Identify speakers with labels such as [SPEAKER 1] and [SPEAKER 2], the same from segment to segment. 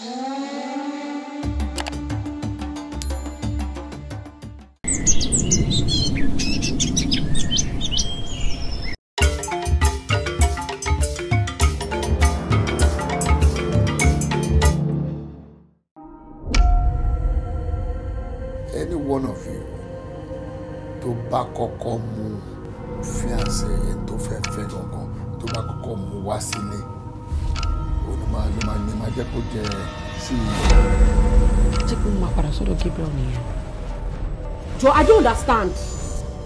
[SPEAKER 1] Any one of you to back or come
[SPEAKER 2] ó jẹ sí i. ṣé kí n máa
[SPEAKER 3] padà sọ́dọ̀ Gabriel nìyẹn.
[SPEAKER 4] jọ I don't understand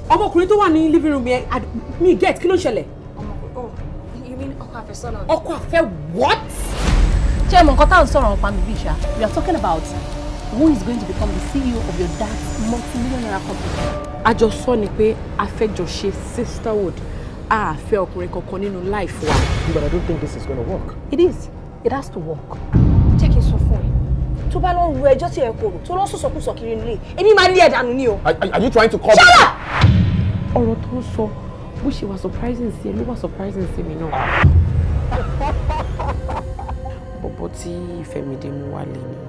[SPEAKER 4] ọmọkùnrin tó wà ní living room yẹn mi get kí ló ń ṣẹlẹ̀. oh you mean ọkọ àfẹ́sọ́nà. ọkọ what. ṣé ẹ mọ nǹkan táwọn sọ̀rọ̀ ọ̀pá mi bíi ṣá we are talking about who is going to become the CEO of your dad's multi-million naira company.
[SPEAKER 3] àjọsọ ni pé afẹ́jọṣe sisterhood a fẹ́ ọkùnrin
[SPEAKER 4] kankan nínú life wa.
[SPEAKER 5] but I don't think this is gonna work.
[SPEAKER 4] it is it has to work. Take it n sọ fún ẹ tó bá lọ ń ru ẹjọ́ tí ẹ kò rò tó kiri nílé èmi máa lé ẹ ni o.
[SPEAKER 6] are you trying to call. Shut up.
[SPEAKER 4] tó ń sọ bó ṣe wà surprising sí ẹ ló
[SPEAKER 3] surprising sí mi náà. bọ̀bọ̀ tí ìfẹ́mìdé
[SPEAKER 4] mú wá lé ni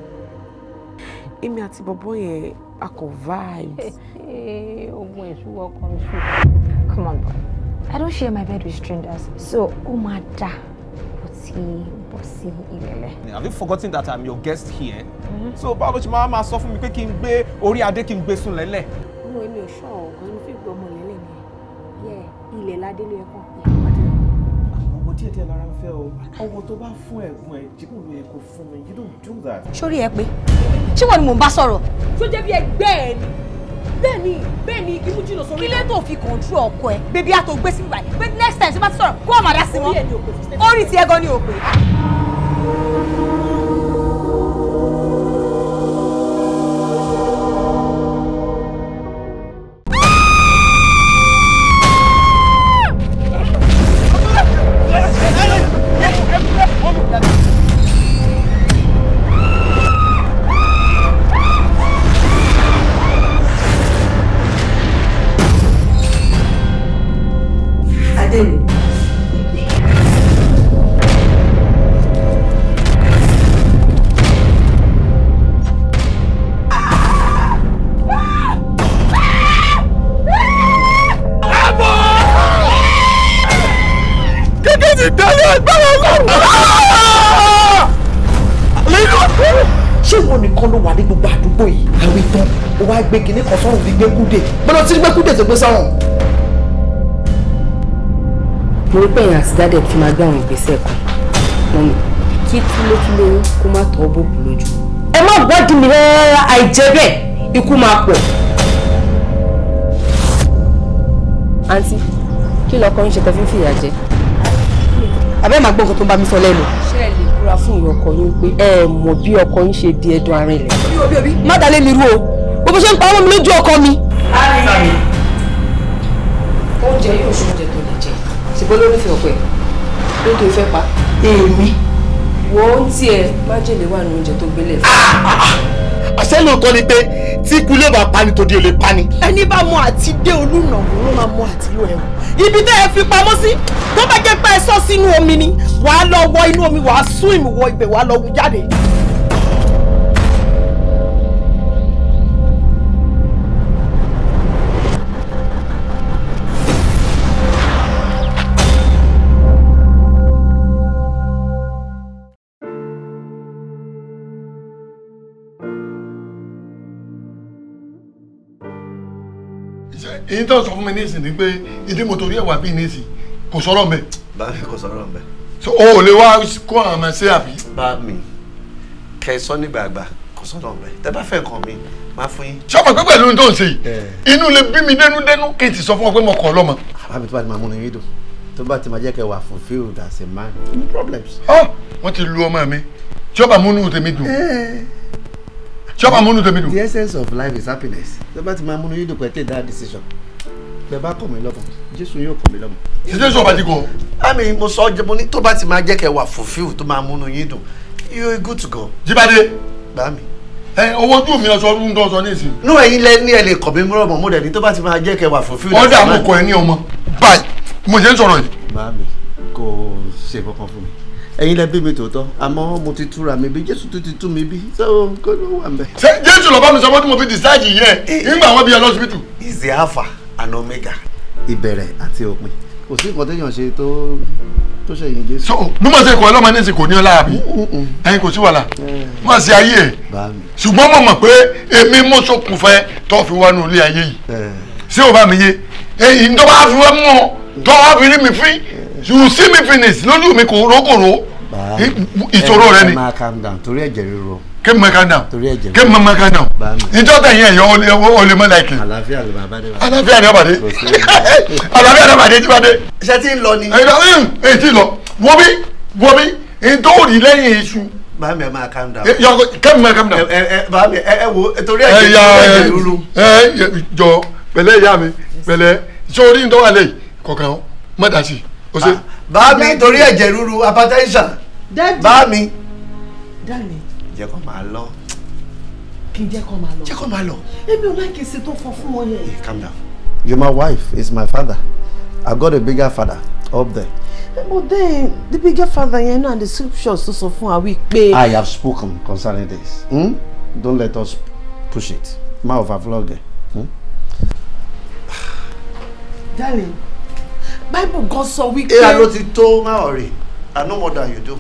[SPEAKER 4] èmi àti bọ̀bọ̀ yẹn a kò vibes. Eh, ogun ìṣúwọ́ kan ṣù. come on boy i don't share my bed with strangers so ó máa dà ti ìrẹ̀lẹ̀.
[SPEAKER 6] have you forgotten that i'm your guest here. Mm -hmm. so báwo ló ṣe máa máa sọ fún mi pé kí n gbé orí adé kí n gbé sùn lẹ́lẹ̀.
[SPEAKER 4] mo èmi ò ṣọ́ ọ̀gán ní fíìgbọ́ ọmọ lẹ́lẹ̀ ni ẹ ilẹ̀ ládé ló yẹ kàn
[SPEAKER 7] ọmọ díẹ̀ díẹ̀ lára ń o ọmọ tó bá fún ẹ̀gbọ́n ẹ̀ jíkùn ló yẹ kó fún mi you don't do that.
[SPEAKER 4] sórí ẹ pé ṣé wọn ni mò ń bá sọ̀rọ̀.
[SPEAKER 7] tó jẹ́ bí ẹgbẹ́ ẹ ni
[SPEAKER 4] bẹ́ẹ̀ni bẹ́ẹ̀ni igi mú jìnnà sórí. kílé tó fi kọ̀ǹtúrò ọkọ ẹ bèbí àtò gbé sí pé next time ṣe bá ti sọ̀rọ̀ kó ọ̀mà dá sí wọn orí tiẹ̀ gan ni òpè.
[SPEAKER 8] mo rí pẹ̀yìn àti dádẹ̀ ti máa gbé àwọn ìgbésẹ̀ kan mọ́mi
[SPEAKER 4] kí túlótúló kó má tọ́ bòkú lójú. ẹ má gbọ́dì mi rárá àìjẹ́ bẹ́ẹ̀ ikú máa pọ̀. àǹtí kí lọkọ ń ṣe tẹ́ fi ń fìyà jẹ àbẹ́ màá gbọ́ nǹkan tó ń bá mi sọ lẹ́nu. ṣé ẹ lè búra fún ìwé ọkọ yín pé ẹ
[SPEAKER 3] mọ̀ bí ọkọ yín ṣe di ẹdun ara ilẹ̀.
[SPEAKER 5] bí
[SPEAKER 4] mi rú o bó bó
[SPEAKER 5] ṣe ń pa ọmọ mi lójú ọkọ
[SPEAKER 4] mi. oúnjẹ yóò ṣe oúnjẹ tó ṣùgbọ́n lólùfẹ́ ọ̀pẹ nítorí fẹ́ pa. èmi. wo ń tiẹ̀ májèlé wà ní oúnjẹ tó gbélé fún. Ah, ah, ah. àṣẹ lóòótọ́ ni pé tí ikú lè bá pani tòde ò lè pani.
[SPEAKER 3] ẹni bá mọ àti dé olùnàwó ló máa mọ àti lọ ẹ̀wọ̀n ibi tẹ́ ẹ fi pamọ́ sí tó bá jẹ́ pé ẹ sọ sínú omi ni wàá lọ wọ inú omi wàá sún ìmùwọ̀ ibẹ̀ wàá lọ wù jáde.
[SPEAKER 2] èyí tó sọ fún mi nísìn ni pé ìdí mo torí ẹ̀wà bíi nísìn kò sọ̀rọ̀ mbẹ́. bá kò sọ̀rọ̀ mbẹ́. so o ò lè wá kó àwọn ọmọ sí àbí. bá mi
[SPEAKER 9] kẹ sọ nígbà àgbà kò sọ̀rọ̀ mbẹ́ tẹ bá fẹ́ kàn mí máa fún yín. sọ ma pé pẹ̀lú ohun tó ń ṣe yìí eh.
[SPEAKER 2] inú lè bí mi
[SPEAKER 9] dénúdénú kí n ti sọ fún ọ pé mo kọ̀ ọlọ́mọ. àbá mi tó bá ti máa múnú yín dùn tó bá ti máa jẹ́ kẹ́ wà fulfilled as a man no problems. Ah, wọ́n ti lu ọmọ mi tí ó bá múnú tèmi dùn. Eh ṣé ọmọ amúnú tèmi dùn. the essence of life is happiness tó bá ti máa múnú yín dùn pẹ̀lú take that decision bẹ́ẹ̀ bá kọ̀ mí lọ́mọ jésù yóò kọ̀ mí lọ́mọ. ṣe jésù ọba ti kọ. àmì mo sọ jẹ́ mo ní tó bá ti máa jẹ́ kẹ́ wà fulfill tó máa múnú yín dùn you good to go. jíbádé. gbà mí. ẹ owó ojú mi ọsọ ń dán ọsọ ní ìsìn. nú ẹ̀yin lẹ ní ẹ lè kọ̀ mí mọ́rọ̀mọ́ mo dẹ̀ ní tó bá ti máa jẹ́ kẹ́ wà fulfill. ọ̀dà mo kọ ẹ ní ọmọ báyìí mo ṣe ń sọ̀rọ̀ yìí. gbà mí kò ṣe kankan fún mi ẹ̀yin lẹ mi tòótọ́ àmọ́ mo ti túra mi bí jésù tó ti tú mi bí sọ kó ló wà mẹ. ṣé jésù lọ bá mi sọ fún tí mo fi dìsáàjì yẹn eh, nígbà wọn bí lọsibítù. is the alpha and omega. ìbẹ̀rẹ̀ àti òpin kò sí nǹkan téèyàn ṣe tó tó ṣẹ̀yìn jésù. so bí mo ṣe kọ ọlọ́mọ ní ìsìnkò ní
[SPEAKER 2] ọlá mi ẹ̀yin kò sí wàhálà eh. mo ṣe ayé ẹ̀ ṣùgbọ́n mo mọ̀ pé èmi mo ṣokùnfẹ́ tó fi wá nù ilé ayé yìí eh. ṣé o bá mi yé mi fín you see me finish lójú mi kò ro. ìṣòro rẹ ni. ẹ máa calm down torí ẹ̀jẹ̀ ríro. kí n máa calm down torí ẹ̀jẹ̀ ríro kí n máa calm down ìjọ tẹ̀yìn ẹ̀yọ́ olè mọ́ láìkì. àlàáfíà ló máa bá dé. àlàáfíà ni àbàdé àlàáfíà ni àbàdé ti bá dé. ṣé tí ń lọ ni. èyí ti lọ wo bí wo bí ntòrí lẹ́yìn iṣu
[SPEAKER 9] bàmí ẹ máa calm down.
[SPEAKER 2] yọ kẹ́mi máa calm down. ẹ ẹ bàmí ẹ ẹ wo torí ẹ jẹ ẹ jẹ lulu. ẹ jọ pẹ̀lẹ́ ìyá mi pẹ̀lẹ́ sórí ntọ́wálẹ̀ kọ̀ọ̀kan mọ́dásí
[SPEAKER 9] bá mi torí ẹ̀jẹ̀
[SPEAKER 2] ríru appetizer bá mi.
[SPEAKER 8] jẹ́ kó máa lọ. kí n jẹ́ kó máa lọ. jẹ́ kó máa lọ. èmi ò láìkí sí tó fọ fún wọn yẹn.
[SPEAKER 9] calm down you're my wife it's my father i got a bigger father up there.
[SPEAKER 8] But then the bigger father yẹn you know, the scriptures tó sọ fún wa wípé. I have
[SPEAKER 9] spoken concerning this. Hmm? Don't let us push it. Má overvlog ẹ̀. Hmm? Darling.
[SPEAKER 8] Bible gan sọ wípé.
[SPEAKER 9] Èyà ló ti tó máa ọ̀rẹ́. I know more than you do.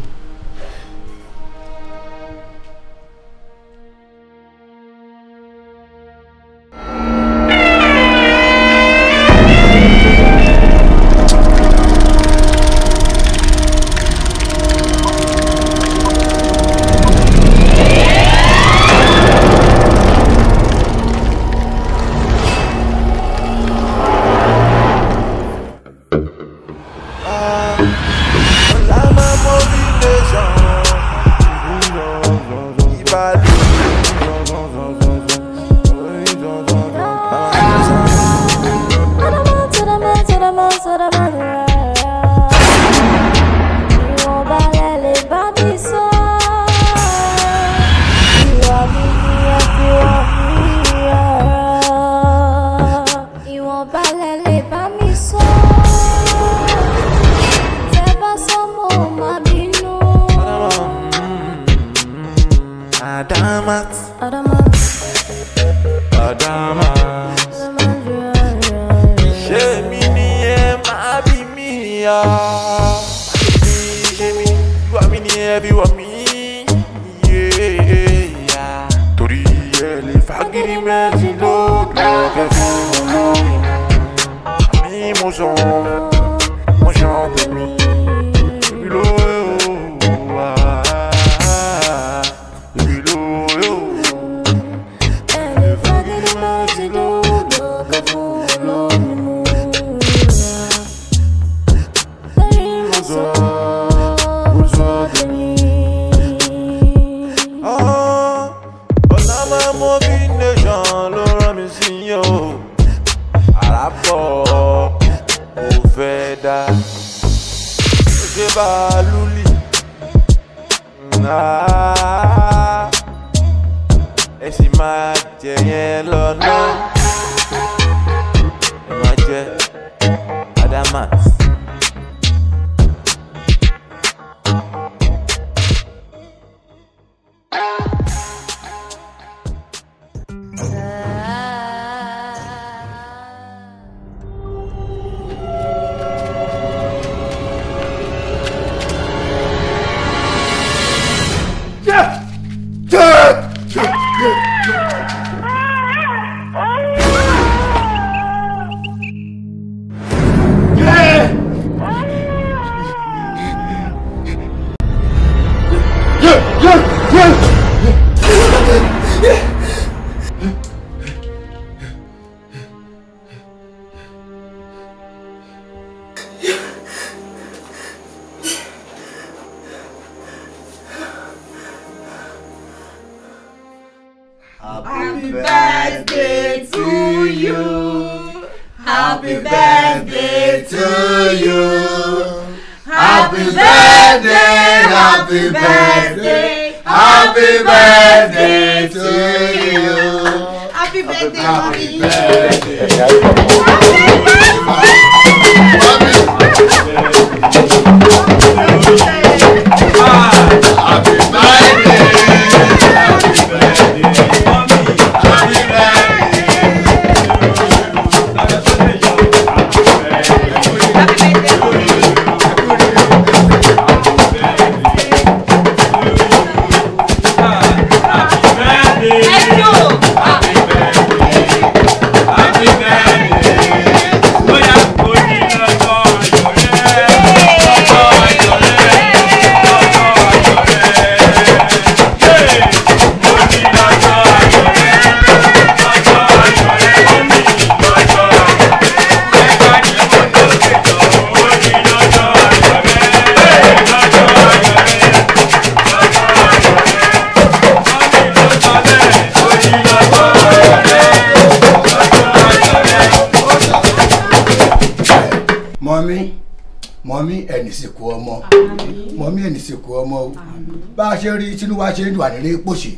[SPEAKER 1] olúwa ṣe ń wà nílé pòṣè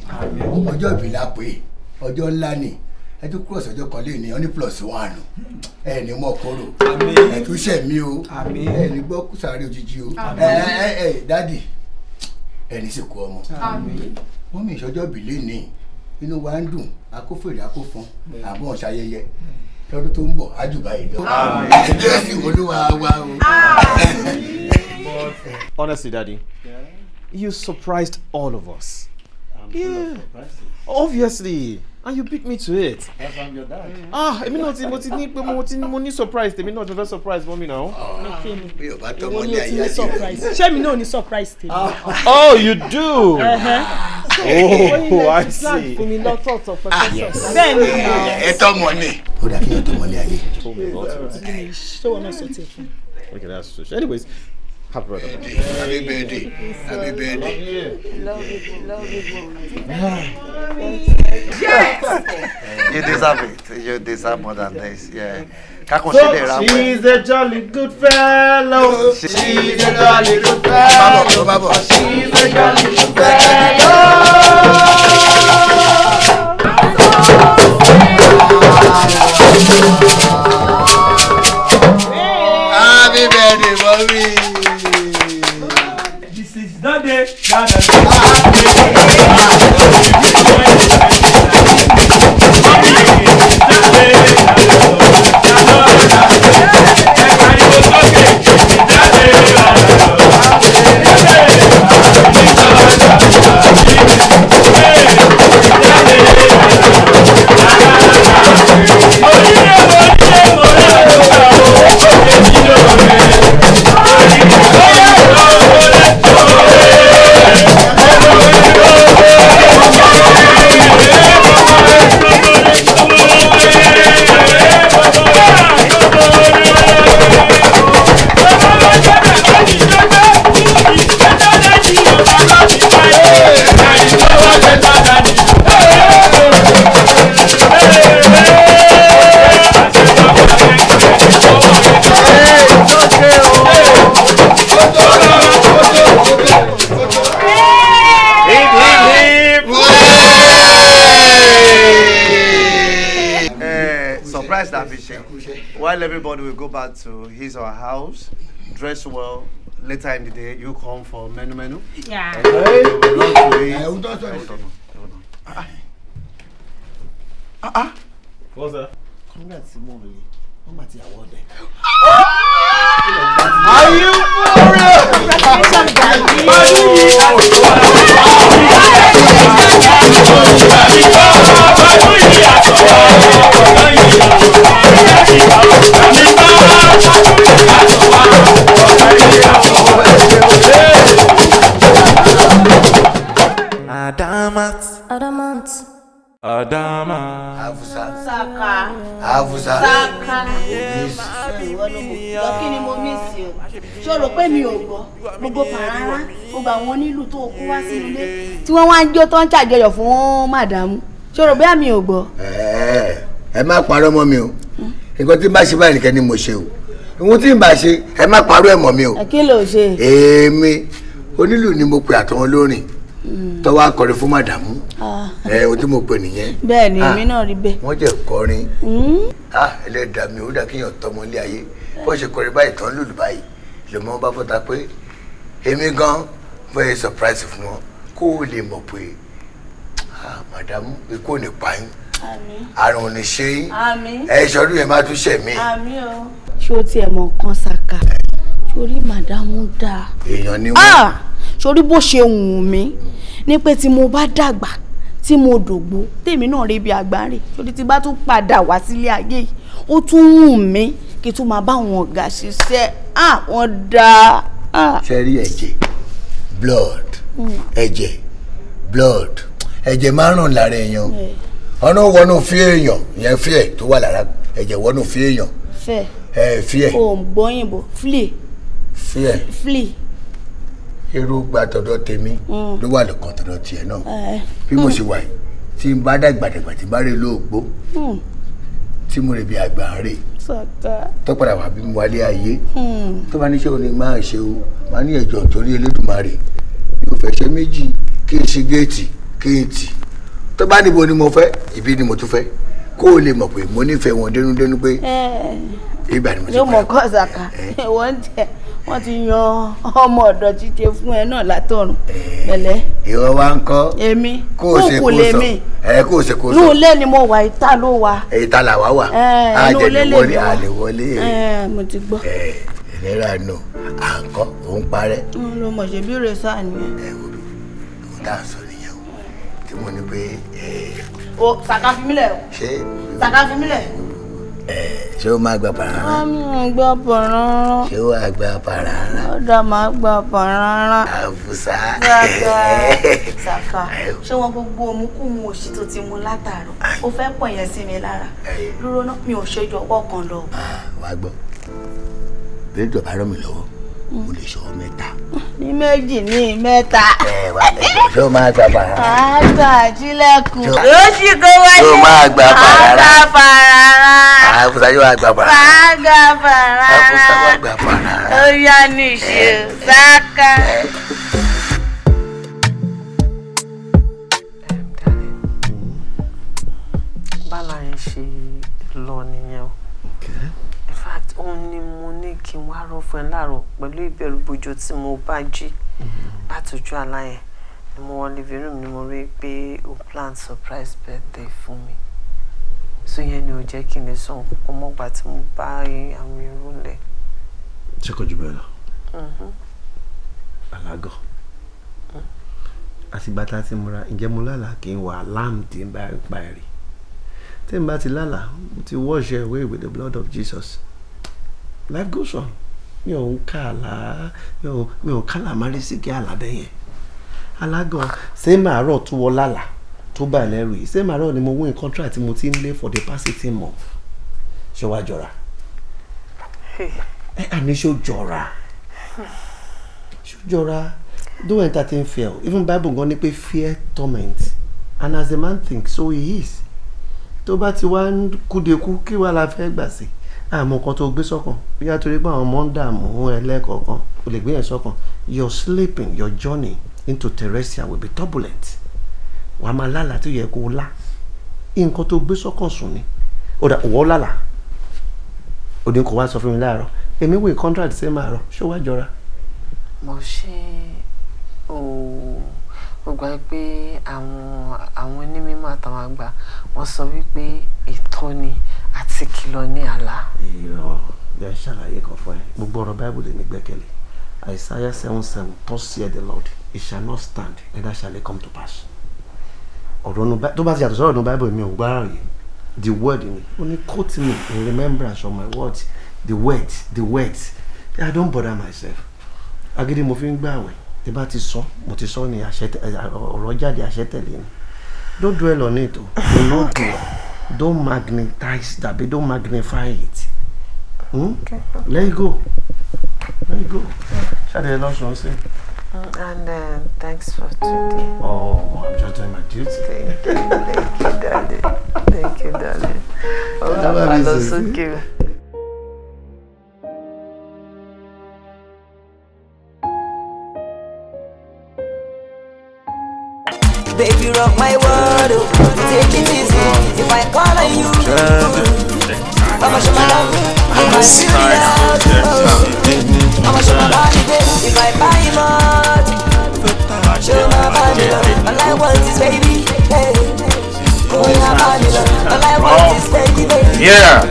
[SPEAKER 1] ọjọ́ ìbílà pé ọjọ́ ńlá ni ẹ cross ọjọ́ kan lé ní ọ́ní plus one ẹ ní mọ̀ kóró ẹ ṣẹ̀ mí o ẹ ní gbọ́ sáré òjijì o ẹ ẹ dádì ẹ ní sìnkú ọmọ wọ́n mi ìṣọjọ́ ìbílẹ̀ ni inú wa ń dùn akófèrè akófọn àbọ̀ ṣayẹyẹ lọ́dún tó ń bọ̀ ájùbá yìí lọ. ẹ jẹ́ ìwọlúwa
[SPEAKER 7] honestly daddy You surprised all of us. I'm yeah. full of Obviously. And you beat me to it.
[SPEAKER 9] Yes, I'm your dad. Mm. Ah, I mean, ti in ti ní
[SPEAKER 7] pé mo ti mo ní surprise tèmi náà ti fẹ́ surprise mọ́ mi náà. Mi ò bá tọmọ ní ayé àjẹ. Ah.
[SPEAKER 3] Ṣé mi surprise tèmi? Ah.
[SPEAKER 7] Oh, you do. Uh-huh. so,
[SPEAKER 3] oh, I see. Fún mi lọ́tọ̀ọ̀tọ̀ for sure. money.
[SPEAKER 1] Ẹ tọmọ ni.
[SPEAKER 7] Ó dà kí n yóò tọmọ ní ayé.
[SPEAKER 3] Ṣé wọn
[SPEAKER 7] Anyways, Happy birthday.
[SPEAKER 1] Happy birthday.
[SPEAKER 9] Happy
[SPEAKER 1] birthday. Love you.
[SPEAKER 7] Love you. Yes!
[SPEAKER 9] you deserve it. You deserve more than
[SPEAKER 7] this.
[SPEAKER 1] Yeah. So she's
[SPEAKER 7] a jolly good fellow. She's a
[SPEAKER 1] jolly good fellow. She's a jolly good
[SPEAKER 10] fellow.
[SPEAKER 9] house, dress well. Later in the day, you come for menu menu. Yeah. And hey. Ah, ah, What's that? Congrats, Mummy. Mama, ti award it. E. Ah! Are you for real?
[SPEAKER 1] sá. sáká
[SPEAKER 4] lọ kí ni mo mí sí o ṣó rò pé mi ò gbọ́ gbogbo pàrọ̀rọ̀ gbogbo àwọn onílù tó kú wá sí ilé tí wọ́n wá ń jó tó ń ṣàjọyọ̀ fún màdàmú ṣó rò bẹ́ẹ̀ mi ò gbọ́.
[SPEAKER 1] ẹ má parọ́ mọ́ mi o hmm? nǹkan tí n bá ṣe báyìí nìkan ni mo ṣe o ohun tí n bá ṣe ẹ má parọ́ ẹ̀ mọ́ mi o. kí ló ṣe. èmi onílù ni mo pè àtọwọn lórin hmm. tó wá kọrin fún màdàmú ẹ ah. eh, o tí mo pè nìyẹn. bẹ́ẹ̀ ni ah. èmi náà rí bẹ́ẹ̀. wọ́n jẹ́ kọrin hmm? ah, ẹlẹ́dàá mi ó dà kéèyàn tọmọ ilé ayé bó ṣe kọrin báyìí tán lùlù báyìí lọ́mọ bá fọ́ta pé èmi gan fẹ́ surprise fún wọn kó o lè mọ̀ pé màdàmú ikú ò ní pa yín àrùn ò ní ṣe yín ẹ ṣọdún yẹn má tún ṣe mí.
[SPEAKER 4] ṣé o tiẹ̀ mọ̀ nǹkan ṣàkà torí màdàmú dáa.
[SPEAKER 1] èèyàn ni wọ́n.
[SPEAKER 4] sori bó ṣe wù mí ni pé tí mo bá dàgbà tí mo dògbó tèmi náà rebi àgbáre torí tí bá tún padà wá sílé ayé yìí ó tún wù mí kí tún máa bá wọn ọ̀gá ṣiṣẹ́ àwọn
[SPEAKER 1] dá. sẹ́rí ẹ̀jẹ̀ blood hmm. ẹ̀jẹ̀ blood ẹ̀jẹ̀ máa ń ràn lára èèyàn ọ̀nà wọnú fi èèyàn yẹn fi ẹ̀ tó wà lára ẹ̀jẹ̀ wọnú fi èèyàn. fẹ́ẹ̀ ẹ̀ fi ẹ̀. o
[SPEAKER 4] gbọ́yìnbó flea. fi flea
[SPEAKER 1] èròǹgbà tọ̀dọ̀ tèmi mm. ló wà lọ́kàn tọ̀dọ̀ tiẹ̀ náà eh. bí mo ṣe wà yìí tí n bá dàgbàdàgbà tí n bá rè lóògbó mm. tí mo rè bí àgbà ń rè tọ́padà wà bí mo wálé ayé mm. tó bá níṣẹ́ òní máa ṣe o máa ní ẹ̀jọ̀ torí Elédùmarè mi ò fẹ́ ṣe méjì kí n ṣe géètì kí n tì tó bá níbo ni mo fẹ́ ibi ni mo tún fẹ́ kó o lè mọ̀ pé mo nífẹ̀ẹ́ wọn dénúdénú pé
[SPEAKER 4] eh.
[SPEAKER 1] ìgbà ni mo ti pààyàn. yóò mọ̀
[SPEAKER 4] kọ́ ọ̀sàkà eh. wọ́n jẹ́ wọ́n ti yan ọmọ ọ̀dọ̀ jíjẹ fún ẹ náà látọ̀run pẹ̀lẹ́. Eh,
[SPEAKER 1] ìwọ wa ń kọ́. èmi kó o ṣe kó sọ ẹ kó o ṣe kó sọ. inú
[SPEAKER 4] ilé ni mo wà ìta ló wà.
[SPEAKER 1] Eh, ìta là wá wà. Eh, inú ilé lè mi wà a lè wọlé. mo ti gbọ́. ìlera nù à ń kọ́ òun parẹ́. ló mọ̀ ṣe bí rẹ̀ sáà nìyẹn. ẹ wo bí mo dá sọ nìyẹn o tí mo ní pé.
[SPEAKER 4] o sàkàfimílẹ̀ o sàkàfimílẹ̀
[SPEAKER 1] ṣé o máa gba pàrà rárá.
[SPEAKER 4] mi ò gba pàrà rárá.
[SPEAKER 1] ṣé o wàá gba pàrà
[SPEAKER 4] rárá. ọ̀dà máa gba pàrà rárá. àbùsà. gbàgbà ṣàfà ṣé wọn gbogbo òmùkùmù òṣì tó ti mu látàárọ̀ o fẹ́ pọ̀ yẹn sí mi lára dúró náà mi ò ṣe jọ ọwọ́ kan lọ. Ah,
[SPEAKER 1] wàá gbọ́ bí ìjọba rọ̀ lọ́wọ́
[SPEAKER 4] mo lè sọ mẹ́ta. ní méjì ní mẹ́ta. ẹ
[SPEAKER 1] wà lẹ́sọ̀ tó máa gbà para.
[SPEAKER 4] àgbà àjílẹ̀kùn. yóò sì kó wáyé. tó máa gbà para.
[SPEAKER 1] àgbà para rárá. àfúsá yóò gbà para.
[SPEAKER 4] àgbà para
[SPEAKER 1] rárá. àfúsá gbà para
[SPEAKER 4] ó yá ní ìṣe
[SPEAKER 10] sáká.
[SPEAKER 8] òun ni mo ní kí n wá rọ fún ẹ láàárọ̀ pẹ̀lú ìbẹ̀rù bojo tí mo bá jí
[SPEAKER 10] mm-hmm.
[SPEAKER 8] látòjú àlá ni mo wọlé vérùm ni mo rí pé o plan surprise birthday fún mi so yẹn ni ò jẹ́ kí n lè sọ ọmọgbà tí mo bá àwọn irú lẹ̀. ṣé kò jù bẹ́ẹ̀ lọ. Mm-hmm. alágọ̀ mm.
[SPEAKER 9] àtìgbà tá a ti múra ǹjẹ́ mo lálàá kí n wà láǹdí bá ń pa tí n bá ti lálàá mo ti wash away with the blood of Jesus life goes on mi ò ń ká àlá mi ò ká làmárì sí kí àlá bẹ́ẹ̀ yẹn alágan ṣé màárọ̀ tó wọ lálà tó bá ẹlẹ́rù yìí ṣé màárọ̀ ni mo win contract tí mo ti ń lé for the past eighteen months ṣé wàá jọra ẹ àní ṣó jọra ṣó jọra do entertain fear even bible gan ni pé fear torment and as a man thinks so he is tó bá ti wá ń kúdeku kí wàá la fẹ́ gbà sí i àmọ́ nǹkan tó gbé sọ́kàn bí a torí pé àwọn ọmọ ń dààmú ẹlẹ́kọ̀ọ̀kan o lè gbé yẹn sọ́kàn your sleeping your journey into terrestrial will be turbulent wàá máa lálà tó yẹ kó o lá nǹkan tó gbé sọ́kàn sùn ni ó dà òwò lálà òdì kò wá sọ fún mi láàárọ̀ èmi wò contract ṣe máa rọ ṣó wá jọra.
[SPEAKER 8] mo ṣe ooo ó gbà pé àwọn àwọn onímọ̀ àtàwọn àgbà wọ́n sọ wípé ìtọ́ni. E àti kìlọ̀ ní àlá. ìrọ̀ ẹ ṣàlàyé kan fún ẹ
[SPEAKER 9] gbogbo ọ̀rọ̀ báíbùlù ní gbẹ́kẹ̀lé àìsáyà seven seven tó sí the lord it shall not stand neither shall it come to pass ọ̀rọ̀ nu tó bá ti yàtọ̀ sọ̀rọ̀ nu báíbùlù mi ò gbára rè the word mi ó ní quote me in remembrance of my words the words the words i don't bother myself agídí mo fi ń gbààwẹ̀ tí bá ti sọ mo ti sọ ní ọ̀rọ̀ jáde àṣẹ tẹ̀lé ni don't dwell on it o do not dwell. Don't magnetize that, but don't magnify it. Hmm? Okay. Let it go. Let it go. Shall I lunch on
[SPEAKER 8] And uh, thanks for today.
[SPEAKER 9] Oh, I'm just doing my duty. Thank you, thank
[SPEAKER 8] you, darling. Thank
[SPEAKER 9] you, darling. Oh, I love so
[SPEAKER 10] cute.
[SPEAKER 7] Baby, rock my world, oh. take it easy If I call on you, I'ma show my love I'ma show my i am going show my body,
[SPEAKER 4] baby
[SPEAKER 10] If I buy him out, show my body, love All I want is baby, hey yeah, in my body, love All I baby, baby Yeah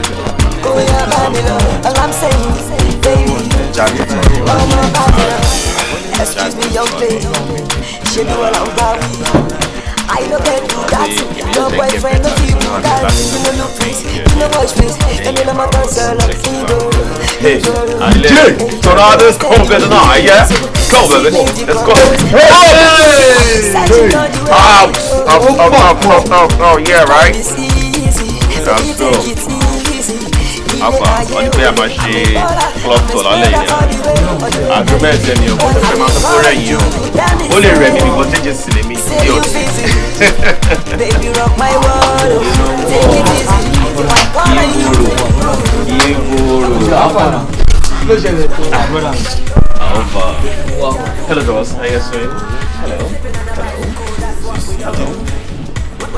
[SPEAKER 10] Go
[SPEAKER 11] my body, love All I'm saying
[SPEAKER 6] baby Go my body, love Excuse me,
[SPEAKER 11] young lady. She know what I'm about. I look at you, that. Your boyfriend, no
[SPEAKER 2] people that.
[SPEAKER 11] You know, no please. You know, watch please. And
[SPEAKER 10] you know, my concern, like, you
[SPEAKER 2] know. Hey, Jake, so now let's go, baby. Now, yeah?
[SPEAKER 7] Go, baby. Let's go. Hey! hey. Out, out, out, Yeah, right? That's cool. afa wọ́n ní a máa ṣe club tour lálẹ́ yìí agreement ẹni o kò fẹ́ máa kókó rẹ̀ yìí o ó lè rẹ̀ mí because jẹ́jẹ́ sì lè mí bí o ti. Ìgboro Ìgboro Ìgboro. Alpha. Hello, Ross. How are you doing? Hello. Hello. Hello.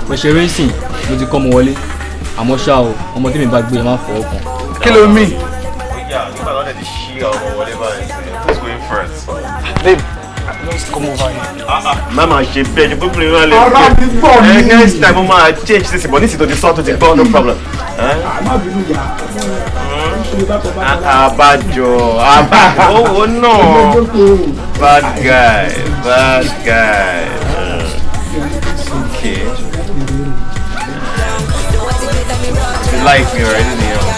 [SPEAKER 6] Mo ṣe racing, mo ti kọ́ mo wọlé àmọ́ ṣá o ọmọdé mi bá gbé ẹ má fọwọ́ kàn.
[SPEAKER 7] kí ló mì. babe just come over here. Mama ṣe bẹ́ẹ̀ ṣe gbogbo ìrìn àlè. Ara mi gbọ́ mi. Ẹ next time mo máa change this but nísìtò ti sọ́ọ̀tù ti gbọ́ no problem. Àmọ́ bínú Abájọ abájọ owó náà bad guy bad guy. You like me or anything, you know?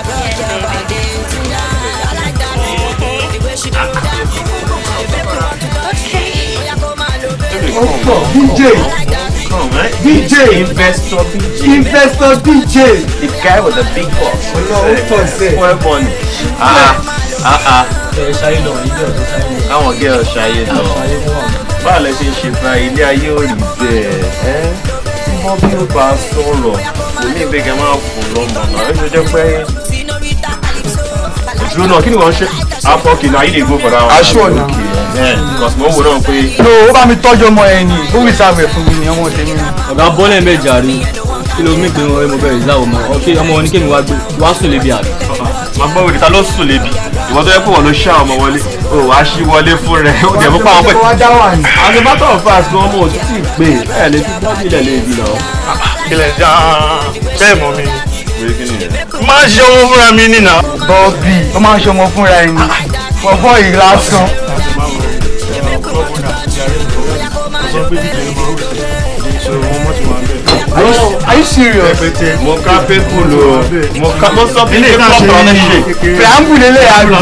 [SPEAKER 10] Doctor DJ. Oh, right?
[SPEAKER 6] DJ. Investor DJ. Investor DJ. The guy with the big box. Oh, no,
[SPEAKER 7] uh, well money. Ah, ah, ah. Àwọn gẹ́gẹ́ ṣayé lọ. Báwo lẹ ṣe ń ṣe báyìí ilé ayé ò rí bẹ́ẹ̀? Tí wọ́n bí ó bá sọ̀rọ̀ omi ìgbẹ́gẹ̀ máa kù lọ́mọ náà ẹ̀ ṣe jẹ́ pé ìṣúná náà kí ni wọ́n ṣe afọ́kì náà ayé lè gbó fọ̀dà wọn. aṣọ ọ̀nà because mo ń wo náà pé.
[SPEAKER 5] lo ó bá mi tọ́jú ọmọ ẹ ni ó wí sáfẹ̀ fún mi ni ọmọ tèmi.
[SPEAKER 6] ọ̀gá bọ́lẹ̀ mẹ́jà rí kí ló mí pé wọn mo bẹ̀rẹ̀ ìlà ọmọ ọkẹ ọmọ wọn ni kémi wá gbé wá sùn lébi àná. màá gbọ́ wèrè ta ló sùn lébi ìwọ tó yẹ kó wọn ló ṣá ọmọ wọlé o wá ṣí wọlé fún rẹ ó dẹ̀ fún pàwọn pẹ̀. àti bátọ̀ fà sí ọmọ òtútù pé ẹ̀ lè fi dábìlẹ̀ lè
[SPEAKER 7] bi lọ kílẹ̀ dá bẹ́ẹ̀ mọ́ mi.
[SPEAKER 5] má ṣe ọmọ fúnra mi nínà. bọ́ọ̀bì ó máa ṣe ọmọ fúnra ẹ ní bọ́bọ́ yìí lásán. Are you serious? Mo ka pépù lò. Mo ka mo sọ fún ilé ìkọ́ kan ní ṣe. Preambule lè àlù.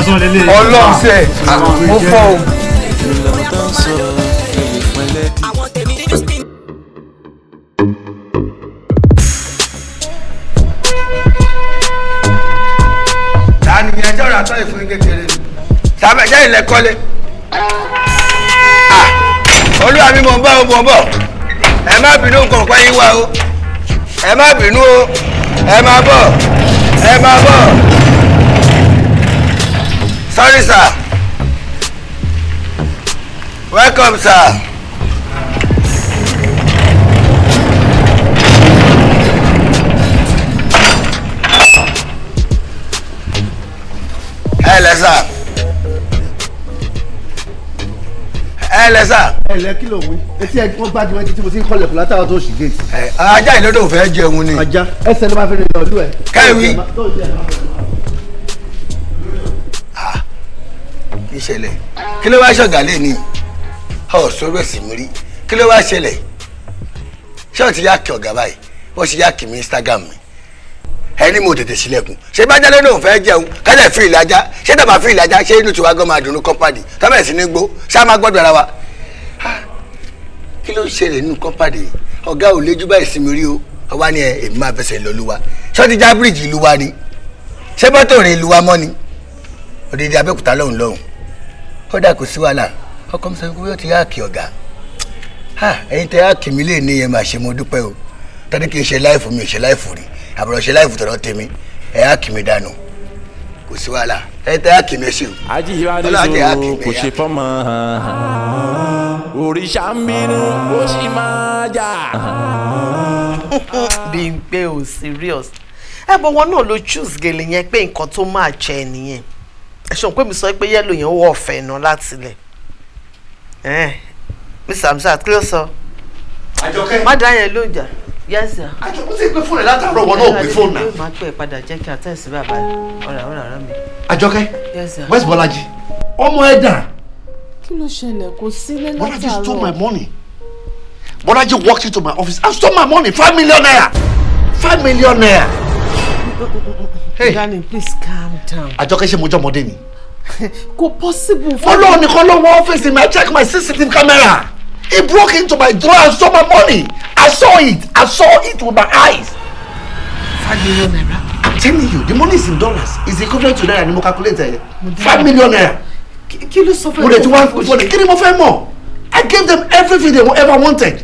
[SPEAKER 5] Ọlọ́run sẹ̀. Ah. Mo fọ́ o.
[SPEAKER 1] bàbá ìjà ìlẹ̀ kọ́lé ah, olúwa mi mọ̀ bá o mọ̀ ẹ má bínú nǹkan pẹ́ yín wá o ẹ má bínú o ẹ má bọ̀ ẹ má bọ̀ sorry sir welcome sir. Hey, let's up.
[SPEAKER 9] ẹlẹ sá. ẹlẹ kí ló ń wí etí ẹ wọn gbájú wọn títí mo ti ń kọlẹ fún látàwọn tó sì géètì.
[SPEAKER 1] ajá ìlódò fẹ́ jẹun ni. ajá ẹsẹ̀ ló máa fi rìn ọdún ẹ. kẹwì. Ah, kí ṣẹlẹ̀ kí ló wá ṣọ̀gá lé ní ọ̀ sọ́rọ̀ ẹ̀sìn mi rí kí ló wá ṣẹlẹ̀ ṣọ́ọ̀tì yá kí ọ̀gá báyìí wọ́n ṣe yá kí mi Instagram mi ẹni mo tètè sílẹ̀kùn ṣé bá jálẹ̀ náà fẹ́ jẹun kálẹ̀ fi ìlàjà ṣé dàbà fi ìlàjà ṣé inú tiwa gan máa dùnú kọ́pàdì tọ́bẹ̀ sí ní gbó ṣá máa gbọ́dọ̀ ara wa kí ló ń ṣẹlẹ̀ nínú kọ́pàdé ọ̀gá ò léjú báyìí sinmi rí o ọwá ni èmi máa fẹsẹ̀ lọ lúwa ṣọ́ọ́tì bíríìjì lúwa ni ṣé bọ́tò lúwa mọ́ ni òdìdí abẹ́òkúta lọ́hùn lọ́hùn kódà kò sí wàhálà ọkọ mi sọ pé yóò ti yá àkì ọ̀gá ẹ̀yin tẹ àkì mi lè ní ẹ̀ máa ṣe mo dúpẹ́ o tọ́ni kì í ṣe láìfù mi ò ṣe láìfù rí àbúrò láìfù tọ̀dọ̀ tèmi ẹ̀ àkì mi dànù kò sí wàhálà ẹ̀ tẹ àkì mi ẹ̀ ṣe o ọlọ́run òrìṣà ń bínú ó sì máa jà.
[SPEAKER 8] Bímpé ò serious ẹ bọ wọn náà ló choose gèlè yẹn pé nǹkan tó máa jẹ nìyẹn ẹ ṣe pé mi sọ pé yẹ́lò yẹn wọ ọ̀fẹ́ náà láti lẹ̀ ẹ Mr. Hamzat kí ló sọ. Àjọkẹ́ má dá yẹn ló ń jà yẹ́sì. Àjọkẹ́ sì pé fóònù ẹ̀ látàárọ̀ wọn náà pé fóònù náà. máa pẹ́ padà jẹ́ kí àtẹ̀sí bàbá ọ̀rẹ́ ọ̀rẹ́ mi. Àjọkẹ́ where's Bọ́lájí ọmọ ẹ̀dá kí ló ṣẹlẹ̀ kò sílé látàárọ̀. Bọ́lájí stole my
[SPEAKER 9] money Bọ́lájí walked into my office and stole my money five million naira five million naira.
[SPEAKER 8] Hey. Darling, please calm
[SPEAKER 9] down. Àjọkẹ́ ṣe mo jọmọdé ni.
[SPEAKER 8] Kò possible. Ọlọ́run nìkan ló wọ ọ́fíìsì
[SPEAKER 9] mi, I check my CCTV camera. He broke into my drawer and stole my money. I saw it. I saw it with my eyes. Five million naira. I'm telling you, the money is in dollars. Is equivalent to naira ni mo calculate. Five million naira
[SPEAKER 8] kí ló sọ fún ẹ. mo lè ti wá fún
[SPEAKER 9] ẹ kí ni mo fẹ́ mọ̀ I gave them everything they ever wanted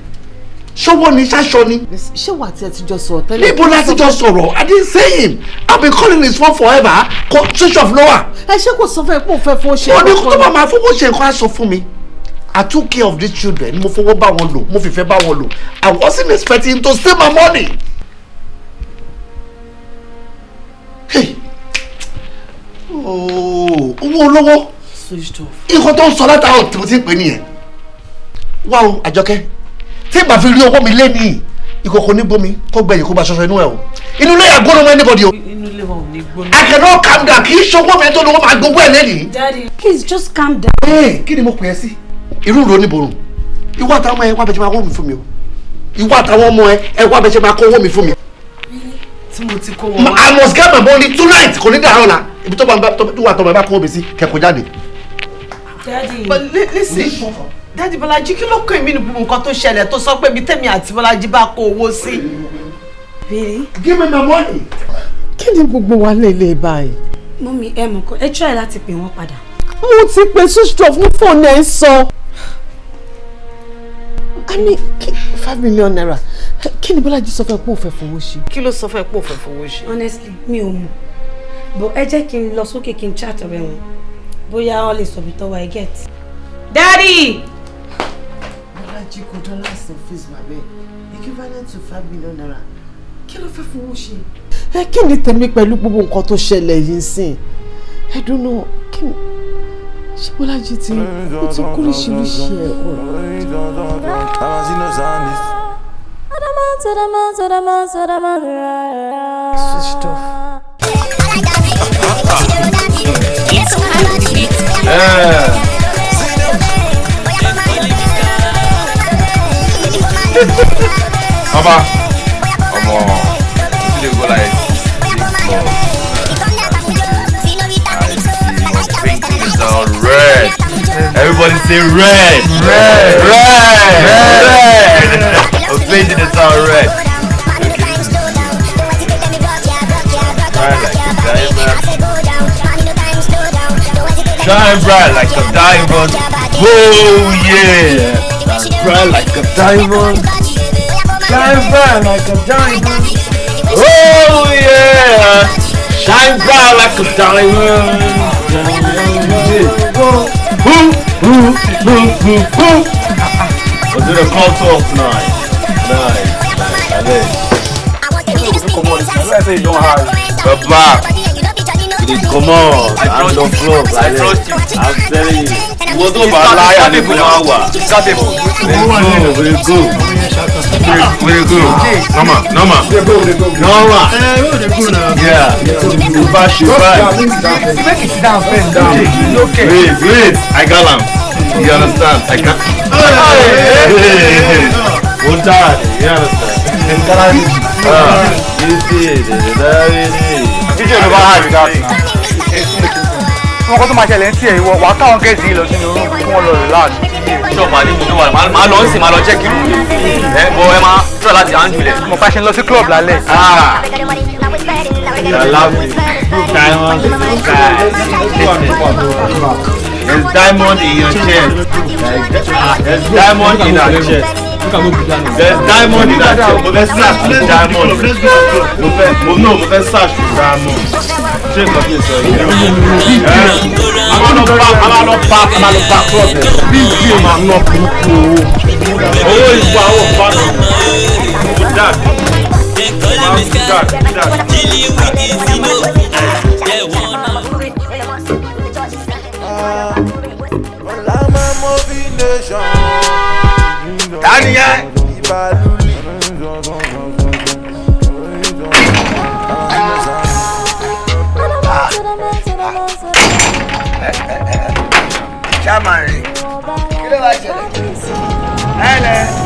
[SPEAKER 9] ṣọwọ́ ni ṣaṣọ ni.
[SPEAKER 8] ṣé wà á ti ẹ ti jọ sọ tẹ́lẹ̀. níbo la ti jọ sọ̀rọ̀
[SPEAKER 9] I didn't say him I been calling his phone forever church of lower. ẹ ṣé kò sọ fún ẹ pé òun fẹ́ fún ṣe. òní tó bá máa fowó ṣe nǹkan á sọ fún mi I took care of these children mo fowó bá wọn lò mo fìfẹ́ bá wọn lò I wasn't expecting to save my money. Oh, owó olówó switched off. nǹkan tó ń sọ látàárọ̀ tí mo ti ń pè nìyẹn wá o àjọkẹ́ tí ìgbà fi rí ọwọ́ mi lé nìyí ìkòkò ní bomi kó gbẹ̀yìn kó bá ṣọṣọ inú ẹ̀ o inú ilé yà gbóná mọ́ anybody o. inú ilé wa ò ní I cannot calm down kì í ṣọwọ́ mi tó lówó máa gbogbo ẹ̀ lẹ́yìn. Daddy, please just calm down. ee kí ni mo pè é sí irú ìró níborùn ìwọ àtàwọn ọmọ ẹ wá bẹ ṣe máa wọ́ mi fún mi o ìwọ àtàwọn ọmọ ẹ ẹ wá bẹ ṣe máa kó owó mi fún mi.
[SPEAKER 4] tí mo ti kó wọn.
[SPEAKER 3] I must
[SPEAKER 9] get my money tonight kò ní dàrọ́ la ibi tó wà tó bá kó omi sí kẹ́kọ̀ọ́ jáde.
[SPEAKER 8] Daddy. But listen, Daddy Bọ́lájí kí ló kọ́ èmi ní gbogbo nǹkan tó ṣẹlẹ̀ tó sọ pé ibi tẹ̀mí àti Bọ́lájí bá kó owó sí. Bèrè. Give me my money. Kí ni gbogbo wa lè lè báyìí?
[SPEAKER 4] Mọ́mí ẹ mọ̀ kọ́, ẹ try láti pè wọ́n padà.
[SPEAKER 8] Mo ti pe switch off ní fóònù ẹ̀ ń sọ. I mean, five million naira. Kí ni Bọ́lájí sọ fẹ́ pé òun fẹ́ fowó ṣe? Kí ló sọ fẹ́ pé òun fowó ṣe? Honestly, mi ò mọ̀.
[SPEAKER 4] But ẹ jẹ́ kí n lọ sókè kí n chat ọ̀rẹ́ wọn bóyá wọ́n lè sọ̀bí tọ́wọ́ ẹ gẹ̀t.
[SPEAKER 8] dádì. bọ́lájí kò dọ́là sin fees bàbẹ́ equivalent to five million naira kí ló fẹ́ fowó ṣe. ẹ kí ni tèmi pẹ̀lú gbogbo nǹkan tó ṣẹlẹ̀ yìí sìn ẹ dúnú kí ni ṣé bọ́lájí ti ó ti kú oríṣiríṣi ẹ̀
[SPEAKER 11] ọ̀rọ̀.
[SPEAKER 10] Switched off.
[SPEAKER 7] Baba.
[SPEAKER 1] Come on. You go like down red. Everybody say red. Red. Red. Red. I'm painting it down red.
[SPEAKER 10] Okay. Right,
[SPEAKER 7] Shine bright like a diamond. oh yeah. Shine bright like a diamond. Shine bright like a diamond. Oh, yeah. Shine bright like a diamond. Whoa, whoa,
[SPEAKER 10] whoa, whoa, whoa.
[SPEAKER 7] We'll do the cult off tonight. Nice,
[SPEAKER 6] nice, I did. Come on, let's say you don't have the black.
[SPEAKER 7] dey comot and don flop like that i'm telling you iwọ tó bá láyà ní kúmọ wà wèrè go wèrè go normal normal normal yeah uba oh, shuba wait wait i got him. you understand i can't. Hey, hey, hey. Hold on, you understand? Uh, you see, DJ ló bá hàn mí dáàbò
[SPEAKER 6] náà
[SPEAKER 5] kọ́ tó máa ṣẹlẹ̀ ń tiẹ̀ ìwọ wàá káwọn gẹ̀ẹ́sì lọ sínú orú kí wọ́n lọ rẹ̀ láàánú. ṣọ̀pá ní ìlú wa máa lọ ń sìn máa lọ jẹ́ kírun ẹ bọ ẹ máa tọ́ láti àǹjú
[SPEAKER 7] rẹ̀. mo bá ṣe ń lọ sí club lálẹ́. Ah. diamond in your chest. Ah, diamond in her chest ká ló bí dání. diamond ní dáadáa mo fẹ́ search for diamond mo no mo fẹ́ search diamond ṣé nǹkan eh? a máa lọ bá a
[SPEAKER 1] Yeah.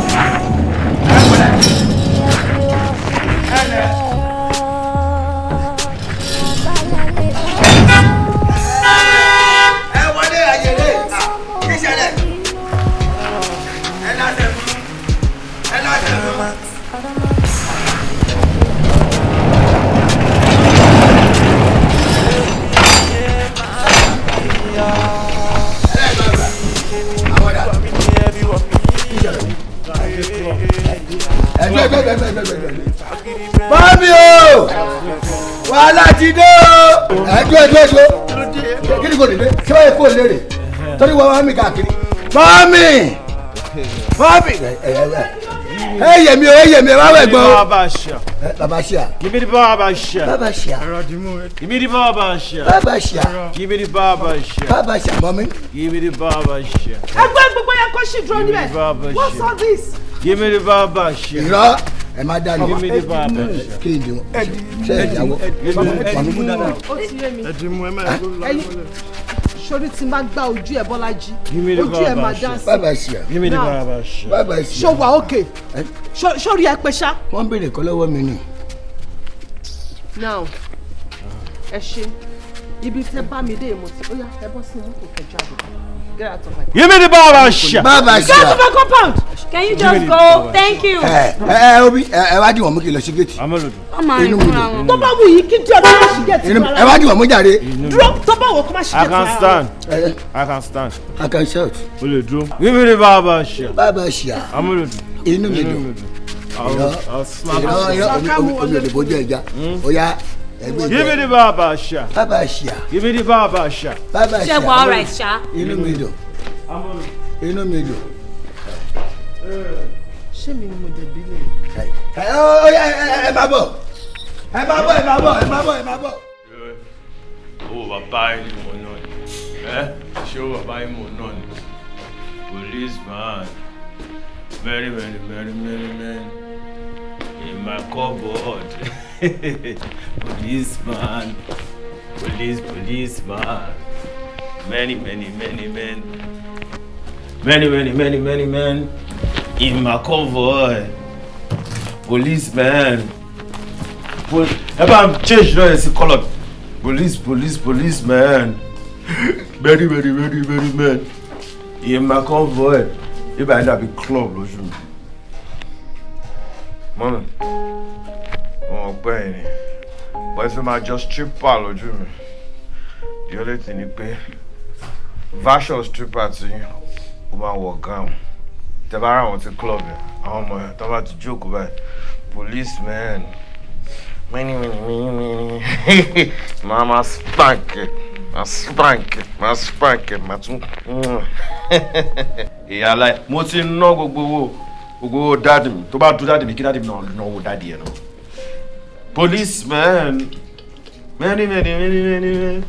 [SPEAKER 1] dúró dúró dúró kí ni kò dédé ṣé wáyé kó léèrè torí wọ́n wá mi káàkiri mọ́mì mọ́mì ẹ yẹ mi o ẹ yẹ mi ẹ má wẹ̀
[SPEAKER 7] gbọ́. bàbá ṣà bàbá ṣà. kìmìrì bàbá ṣà. bàbá ṣà. kìmìrì bàbá
[SPEAKER 1] ṣà. bàbá ṣà. kìmìrì bàbá ṣà. bàbá ṣà mọ́mì. kìmìrì bàbá ṣà.
[SPEAKER 3] gbogbo yẹn kó ṣì dúró níbẹ̀ what's all this.
[SPEAKER 1] kìmìrì bàbá ṣà. ìrọ́ ẹ má dá lórí kéde wọn ṣe é jáwọ́ ẹdìmú ẹ má ẹ ló
[SPEAKER 8] lọ sori ti ma gba ojú ẹ Bọ́lájí ojú ẹ ma dá sí bàbá sí à bàbá sí à ṣọwà
[SPEAKER 1] òkè sori ẹ pẹ ṣá. wọ́n béèrè kọ́ lọ́wọ́ mi ni.
[SPEAKER 8] now ẹ ṣe ibi tẹ bá mi dé ìmọ̀ sí ó yá ẹ bọ́ sí inú kò kẹjá rẹ̀. Get out of my
[SPEAKER 1] Give me the barber shop. Barber shop. Get out of my
[SPEAKER 8] compound. Can you just go? Thank you. Ẹ eh,
[SPEAKER 1] ẹ eh, eh, Obi ẹ wá di wọn mú kí n lọ sí géètì. Ọmọ lòdù. Ọmọ rẹ̀ fúnra
[SPEAKER 3] wọn. wù yìí kí díẹ̀ tó má ṣí géètì fún ara. Ẹ wá di wọn mú
[SPEAKER 1] jàre. Dúró
[SPEAKER 8] tó bá kó má ṣí géètì fún ara. I can stand.
[SPEAKER 1] I can stand. I can shout. O lè dúró. Give me the barber shop. Barber shop. Ọmọ lòdù. Inú mi dùn. Ìrọ̀ ìrọ̀ omi òdìbò jẹ́ ẹja. Ó yá Gibidi baba sha. Baba sha. Gibidi baba sha. Baba sha. Ṣé wàá ọ̀rọ̀ ẹ̀ ṣá? Inú mi dùn. Inú mi dùn.
[SPEAKER 8] Ṣé mi ni mo dẹ̀bi lè?
[SPEAKER 1] Ẹ máa bọ̀. Ẹ máa bọ̀ ẹ máa bọ̀ ẹ máa bọ̀ ẹ máa bọ̀.
[SPEAKER 7] Owó bàbá yìí mọ̀ náà ni. Ẹ ṣé owó bàbá yìí mọ̀ náà ni? Policeman. Very very very very very. in my cupboard. policeman, police, policeman. Many, many, many men. Many, many, many, many men in my convoy. Policeman. Pol Ever change noise color. Police, police, policeman. Many, many, many, many men in my convoy. If I end up in club, lójú mọ́mí wọn ọgbẹ́ ẹ̀ ni bọ́ ẹ fẹ́ máa jọ stripper lójú mi the only thing ni pé version stripper ti ó máa wọ̀ gown tẹ́ bá ra àwọn ti club yẹn àwọn ọmọ yẹn tó bá ti jókòó báyìí policemen many many many many máa máa spank ẹ̀ máa spank ẹ̀ máa spank ẹ̀ máa tún. Mmm. ìyá aláì mo ti ná gbogbo owó gbogbo dáàdì mi tó bá dún dáàdì mi kí dáàdì mi náà náwó dáàdì yẹn náà policeman many many many many many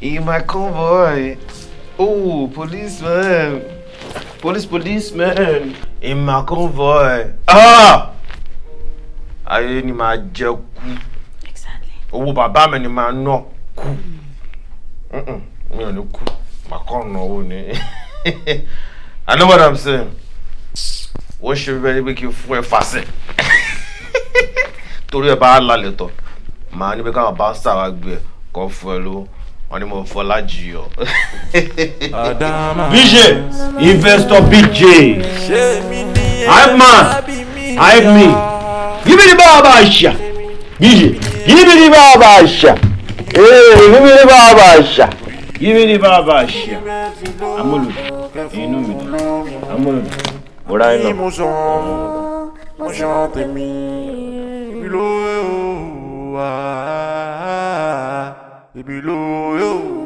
[SPEAKER 7] in my convoy oh police man, police police man in my convoy ah ayé ni màá jẹ kú owó bàbá mi ni màá ná kú mi ò ní kú màá kọ́ ọ̀nà owó ni I know what I'm saying ó ṣe bẹ́ẹ̀ pé kí n fún ẹ fàṣẹ torí ẹ bá lálẹ́ tọ̀ màá ní káwọn bá sàwá gbé kọ́ fún ẹ lówó wọn ni mo fọlá jù yọ. bj investor bj hype man hype me gíbìrì bá a bá a ṣà bj gíbìrì bá a bá a ṣà ee gíbìrì bá a bá a ṣà gíbìrì bá a bá a ṣà amúlùdí inú mi dùn Voilà, non.
[SPEAKER 11] Mon sang, mon sang t'aimé. Bilo yo, ah, bilo ah, ah. yo.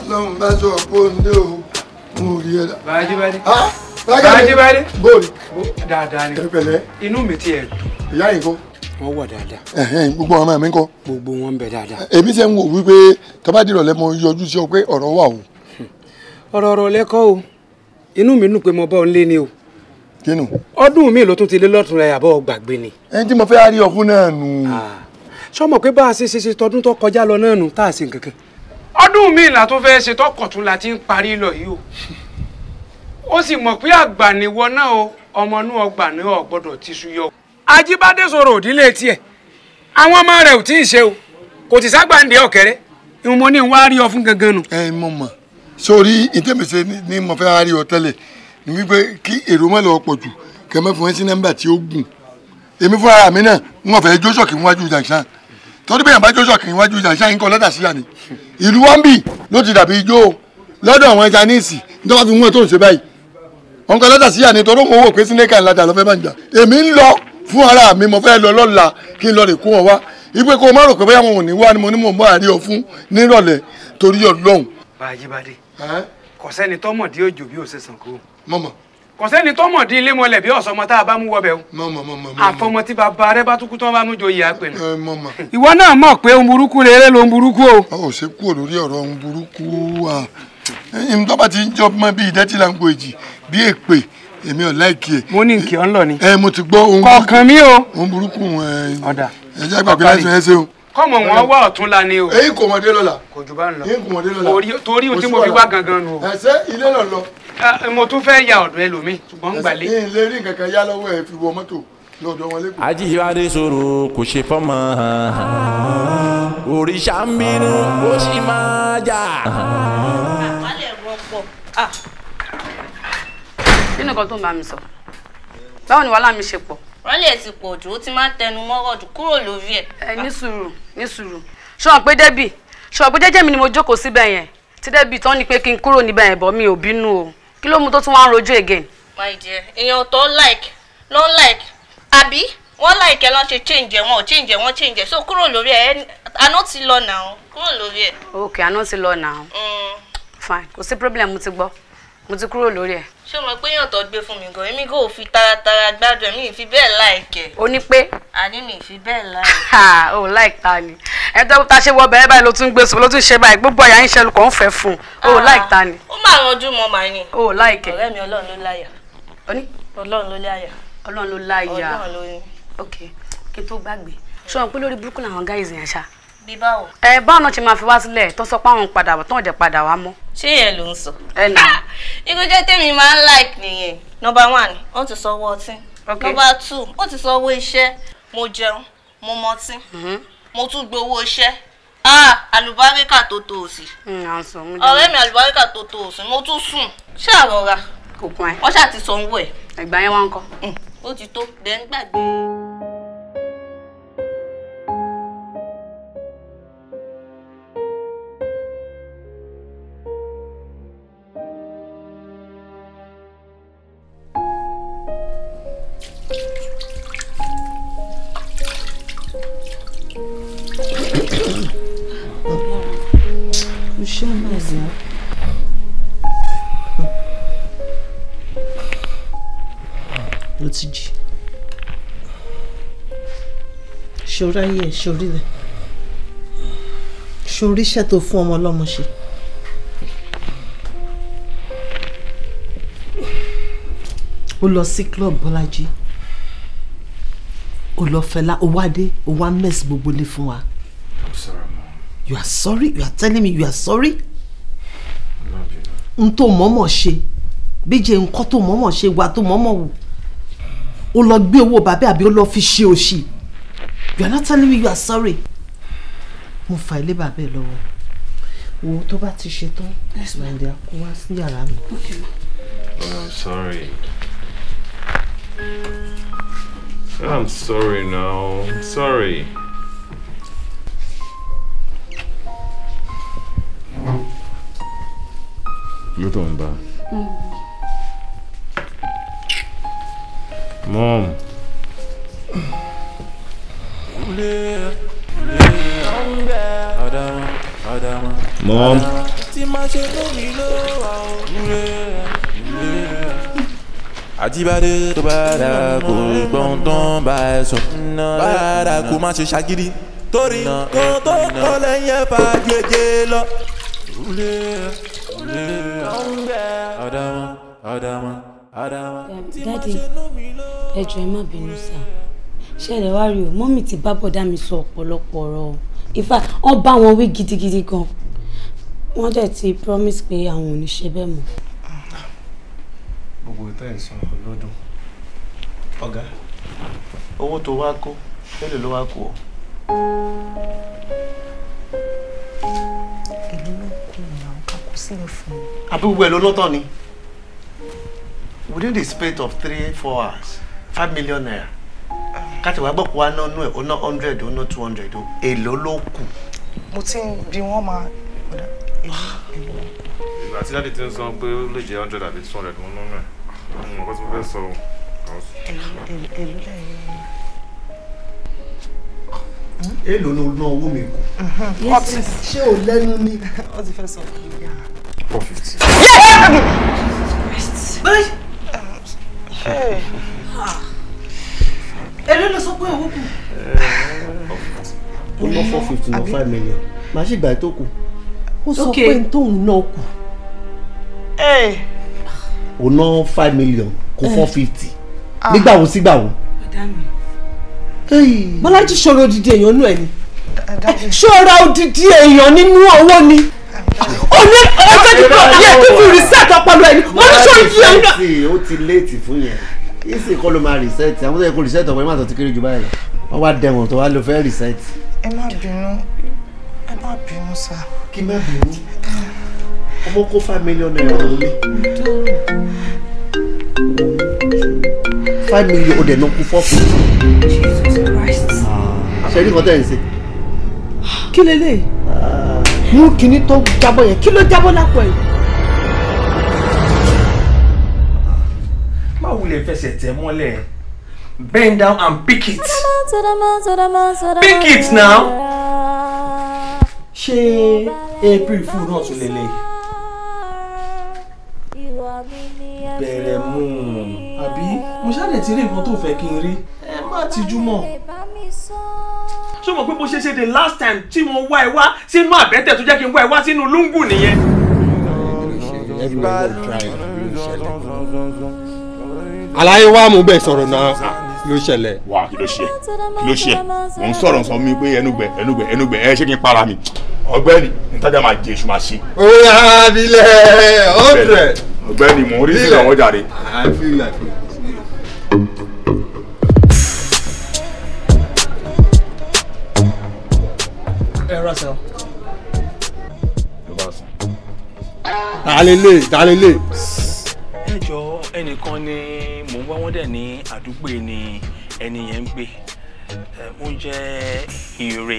[SPEAKER 5] Ọlọ́run bá sọ pé ó ní o, mo rí ẹ dà. Bàájí bá dé. Bàájí bá dé. Bóòlù. Dáadáa ni. Ẹ pẹ̀lẹ́. Inú mi ti ẹ̀. Ìyá yìí kọ́ wọ́n wà dáadáa. gbogbo ọmọ mi ńkọ́. gbogbo wọn ń bẹ dáadáa.
[SPEAKER 2] èmi ṣe ń wò wípé tọ́bádìrọ̀ lẹ́mọ yọjú sí ọ pé
[SPEAKER 5] ọ̀rọ̀ wà o. ọ̀rọ̀ ọ̀rọ̀ lẹ́kọ́ o inú mi nù pé mo bá ọ lé ni o. kínú. ọdún mi ló tún ti lé lọ́tún rẹ̀ àbọ̀ gbàgbé ni. ẹni tí mo fẹ́ rí ọkùn náà nù. sọmọ pé bá a ṣe ṣe ṣe tọdún tó kọjá lọ náà nù tá a ṣe nǹkankan. ọdún mi là tó fẹ́ ṣe tọkọ̀tún la ti ń parí lọ o ó sì mọ̀ pé àgbà nìwọ náà o ọmọ inú ọgbà o Ajíbádé sọ̀rọ̀ òdílé tiẹ̀ àwọn ọmọ rẹ̀ ò tí ì ṣe o kò tí ságbàǹdé ọ̀kẹ́rẹ́ ìwọ̀n mo ní n wá rí ọ fún gangan nu. ẹ
[SPEAKER 2] mọ̀ mọ̀ sórí ìtẹ̀mẹsẹ ni mo fẹ́ rí ọ tẹ́lẹ̀ ní wípé kí èrò mọ́ lọ pọ̀ jù kẹmẹ́ fún ẹ sí nọ́mbà tí ó gùn èmi fún ara mi náà n ò fẹ́ jósọ̀ kí n wájú jàǹsán torí bẹ́ẹ̀ bá jósọ̀ kí n wájú jàǹsán nǹkan lọ́dà síyà ni ìlú wọn bì ló ti dàbí ijó lọ́dọ̀ àwọn janíìsì nítorí wọn fi mú tó ń ṣe báyìí wọn kọ́ lọ́dà síyà ni torí òun ò wò pé sínékà ńlá dà lọ́fẹ́ bá ń jà èmi ń lọ fún ara mi mo fẹ́ lọ lọ́la kí n lọ rè kó wọn wá ipe kó o má rò pé bóyá wọn ò ní wá ni mo ní mò ń bá àárẹ̀ ọ fún nírọ̀lẹ́ torí ọlọ́run.
[SPEAKER 5] bàjẹ́bàdé kò sẹ́ni tọ́mọ̀dé òjò bí òṣè sàn kó. mọ̀mọ̀. kò sẹ́ni tọ́mọ̀dé ilé mọ̀lẹ̀ bí ọ̀sọ́mọ tá a bá mú wọbẹ̀ o. mọ̀mọ̀ mọ̀mọ̀. àfọmọ tí bàbá rẹ bá tún kú tán bá mú jọ ìyá pẹ̀lú. mọ̀mọ̀.
[SPEAKER 2] ìwọ náà mọ̀ pé ohun burúkú rere ló ń burúkú o. ọ ò ṣe kúrò lórí ọ̀rọ̀ ohun burúkú wa. ẹyin tó bá ti ń jọ mọ́ bíi dẹ́tí language bíi èpè èmi ò láìkì ẹ. E. mo ní nkì ọ́ ń lọ ni. ẹ mo ti gbọ́ ohun. kọ̀ọ̀kan mi o. ohun burúkú ẹ ọ̀dà ẹ jẹ́ àgbàgbé láti ẹ ṣe o.
[SPEAKER 5] kọ́mọ wọn wá ọ̀tún la ni o. èyí kò mọ̀dé lọ́la. kò jù bá ń lọ. èyí kò mọ̀dé lọ́la. torí ohun tí mo fi wá gangan nu ẹsẹ ilé lọ lọ. mo tún fẹ́ ya ọ̀dọ̀ ẹlòmíì ṣùgbọ́n gbàlẹ́.
[SPEAKER 2] ẹsẹ ilé rí nǹkan kan yá lọ́wọ́ ẹ fi wọ mọ́tò lọ́dọ̀
[SPEAKER 11] wọn kò ṣe fọ́mọ
[SPEAKER 2] òrìṣà ń bínú ó sì máa jà
[SPEAKER 4] kí nìkan tó ń bá mi sọ báwo ni wàhálà mi ṣe pọ̀. rọ́lẹ̀ ti pọ̀ jù ó ti máa ń tẹnu mọ́rọ̀ jù kúrò lórí ẹ̀. ẹ ní sùúrù ní sùúrù ṣọ́n pé débì ṣọ́n pé jẹ́jẹ́ mi ni mo jókòó síbẹ̀ yẹn tí débì tán ni pé kí n kúrò níbẹ̀ yẹn bọ̀ mi ò bínú o kí ló mú tó tún wá ń rojú again. my dear èèyàn tó like ló like àbí wọ́n like ẹ lọ́n ṣe change ẹ̀ wọ́n ò change ẹ̀ wọ́n change ẹ̀ so kúrò lórí ẹ̀ àná ti lọ nà ó kúrò lórí ẹ̀. ok àná ti lọ nà ó mm. fine kò sí problem mo ti gbọ́ mo ti kúrò lórí ẹ̀. ṣé o mọ̀ pé yàn tó gbé fún mi gan èmi kò fi taratara gbádùn èmi ìfi bẹ́ẹ̀ láìkẹ́. o ní pé. àní mi ìfi bẹ́ẹ̀ láìkẹ́. o láìta ni ẹ tó ta ṣe wọ bẹ̀rẹ̀ báyìí ló tún gbé sọ ló tún ṣe báyìí gbogbo àyà ń ṣẹlú kàn ń fẹ́ fún un o ah, láìta ni. ó máa ranjú mọ́ màá ni. o láìkẹ́. ọ̀rẹ́ mi ọlọ́run ló láyà. o ní. ọlọ́run ló láyà. ọlọ́run ló láyà. ọlọ́run ló ní. ok kí n tó gbàgbé ṣé wọn pé bí báwo. ẹ báwọn náà ṣe máa fi wá sílẹ̀ tó sọ pé àwọn padà wà tó ń padà wá mọ́. ṣé yẹn ló ń sọ. ẹ nà. irú jẹ́ tèmi máa ń like nìyẹn number one ó ti sọ owó ọtí number two ó ti sọ owó iṣẹ́ mo jẹun mo mọtí mm-hmm. mo tún gbowó iṣẹ́ ah alùbáríkà tó tó òsì mm, ọ̀rẹ́ mi alùbáríkà tó tó òsì mo tún sùn ṣé àrọ̀ra wọ́n ṣáà ti sọ owó ẹ̀. ẹ̀gbà yẹn wá ń kọ́. Mm, ó ti tó dẹ́n gbàgbé.
[SPEAKER 8] düşünmez ya. ló ti jí ṣòro ayé ẹ ṣòrí rẹ ṣòrí iṣẹ́ tó fún ọmọ ọlọ́mọ ṣe. O lọ sí club Bọ́lájí ó lọ fẹlá ó wá dé ó wá mess gbogbo lé fún wa you are sorry you are telling me you are sorry. n tó mọ̀mọ̀ ṣe bíjẹ́ nǹkan tó mọ̀mọ̀ ṣe wà tó mọ̀mọ̀ wù ó lọ gbé owó bàbá àbí ó lọ fi ṣe òṣì you are not telling me you are sorry. mo fa ilé bàbá ẹ lọ́wọ́ wo tó bá ti ṣe tán ìsìláìdì àkó wá sí yàrá mi.
[SPEAKER 7] Oh, I'm sorry. I'm sorry now. I'm sorry. ló tó ń bá. mom. mom.
[SPEAKER 11] àjíbádé tó bá dà kó gbọ́n tán bá ẹ sọ bá dà kó má ṣe ṣagídí torí kó tó kọ́ lẹ́yìn ọ̀dàmọ̀ ọ̀dàmọ̀ ọ̀dàmọ̀.
[SPEAKER 5] dáàdi
[SPEAKER 4] ẹjọ ẹ má bínú sá ṣẹlẹ̀ wá rí o mọ́mì ti bá bọ̀dá mi sọ ọ̀pọ̀lọpọ̀ ọ̀rọ̀ in fact wọ́n bá wọn wí gidigidi gan wọ́n dẹ̀ ti promise pé àwọn ò ní ṣe bẹ́ẹ̀ mọ́.
[SPEAKER 9] gbogbo ìtàn ìsàn lọ́dún ọ̀gá owó tó wá kó èlò ló wá kó o.
[SPEAKER 10] èlò ló kó o sílẹ̀ fún mi. àbí gbogbo ẹ̀ ló
[SPEAKER 9] lọ́tọ̀ ni within the space of three four hours five million naira káti wàá gbọ́ pé wàá nú ẹ̀ ó ná hundred ó ná two hundred ó èlò ló kù.
[SPEAKER 3] mo ti ń bí wọ́n máa
[SPEAKER 7] ìgbà tí dáàdi ti ń san pé ó lè jẹ hundred àbí two hundred wọn lọ́nà ẹ̀ mo mọ̀ kó tí mo fẹ́ sọ o.
[SPEAKER 9] èlò ló ná owó mi kù.
[SPEAKER 8] ṣé o lẹ́nu ni. ó ti fẹ́ sọ four fifty. èló ló sọ pé owó kù. ó ná four fifty ná five
[SPEAKER 9] million màá sì gbà tó kù
[SPEAKER 8] ó sọ pé tóun náà kù.
[SPEAKER 9] ó ná five million kó four fifty nígbà wo sígbà wo.
[SPEAKER 3] Bọ́lájí ṣòro odidi èèyàn nú ẹ̀ ni ṣọ́ra odidi èèyàn nínú owó ni òní ẹgbẹ́ ti kọ́ yẹ kí fi reset ọpọlọ ẹni mo ní sọ yìí ẹni
[SPEAKER 9] náà. ó ti léètì fún yẹn ìsìn kọ́ ló máa reset àwọn tó yẹ kó reset ọpọlọ ẹ má tọ́ ti kéré jù báyìí wọ́n wá dẹ̀wọ̀n tó wá lọ fẹ́ reset. ẹ má bínú ẹ má bínú sá. kí má bínú ọmọ kó five million naira ló ní. five million ó dẹ̀ náà kú four fifty.
[SPEAKER 8] Jesus Christ.
[SPEAKER 9] Ah. ṣe é ní kọ́tẹ́ ẹ̀ ń ṣe.
[SPEAKER 3] kí lélẹ́yìí mú kinní tó jábọ́ yẹn kí ló jábọ́ lápò
[SPEAKER 6] ẹ̀. má wulẹ̀ fẹsẹ̀ tẹ̀ mọ́lẹ̀ bend down and pick it
[SPEAKER 10] pick it now. ṣé
[SPEAKER 6] april fool náà tún lélẹ̀ bẹ̀rẹ̀ mú un àbí mo ṣáà lè ti rí nǹkan tó fẹ́ kí n rí
[SPEAKER 10] ẹ má tijú mọ́
[SPEAKER 6] ṣé mo pé bó ṣe ṣe the last time tí mo wá ẹ wá sínú àbẹ́tẹ̀ tó jẹ́ kí n wá ẹ wá sínú lungu nìyẹn. àlàyé
[SPEAKER 2] wa mú bẹ́ẹ̀ sọ̀rọ̀ náà ló ṣẹlẹ̀. wà á kí ló ṣe kí ló ṣe mò ń sọ̀rọ̀ sọ mi pé ẹnugbẹ ẹnugbẹ ẹnugbẹ ẹ ṣé kí n para mi ọ̀gbẹ́ni ntajà máa jẹ èṣù máa ṣe. ó yà á mò ń rí sí àwọn jàre. I feel like
[SPEAKER 6] Eh, ẹ Russell, sẹ́wọ̀n.
[SPEAKER 2] tàlélé tàlélé.
[SPEAKER 6] ẹ jọ ẹnìkan ni mò ń wá wọn dẹ ní àdúgbò ni ẹni yẹn ń gbé oúnjẹ ìrè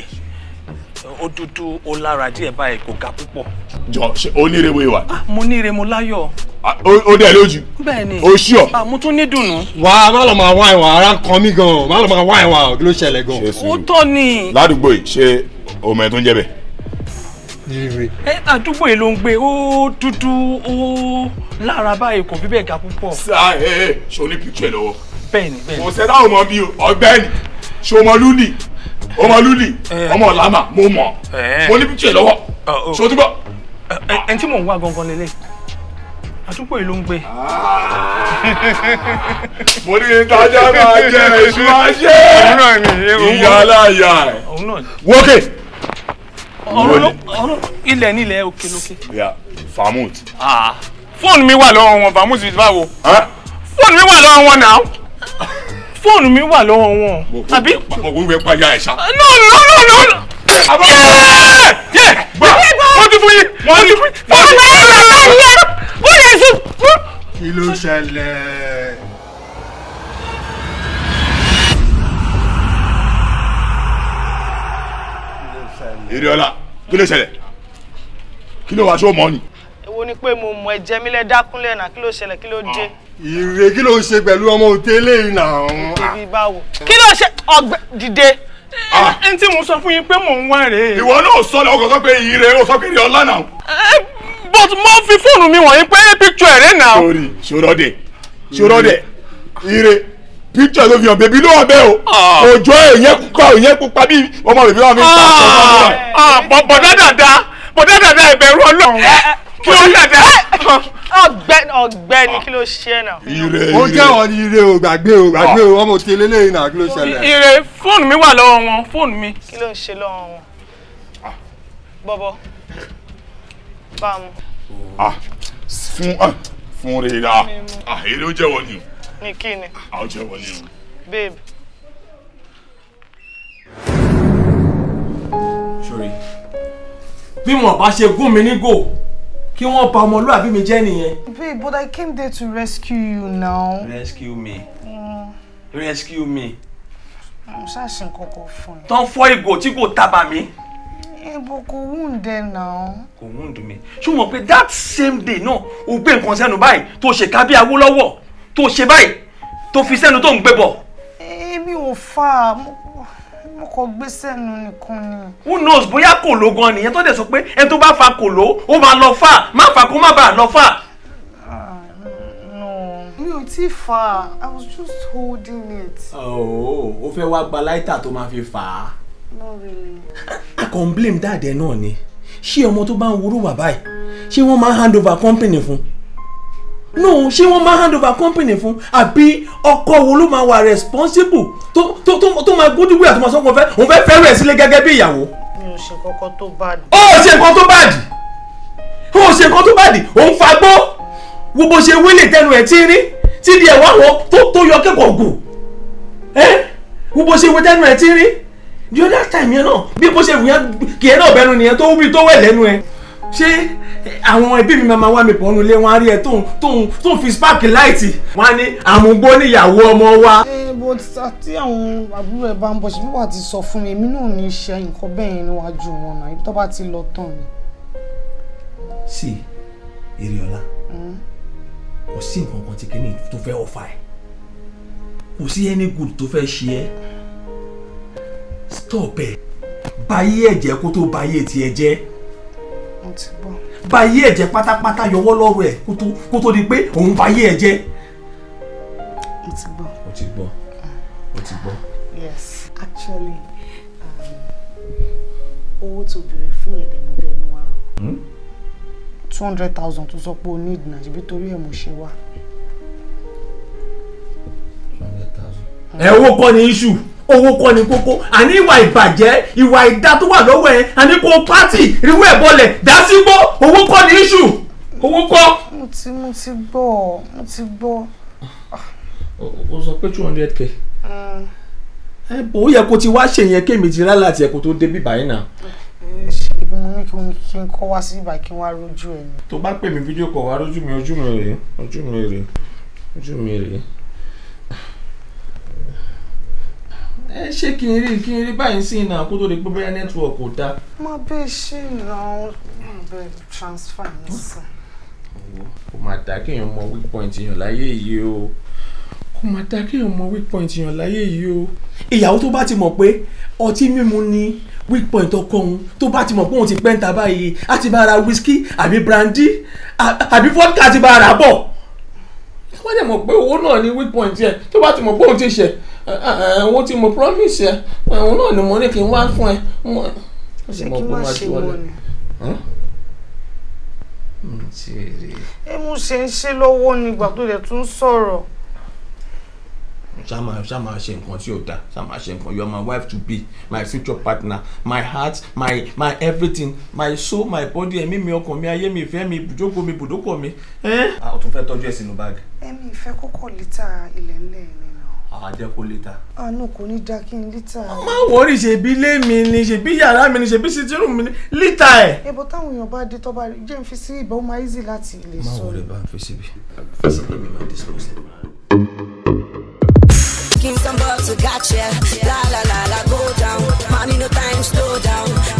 [SPEAKER 6] ó dúdú ó lára díẹ̀ báyìí kò ga púpọ̀.
[SPEAKER 2] jọ ṣe o ní ire wo ìwà. Ah,
[SPEAKER 6] mo ní ire mo láyọ̀.
[SPEAKER 2] o dẹ lójú.
[SPEAKER 6] bẹ́ẹ̀ni o ṣí ọ. Ah, mo tún ní dùnú.
[SPEAKER 2] wà á má lọ máa wá ìwà ara kan mi gan má lọ máa wá ìwà kí ló ṣẹlẹ̀ gan. ó
[SPEAKER 6] tọ́ ni.
[SPEAKER 2] ládùúgbò yìí ṣe ọmọ ẹ tó ń jẹ bẹ.
[SPEAKER 6] ẹ àdúgbò yìí ló ń gbé ó dúdú ó lára báyìí kò fi bẹ́ẹ̀ ga púpọ̀. sáà ẹ ẹ
[SPEAKER 2] ṣe o ní picture lọ́wọ́. bẹ́ẹ̀ni bẹ́ẹ̀ni. kò sẹ́dá ọmọ bíi ọgbẹ́ni ṣe ọmọ luli eh. ọmọ lama mo mọ
[SPEAKER 6] eh. mo ní píkì lọ́wọ́
[SPEAKER 2] sotugbọ. Oh, oh. eh, ẹn tí mò ń
[SPEAKER 6] wá gangan lélẹ̀ àdúgbò yìí ló ń gbé. Ah. mo ní ìtajà máa jẹ èso ajé ìyálàyà wókè. ọ̀rọ̀ ilẹ̀ nílẹ̀ òkè lókè. famut. Ah. fóònù mi wà lọ́wọ́ wọn famut báwo fóònù mi wà lọ́wọ́ wọn náà fóònù mi wà lọ́wọ́ wọn.
[SPEAKER 2] àbí. mo wo ìwé pa ya ẹ̀ ṣá. no
[SPEAKER 10] no no no. àbọ̀ yẹ yẹ mo ti fún yín mo ti fún yín. bàbá yà bàbá yà ó lè fi.
[SPEAKER 2] kí ló ṣẹlẹ̀. èrè kí ló ṣẹlẹ̀ kí ló wàá ṣó mọ́ ni.
[SPEAKER 3] èwo ni pé mo mọ ẹ̀jẹ̀ mi lẹ́ dákúnlẹ̀ náà kí ló ṣẹlẹ̀ kí ló dé. Ah.
[SPEAKER 2] Ìrè kí ló ń ṣe pẹ̀lú ọmọ òtẹ́lẹ̀ ìnà.
[SPEAKER 7] Kí ló
[SPEAKER 6] ṣe ọgbẹ́ dìde? Ah. Ẹni tí mo sọ fún yín pé mò ń wá rèé. Ìwọ náà sọ lọ kọ̀ọ̀kan pé ìrè ó sọ pé ìrè ọlá náà. But
[SPEAKER 2] mo fi fóònù mi wọ̀nyí pé píkṣọ ẹ̀rẹ́ náà. Sori ṣòrọ́dẹ̀ ṣòrọ́dẹ̀ ìrè píkṣọ ló fi hàn bèbí ló wà bẹ́ẹ̀ o. Ah. Òjò èyẹ pupa òyẹ pupa bí ọmọ bèbí wà mí. Ah, bọ̀dá dàda bọ̀dá dàda ìbẹ̀rù Ọlọ́run. Eh, eh,
[SPEAKER 3] kí
[SPEAKER 6] ló dàbí ọ̀gbẹ́ni ọ̀gbẹ́ni kí ló ṣe náà.
[SPEAKER 2] ire ire o jẹ́wọ́ ni ire o gbàgbé o gbàgbé o ọmọ òtí eléyìí náà kí ló ṣẹlẹ̀. ire
[SPEAKER 6] fóònù mi wà lọ́wọ́ wọn fóònù mi. kí ló
[SPEAKER 3] ń ṣe lọ́wọ́ wọn ah, bọ́bọ́ bá a mú.
[SPEAKER 2] Ah, fún ah, fún rira ire o jẹ́wọ́ ni
[SPEAKER 3] o. ní kí ni.
[SPEAKER 6] o jẹ́wọ́ ni o. babe. sori bí wọn bá ṣe gún mi ní gò kí wọ́n pa ọmọlúwàbí mi jẹ́ nìyẹn.
[SPEAKER 3] babe but i came there to rescue you now.
[SPEAKER 6] rescue me mm. rescue me.
[SPEAKER 3] mo ṣàṣì kọkọ fún
[SPEAKER 6] ẹ. tán fọ́ ìgò tí kò tábà mi.
[SPEAKER 3] ebo eh, kò wúndẹ náà.
[SPEAKER 6] kò wúndù mi ṣùgbọ́n pé that same day náà o gbé nǹkan sẹ́nu báyìí tó ṣe kábí Awólọ́wọ̀ tó ṣe báyìí tó fi sẹ́nu tó ń gbé bọ̀.
[SPEAKER 3] èmi eh, ò fà á mo kò gbé sẹ́nu nìkan
[SPEAKER 6] ni. who knows bóyá kò ló gan nìyẹn tó dẹ̀ sọ pé ẹni tó bá fa kò ló ó máa lọ fà má fà kó má bàa lọ fà. Ah,
[SPEAKER 3] mi ò tí fà i was
[SPEAKER 10] just holding it.
[SPEAKER 6] Oh, ó fẹ́ wá gba láìtà tó máa fi fà á.
[SPEAKER 10] not really.
[SPEAKER 6] I kàn blame dáadé náà ni ṣé ọmọ tó bá ń wúrú bàbá yìí ṣé wọ́n máa hand over company fún un no ṣé wọ́n máa hand over company fún àbí ọkọ wo ló máa wà responsible tó tó tó máa gbódú wíwà tó máa sọ pé òun fẹ́ òun fẹ́ fẹ́rẹ̀ sílé gẹ́gẹ́ bí ìyàwó.
[SPEAKER 3] mi ò ṣe nǹkan tó bàdì.
[SPEAKER 6] ó ṣe nǹkan tó bàdì ó ṣe nǹkan tó bàdì òun fagbó wo bó ṣe wílì tẹnu ẹ̀ tí ń rí tí di ẹ̀wọ́ àwọn tó tó yọ kẹ́kọ̀ọ́ gùn ẹ́ wo bó ṣe wí tẹnu ẹ̀ tí ń rí the other time yẹn náà bí bó ṣe wù yẹn kì í náà bẹnu nìyẹn tó wí tó wẹ̀ lẹ́nu ẹ̀ ṣé àwọn ẹbí mi máa wá mi pọ̀ nulẹ̀ wọn á rí ẹ tó ń tó ń tó ń fi spark láìtì wọn á ní àmúgbó níyàwó ọmọ wa.
[SPEAKER 3] ẹ bó tí àwọn àbúrò ẹ bá ń bọ̀ ṣe bíbá ti sọ fún mi èmi náà ní í ṣe nǹkan bẹ́ẹ̀ yẹn níwájú wọn náà ibi tó bá ti lọ tán ni.
[SPEAKER 6] sí eriola mm. kò sí nǹkan kan tí kìíní tó fẹ́ ọ̀fà ẹ̀ kò sí any good tó fẹ́ ṣe ẹ́ stop ẹ̀ báyé ẹ̀jẹ̀ kó tó báyé tiẹ̀ jẹ́ báyé ẹ̀jẹ̀ pátápátá yọwọ́ lọ́rọ̀ ẹ̀ kó tó di pé òun báyé ẹ̀jẹ̀. mo ti gbọ́. mo ti gbọ́. mo ti gbọ́.
[SPEAKER 3] yes actually um, owó tó béèrè fún ẹ̀dẹ̀ mo bẹ́ẹ̀ mú wa hmm? two hundred thousand tó sọ pé o ní ìdènà síbi torí ẹ̀ mo ṣe wá.
[SPEAKER 6] ẹ̀ kọ́ ni issue owó kọ́ ni kókó àní ìwà ìbàjẹ́ ìwà ìdá tó wà lọ́wọ́ ẹ àní kò pátì ìrìwé ẹ̀ bọ́lẹ̀ dásígbó owó kọ́ ni iṣu
[SPEAKER 8] owó kọ́. mo ti mo ti gbọ́ mo ti gbọ́.
[SPEAKER 6] o sọ pé two hundred k.
[SPEAKER 8] Mm. ẹ bò ó yẹ
[SPEAKER 6] kó ti wá ṣèyẹn kémi ti rálá àti ẹ̀kọ́ tó débi báyìí náà
[SPEAKER 3] ṣègùn mo ní kí n kọ́ wá sí ibà kí n wá rójú ẹ̀
[SPEAKER 6] tó bá pè mí fídíò kọ̀ wá rójú mi ojú mi rèé ojú mi rèé ojú mi rèé. ẹ ṣé kí n rí kí n rí báyìí sí iná kó tó di pé bóyá network ò dáa.
[SPEAKER 3] má bẹ́ẹ̀ ṣe ìná má transfer mi sí.
[SPEAKER 6] kò máa dá kéèyàn mọ weak point yàn láyé yìí o kò máa dá kéèyàn mọ weak point yàn láyé yìí o. ìyàwó tó bá ti mọ̀ pé ọtí mímu ni weak point ọkọ òun tó bá ti mọ̀ pé òun ti pẹ́ńtà báyìí á ti bá ra whisky àbí brandy àbí vodka ti bá ra bọ̀. wọ́n dẹ̀ mọ̀ pé owó náà ni weak point yẹn tó bá ti mọ̀ pé òun ti ṣẹ̀ owó tí mo promise ẹ eh, òun náà ni mo ní kí n wá fún ẹ.
[SPEAKER 10] ṣé kí máa ṣe wọn ni. Hm?
[SPEAKER 3] ẹ mú ṣe ń ṣe lọ́wọ́ ni ìgbà tó dẹ̀ tún sọ̀rọ̀.
[SPEAKER 6] ṣáà ṣáà ṣe nǹkan tí ò dáa ṣáà ṣe nǹkan you are my wife to be my future partner my heart my my everything my soul my body ẹ̀mí mi ọkàn mi ayé mi ìfẹ́ mi ibùjókòó mi ibùdókọ̀ mi. a ò tún fẹ́ tọ́jú ẹ̀ sínú báàgì.
[SPEAKER 3] ẹ̀mí ìfẹ́ kókó lítà ilẹ̀ ńlẹ̀ ni
[SPEAKER 6] àjẹkù ah, lítà.
[SPEAKER 3] àánú ah, kò ní da kí n lítà. má
[SPEAKER 6] wọrí ṣèbí ilé mi ni ṣèbí yàrá mi ni ṣèbí sitiru mi ni lítà ẹ.
[SPEAKER 3] ebo táwọn èèyàn bá dé tó bá jẹ́ n fi sí ibà máa easy
[SPEAKER 4] láti lè
[SPEAKER 6] sọ. má
[SPEAKER 12] wọrí bá ń fi síbi fẹsẹ̀ lèmi máa máa.
[SPEAKER 4] King some bucks, I got ya. La la la no time, slow down.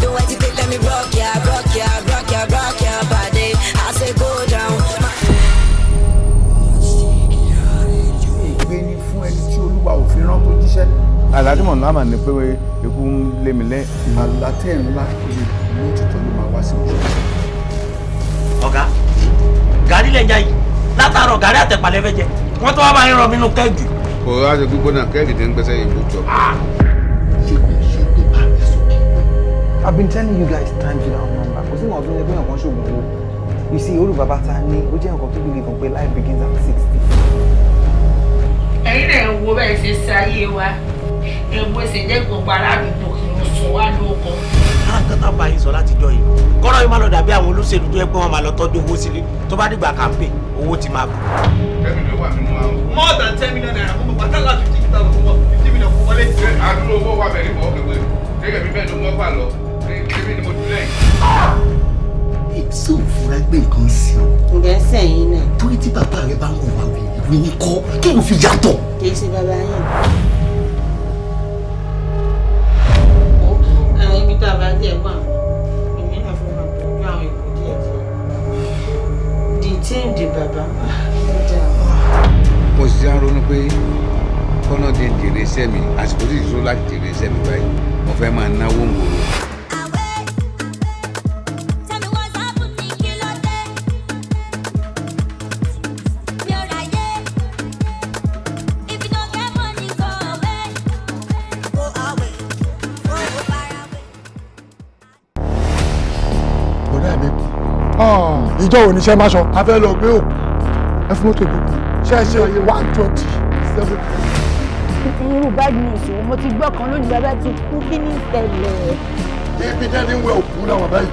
[SPEAKER 1] aládìmọ̀ ńlá mà ní pé ikú ń lé mi lẹ́.
[SPEAKER 5] àlàtẹ̀ ńlá kiri lójútọ́ ló máa wá sí ojú.
[SPEAKER 6] ọ̀gá gàrí lẹ̀ yìí látàárọ̀ gàrí àtẹ̀pàlẹ́ fẹ́ jẹ wọ́n tó wá máa ń rọ mínú kẹ́ẹ̀gì.
[SPEAKER 7] kò wá ṣe gbígbóná kẹ́ẹ̀gì tí ń gbẹ́sẹ̀ yìí bó jọ.
[SPEAKER 5] I've been telling you guys times without number kò sí ìwọ̀n ọdún ẹgbẹ́ ọ̀kan ṣògùn owó you see olú bàbá ta ní ó jẹ́ nǹkan tó bí nìkan pé life begins at sixty.
[SPEAKER 10] ẹ̀yin
[SPEAKER 3] náà ń wo bẹ́ẹ̀ ṣe ṣe ayé wa èwo ṣe jẹ́ gbogbo aládùúgbò kí n
[SPEAKER 6] sọ bá yín sọ láti jọ yìí kọ́rọ̀ yìí má lọ dàbí àwọn olóṣèlú tó yẹ pé wọ́n máa lọ tọ́jú owó sílé tó bá dìgbà kàmpé owó ti máa bù. more than ten million naira fún
[SPEAKER 5] bàbá tálà fifty thousand fún wọn fifty million fún wọlé. ṣé àdúró owó wà bẹ̀rẹ̀ mọ́ kẹ̀wé ṣé èmi bẹ́ẹ̀ ló mọ́ lọ ṣé èmi ni mo dúró lẹ́yìn
[SPEAKER 9] so fura gbé nǹkan sí o. ǹjẹ́ sẹ́yìn náà. torí
[SPEAKER 8] tá a bá díẹ̀ kọ́ àwọn èmi náà fún ma pọ̀ ju àwọn èkó díẹ̀ díẹ̀ dìtẹ́ǹdì bàbá ó dáa.
[SPEAKER 1] mo ṣe ń ronú pé kọ́nà dé jèrè iṣẹ́ mi àsìkò tí ìṣó láti jèrè iṣẹ́ mi báyìí mo fẹ́ máa náwó ń gbòòrò.
[SPEAKER 2] ò níṣẹ́ máṣọ. a fẹ́ lọ gbé òkú ẹ fún mọ́tò gbogbo ṣe é ṣe oye one twenty seven.
[SPEAKER 4] irú bad news o mo ti gbọ́ kan lónìí bàbá ti kú kí ní ìṣẹ̀lẹ̀.
[SPEAKER 2] ibi jáde ń wẹ òkú làwọn báyìí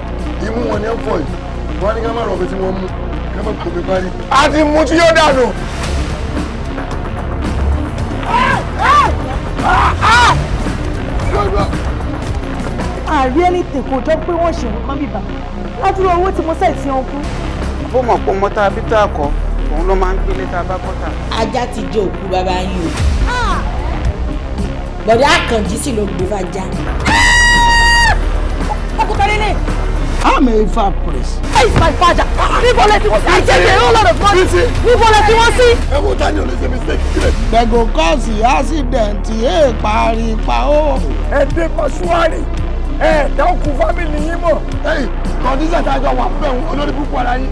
[SPEAKER 2] imú wọn ni ẹ ń fọ yìí wọn ní ká má rọ̀bẹ tí wọ́n mú ká má kó mi parí. a ti mú tí yóò dànù.
[SPEAKER 4] àrí ẹni tèkó jọ pé wọ́n ṣe nǹkan bíbá ládùúgbò owó tí mo sẹ́ẹ̀ ti hàn
[SPEAKER 5] ó mọ̀ pé ọmọ tá a bí tá a kọ́ òun ló máa ń gbélé tá a bá kọ́
[SPEAKER 4] ajá ti jẹ òkú bàbá yín o bọ̀dá àkànjí sì ló gbé fàjà. Ah!
[SPEAKER 2] ọkùnrin lélẹ̀.
[SPEAKER 1] I'm a far priest. Hey,
[SPEAKER 2] it's my father. Níbo lẹ ti wọ́n sí? I take a whole lot of money. Níbo lẹ ti wọ́n sí? Ẹ wo Daniel ṣe mistake
[SPEAKER 1] sílẹ̀. kọ́ọ̀sì ásídẹ̀ǹtì ẹ̀ parí pa ó. Ẹ dé mọ́ṣúárì. Ẹ dá fámìlì yín mọ̀. Ẹyìn, kọ̀dísẹ̀ tá a jọ wà fún ẹ̀wọ̀n olórí púpọ̀ ara yín.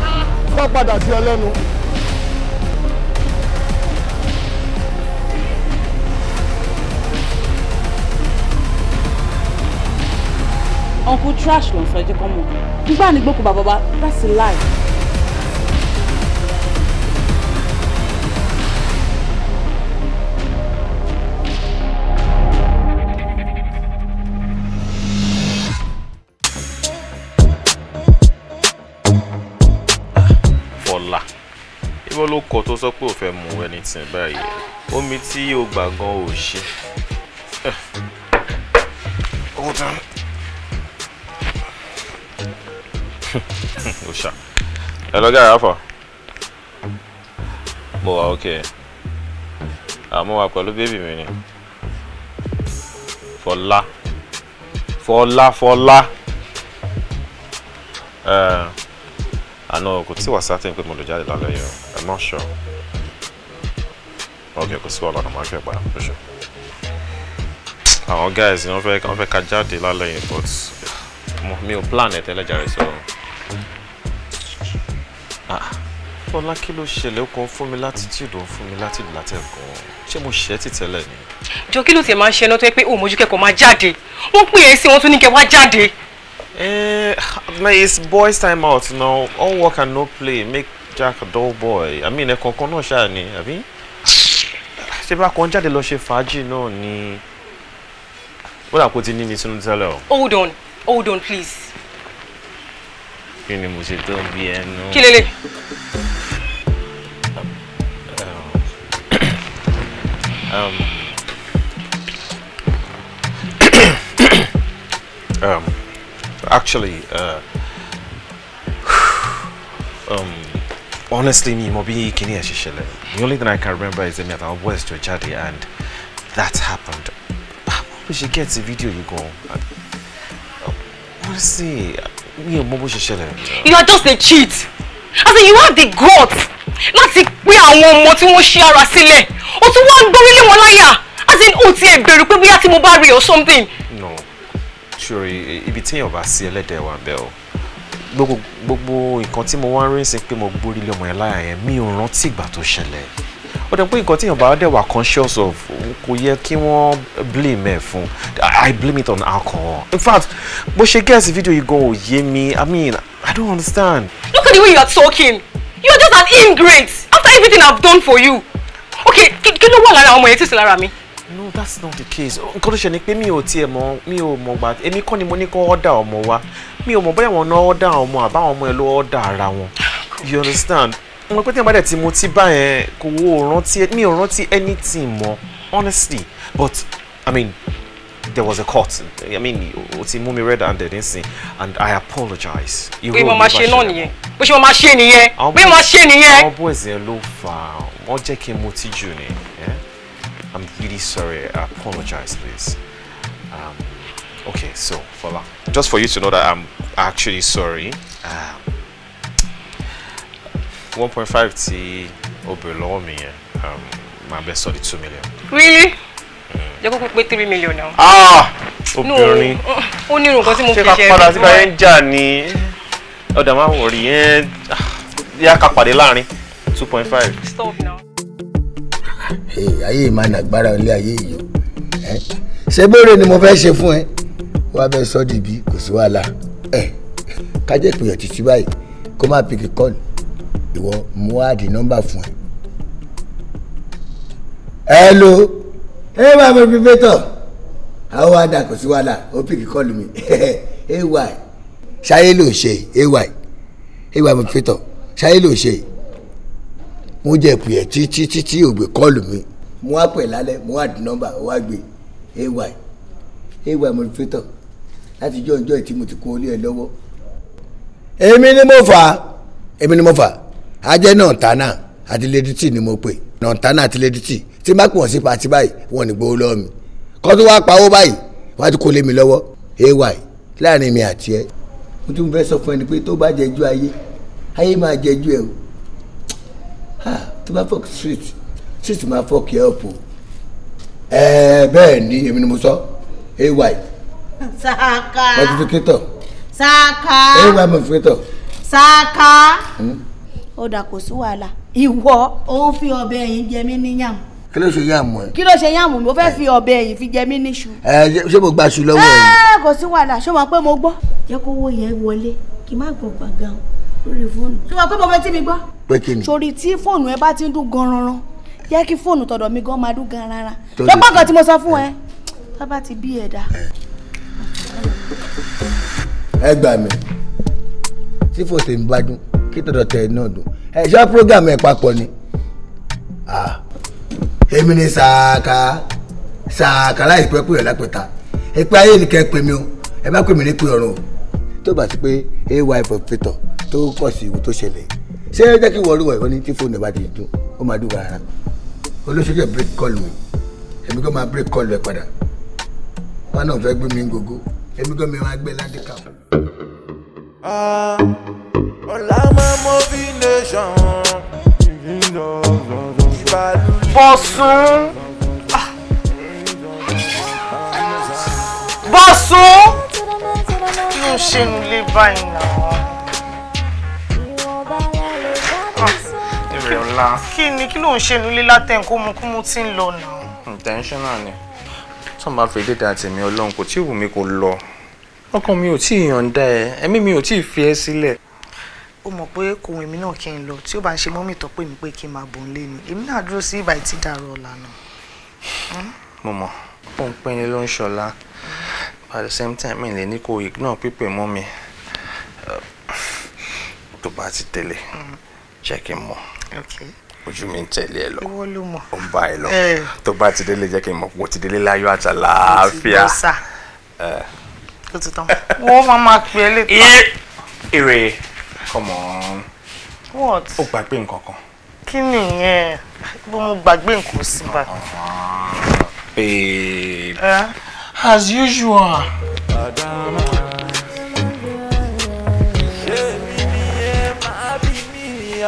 [SPEAKER 2] bá padà sí ọ lẹ́nu.
[SPEAKER 13] uncle trash ló
[SPEAKER 4] ń sọ ẹ jẹ́ kọ́ mọ̀ nígbà nígbòkú bàbá bá that's a lie.
[SPEAKER 7] tó sọ pé ò fẹ́ mu anything báyìí omi tí o gbà gan ò ṣe. owó tán. ẹ lọ gára fọ mo wà ókè àmọ́ wà pẹ̀lú bébì mi ni fọlá fọlá fọlá. Uh, àná kò tí wà sátìn pé mo lè jáde lálẹ́ yìí o I'm not sure ok kò sí wàhálà màá fẹ́ pa lóṣù àwọn guys ni wọ́n fẹ́ wọ́n fẹ́ ka jáde lálẹ́ yìí but mi ò plan ẹ̀ tẹ́lẹ̀ jàre so ah Fọlá kí ló ṣẹlẹ̀ ó kàn fún mi latitude ó fún mi latitude látẹ̀kọ́ ṣé mo ṣẹ́ ti tẹ́lẹ̀ ni. jọ
[SPEAKER 3] kí ló tiẹ̀ máa ń ṣe ẹ náà tó yẹ pé òun mojú kẹ́kọ̀ọ́ máa jáde wọ́n pè é sí wọn tún ní kẹ́ wá jáde.
[SPEAKER 7] Eh, it's boys' time out now. All work and no play make Jack a dull boy. I mean, ẹ̀kan kan náà ṣáà ni, àbí? Ṣé bá kan jáde lọ ṣe fàájì náà ni? Ó dà kó ti ní ní sínú tẹ́lẹ̀ o.
[SPEAKER 3] Hold on, hold on please.
[SPEAKER 7] Kí ni mo ṣe tó ń bí ẹnu? Kí lélẹ̀? Um, um, um actually, uh, um, honestly, me mobi kini ashishele. The only thing I can remember is that I was to a Jadi and that happened. Ah, But she gets a video you go. Honestly, me and mobo shishele. You
[SPEAKER 3] are just a cheat. I mean, you have the guts láti we are one tí wọ́n ṣe ara sílẹ̀. O tún wá ń gbórílé wọn liar. As in, o ti ẹ̀ bẹ̀rù pé bóyá tí mo or something. No
[SPEAKER 7] sori ibi téèyàn bá sí ẹlẹ́dẹ̀ wà bẹ́ẹ̀ o gbogbo gbogbo nǹkan tí mo wá ń rìn sí pé mo gbórí lé ọmọ yẹn láyà yẹn mi ò rántí ìgbà tó ṣẹlẹ̀ ó dẹ̀ pé nǹkan téèyàn bá dẹ̀ wà conscious of kò yẹ kí wọ́n blame ẹ̀ fún i blame it on alcohol in fact bó ṣe gẹ́ẹ̀sì fídíò yìí gan ò yé mi i mean i don't understand.
[SPEAKER 3] look at the way you are talking you are just an ingrate after everything i have done for you okay kí ló wà lára ọmọ yẹn tí ì sí lára mi
[SPEAKER 7] no that's not the case nǹkan tó ṣe ni pé mi ò tiẹ̀ mọ̀ mi ò mọ̀ gbà èmi kọ́ ni mo ní kó ọ́dà ọmọ wa mi ò mọ̀ bóyá wọn náà ọ́dà ọmọ àbáwọn ọmọ ẹ ló ọ́dà ara wọn you understand mo pé tí wọn bá dẹ̀ ti mu tí báyẹn kò wo rántí mi ò rántí anything mọ́ honestly but i mean there was a court i mean ó ti mú mi red handed nísìn and i apologize. pé mo máa ṣe náà nìyẹn
[SPEAKER 3] bó ṣe mo máa ṣe nìyẹn pé mo máa ṣe nìyẹn. àwọn bóyá
[SPEAKER 7] ẹ ló fà á wọn jẹ́ kí n mutí jù ni. Yeah? I'm really sorry. I apologize, please. Um, okay, so, Fola, just for you to know that I'm actually sorry. Um, 1.5 T ó bèrè lọ́wọ́ My best máa bẹ 2 million.
[SPEAKER 10] Really?
[SPEAKER 3] Mm. Jẹ́ kó pé 3 million now. Ah!
[SPEAKER 7] Obìnrin.
[SPEAKER 3] Ó ní irun kan tí mo fi ṣe. Ṣé ká padà síbi ayé ń
[SPEAKER 7] jà ni? Ọ̀dà máa wọ̀ rí yẹn. Ah, yá ká pàdé láàrin 2.5. Stop now.
[SPEAKER 1] Eh, ayé ìmọ̀ àgbára ilé ayé yìí eh, ṣé bóore ni mo fẹ́ ṣe fún ẹ wàá bẹ sọ dìbí kò sí wàhálà ẹ eh, kájẹ́ ìpìyàn títí báyìí kó má pikì kọ́ọ̀lù ìwọ mú àdì nọ́mbà fún ẹ. hello ẹ bá mi fi pétọ̀ àwọn àdà kò sí wàhálà ó pikì kọ́ọ̀lù mi ay ṣáyé ló ṣe ay ay mo fi pétọ̀ ṣáyé ló ṣe yìí mo jẹ pè ẹ títí títí ògbè kọlù mi mo wá pè lálẹ́ mo wá di nọ́mbà wá gbé ay ay mọlifétọ láti jọ ìjọ ìtí mo ti kó olé ẹ lọ́wọ́. èmi ni mo fà á èmi ni mo fà á ajẹ́ náà tánà àti lẹ́dítì ni mo pè náà tánà àti lẹ́dítì tí má pè wọ́n sí pati báyìí wọ́n ní gbowó lọ́wọ́ mi kọ́ tó wá pawó báyìí wọ́n á ti kó lé mi lọ́wọ́ ay láàrin mi àti ẹ. mo tún fẹ́ sọ fún ẹni pé tó bá jẹ́jú ayé ayé máa jẹ́jú ẹ o tó bá fọ́ọ̀kì street street máa fọ́ọ̀kì help o bẹ́ẹ̀ ni èmi ni mo sọ ay. Saka. mọ̀tífíkétọ̀.
[SPEAKER 4] Saka. ay mọ̀tífíkétọ̀. Saka. Hmm? ó dà kò sí wàhálà ìwọ ó fi ọbẹ̀ yìí jẹ mí níyàm
[SPEAKER 1] kí ló ṣe yàmù ẹ.
[SPEAKER 4] kí ló ṣe yàmù mi ó fẹ́ fi ọbẹ̀ yìí fi jẹ mí níṣu.
[SPEAKER 1] ẹ ṣé mo gba aṣu lọ́wọ́ ẹ.
[SPEAKER 4] ẹ kò sí wàhálà ṣé mo pé mo gbọ́. jẹ́ kó owó yẹn wọlé kí n má gbọ́ gbàgán lórí fóònù. ṣé wọn pé mo fẹ́ tí mi gbọ́. pé kí ni. sori tí fóònù ẹ bá ti ń dún gan-an yẹ kí fóònù tọ̀dọ̀ mi gan máa dún gan-an rárá. ló pọ̀ tí mo sọ fún ẹ tó bá ti bí ẹ̀dá.
[SPEAKER 1] ẹ gbà mí tí fòsè ń bá dún kí tọ̀dọ̀ tẹ̀ náà dùn ẹ ṣọ́ program ẹ̀ papọ̀ ni èmi ni sàkà sàkà láìpẹ́ pè ọ́ lápẹ̀ta ẹ pé ayé nìkan pè mí o ẹ bá pè mí ní pè ọ̀run o tó bá ti pé ay for peter tó kọ̀ sí ìwò tó ṣẹlẹ̀ ṣé ẹ jẹ́ kí wọ́n rúwọ̀ ìwọ́n ní tí fóònù ẹ̀ bá ti dùn ó máa dùn rárá olóṣèlú ẹ̀ break call mi èmi kò máa break call ẹ̀ padà wọn náà fẹ́ gbé mi gógó èmi kò mi máa gbé ládìkà. Ah, ọ̀la máa mọ bí nation
[SPEAKER 11] bọ̀sùn ah.
[SPEAKER 3] kí n ṣe ń lé báyìí náà.
[SPEAKER 10] rẹ̀
[SPEAKER 6] ọ̀la.
[SPEAKER 3] kí ni kí ló ń ṣe nílé látẹ̀yìn kó mu kú mu ti ń lọ nà.
[SPEAKER 6] intentional ni tó ń bá fi dédé àtẹ̀mí ọlọ́run kò tí ì wù mí kó lọ ọkàn mi ò tí ì yọ̀ǹda ẹ ẹ̀mí mi ò tí ì fi ẹ́ sílẹ̀.
[SPEAKER 3] ó mọ̀ pé kò wọ́n èmi náà kí n lọ tí ó bá ń ṣe mọ́mì tó pè mí pé kí n máa bọ̀ nílé ni èmi náà dúró sí ìbà ìtì dàrú ọ̀la nà. Hmm?
[SPEAKER 6] mo mọ̀ ó ń pín ní ló ń ṣọlá by the same time mi lè ní kó ignore pípè mọ́ mi tó bá ti tẹ̀lé hmm. jẹ́ kí n mọ̀ ojú mi ń tẹ̀lé ẹ lọ ó ń bá ẹ lọ eh. tó bá ti délé jẹ́ kí n mọ̀ pé ó ti délé láyọ̀ àti àlàáfíà. ó ti eh. tán wọ́n máa máa pè é létà. ire come on ó gbàgbé nǹkan kan.
[SPEAKER 7] kí ni ìyẹn bó mo
[SPEAKER 6] gbàgbé nǹkan sí bá. babe eh?
[SPEAKER 7] as usual.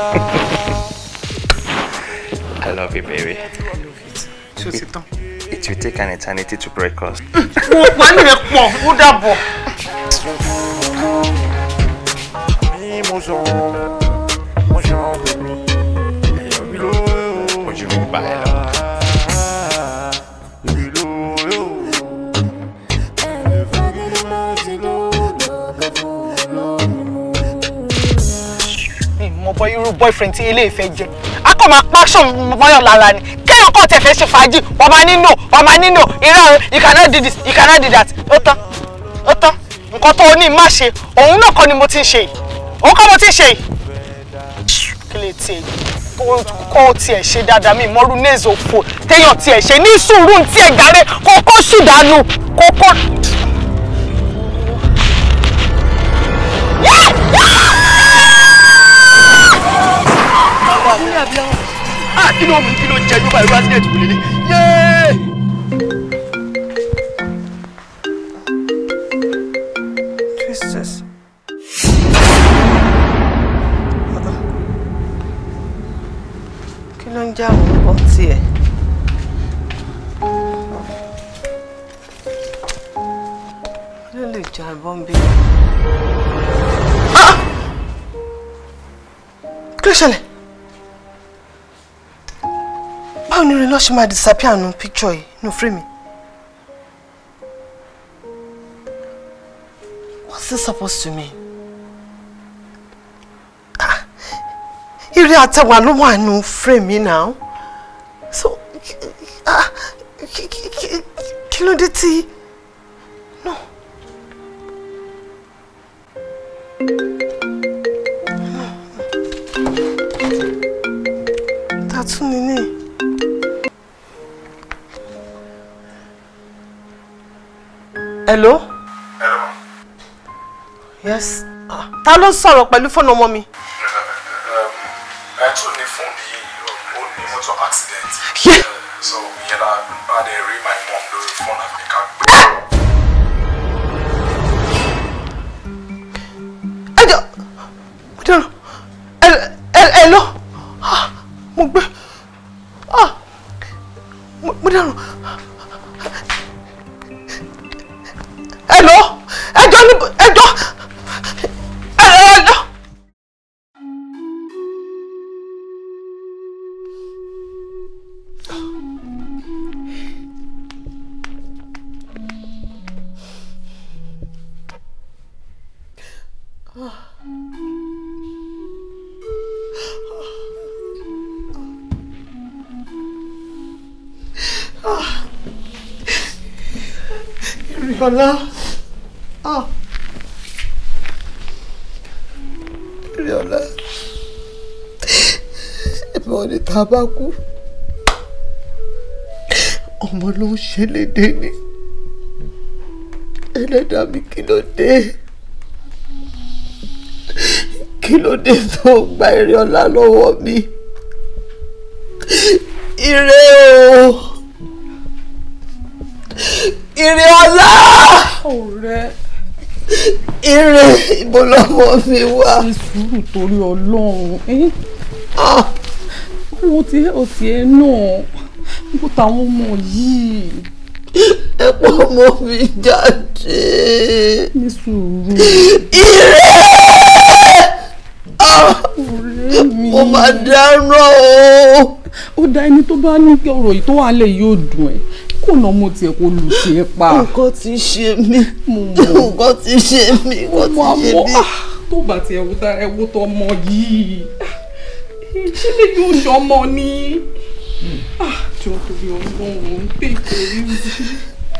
[SPEAKER 6] Yeah. I love you, baby. Ṣé o ti tán? It will take an eternity
[SPEAKER 7] to break us. Mo
[SPEAKER 11] wà nílẹ̀ pọ̀, ó dàbọ̀. Mi mo sọ, mo sọ bèbí, èèyàn mi ló yóò. Ojú
[SPEAKER 3] boyfriend kàn máa pàṣọ mọ́yàn lára ni kéèyàn kàn tẹ̀ fẹ́ ṣe fàájì wọ́n nínú wọ́n nínú irọ́ you cannot do this you cannot do that ó tán ó tán nǹkan tó o ní má ṣe òun náà kọ́ ni mo ti ń ṣe yìí òun kọ́ mo ti ń ṣe yìí kí lè tiẹ̀ kó o tiẹ̀ ṣe dáadáa mi ìmọ̀rú ní téèyàn tiẹ̀ ṣe ní sùúrù tiẹ̀ gàrẹ́
[SPEAKER 10] kó sùdánù kó
[SPEAKER 5] kí ló mú kí ló jẹ nípa irú accident wò lélẹ̀ yéé. Jesus.
[SPEAKER 8] kí ló ń já àwọn ọkọ tiẹ̀. kí ah! ṣẹlẹ̀. báwo ni Rìnlọ́ ṣe máa disappear nù picture yìí nù frame yìí. What's this supposed to mean? Ire ah, àtẹwà ló wà nù frame yìí now. So ah, kí ló dé tí. No. Tàtún ni ní. hello. hello. yes. Ah, ta ló ń sọ̀rọ̀ pẹ̀lú fóònù ọmọ mi.
[SPEAKER 2] ẹ tún ní fóònù the ó uh, motor accident. Uh, so ìyẹn la bá dé my mom the
[SPEAKER 6] phone, àfi ká ah, gbé.
[SPEAKER 3] ẹ jọ mo dẹrọ ẹ ẹ lọ mo mo dẹrọ.
[SPEAKER 7] Fọlá
[SPEAKER 1] Fọlá
[SPEAKER 3] ẹ̀fọ́
[SPEAKER 9] ni tá a bá kú ọmọ ló ń ṣe léde
[SPEAKER 1] ni ẹlẹ́dàá mi kí ló dé kí ló dé tó gba èrè lọ́wọ́ mi.
[SPEAKER 8] níbo lọ́mọ mi wà. ṣe sùúrù torí ọlọ́run owó tí ó tiẹ̀ náà nígbà táwọn ọmọ yìí. ẹ pọ́ ọmọ mi jáde. ní sùúrù. ire
[SPEAKER 10] ah! mo máa dáná
[SPEAKER 8] o. ó dá ẹni tó bá ní ọ̀rọ̀ yìí tó wà lẹ̀ yóò dùn ẹ́ kùnà mo tiẹ̀ kó lù tiẹ̀ pa. nǹkan ti ṣe mí nǹkan ti ṣe mí nǹkan ti ṣe mí.
[SPEAKER 5] Ah, tó bá ti ẹwú tó ọmọ yìí ah, ṣé lè yóò ṣọmọ ni ah, jọ torí ọlọ́run ń tètè rí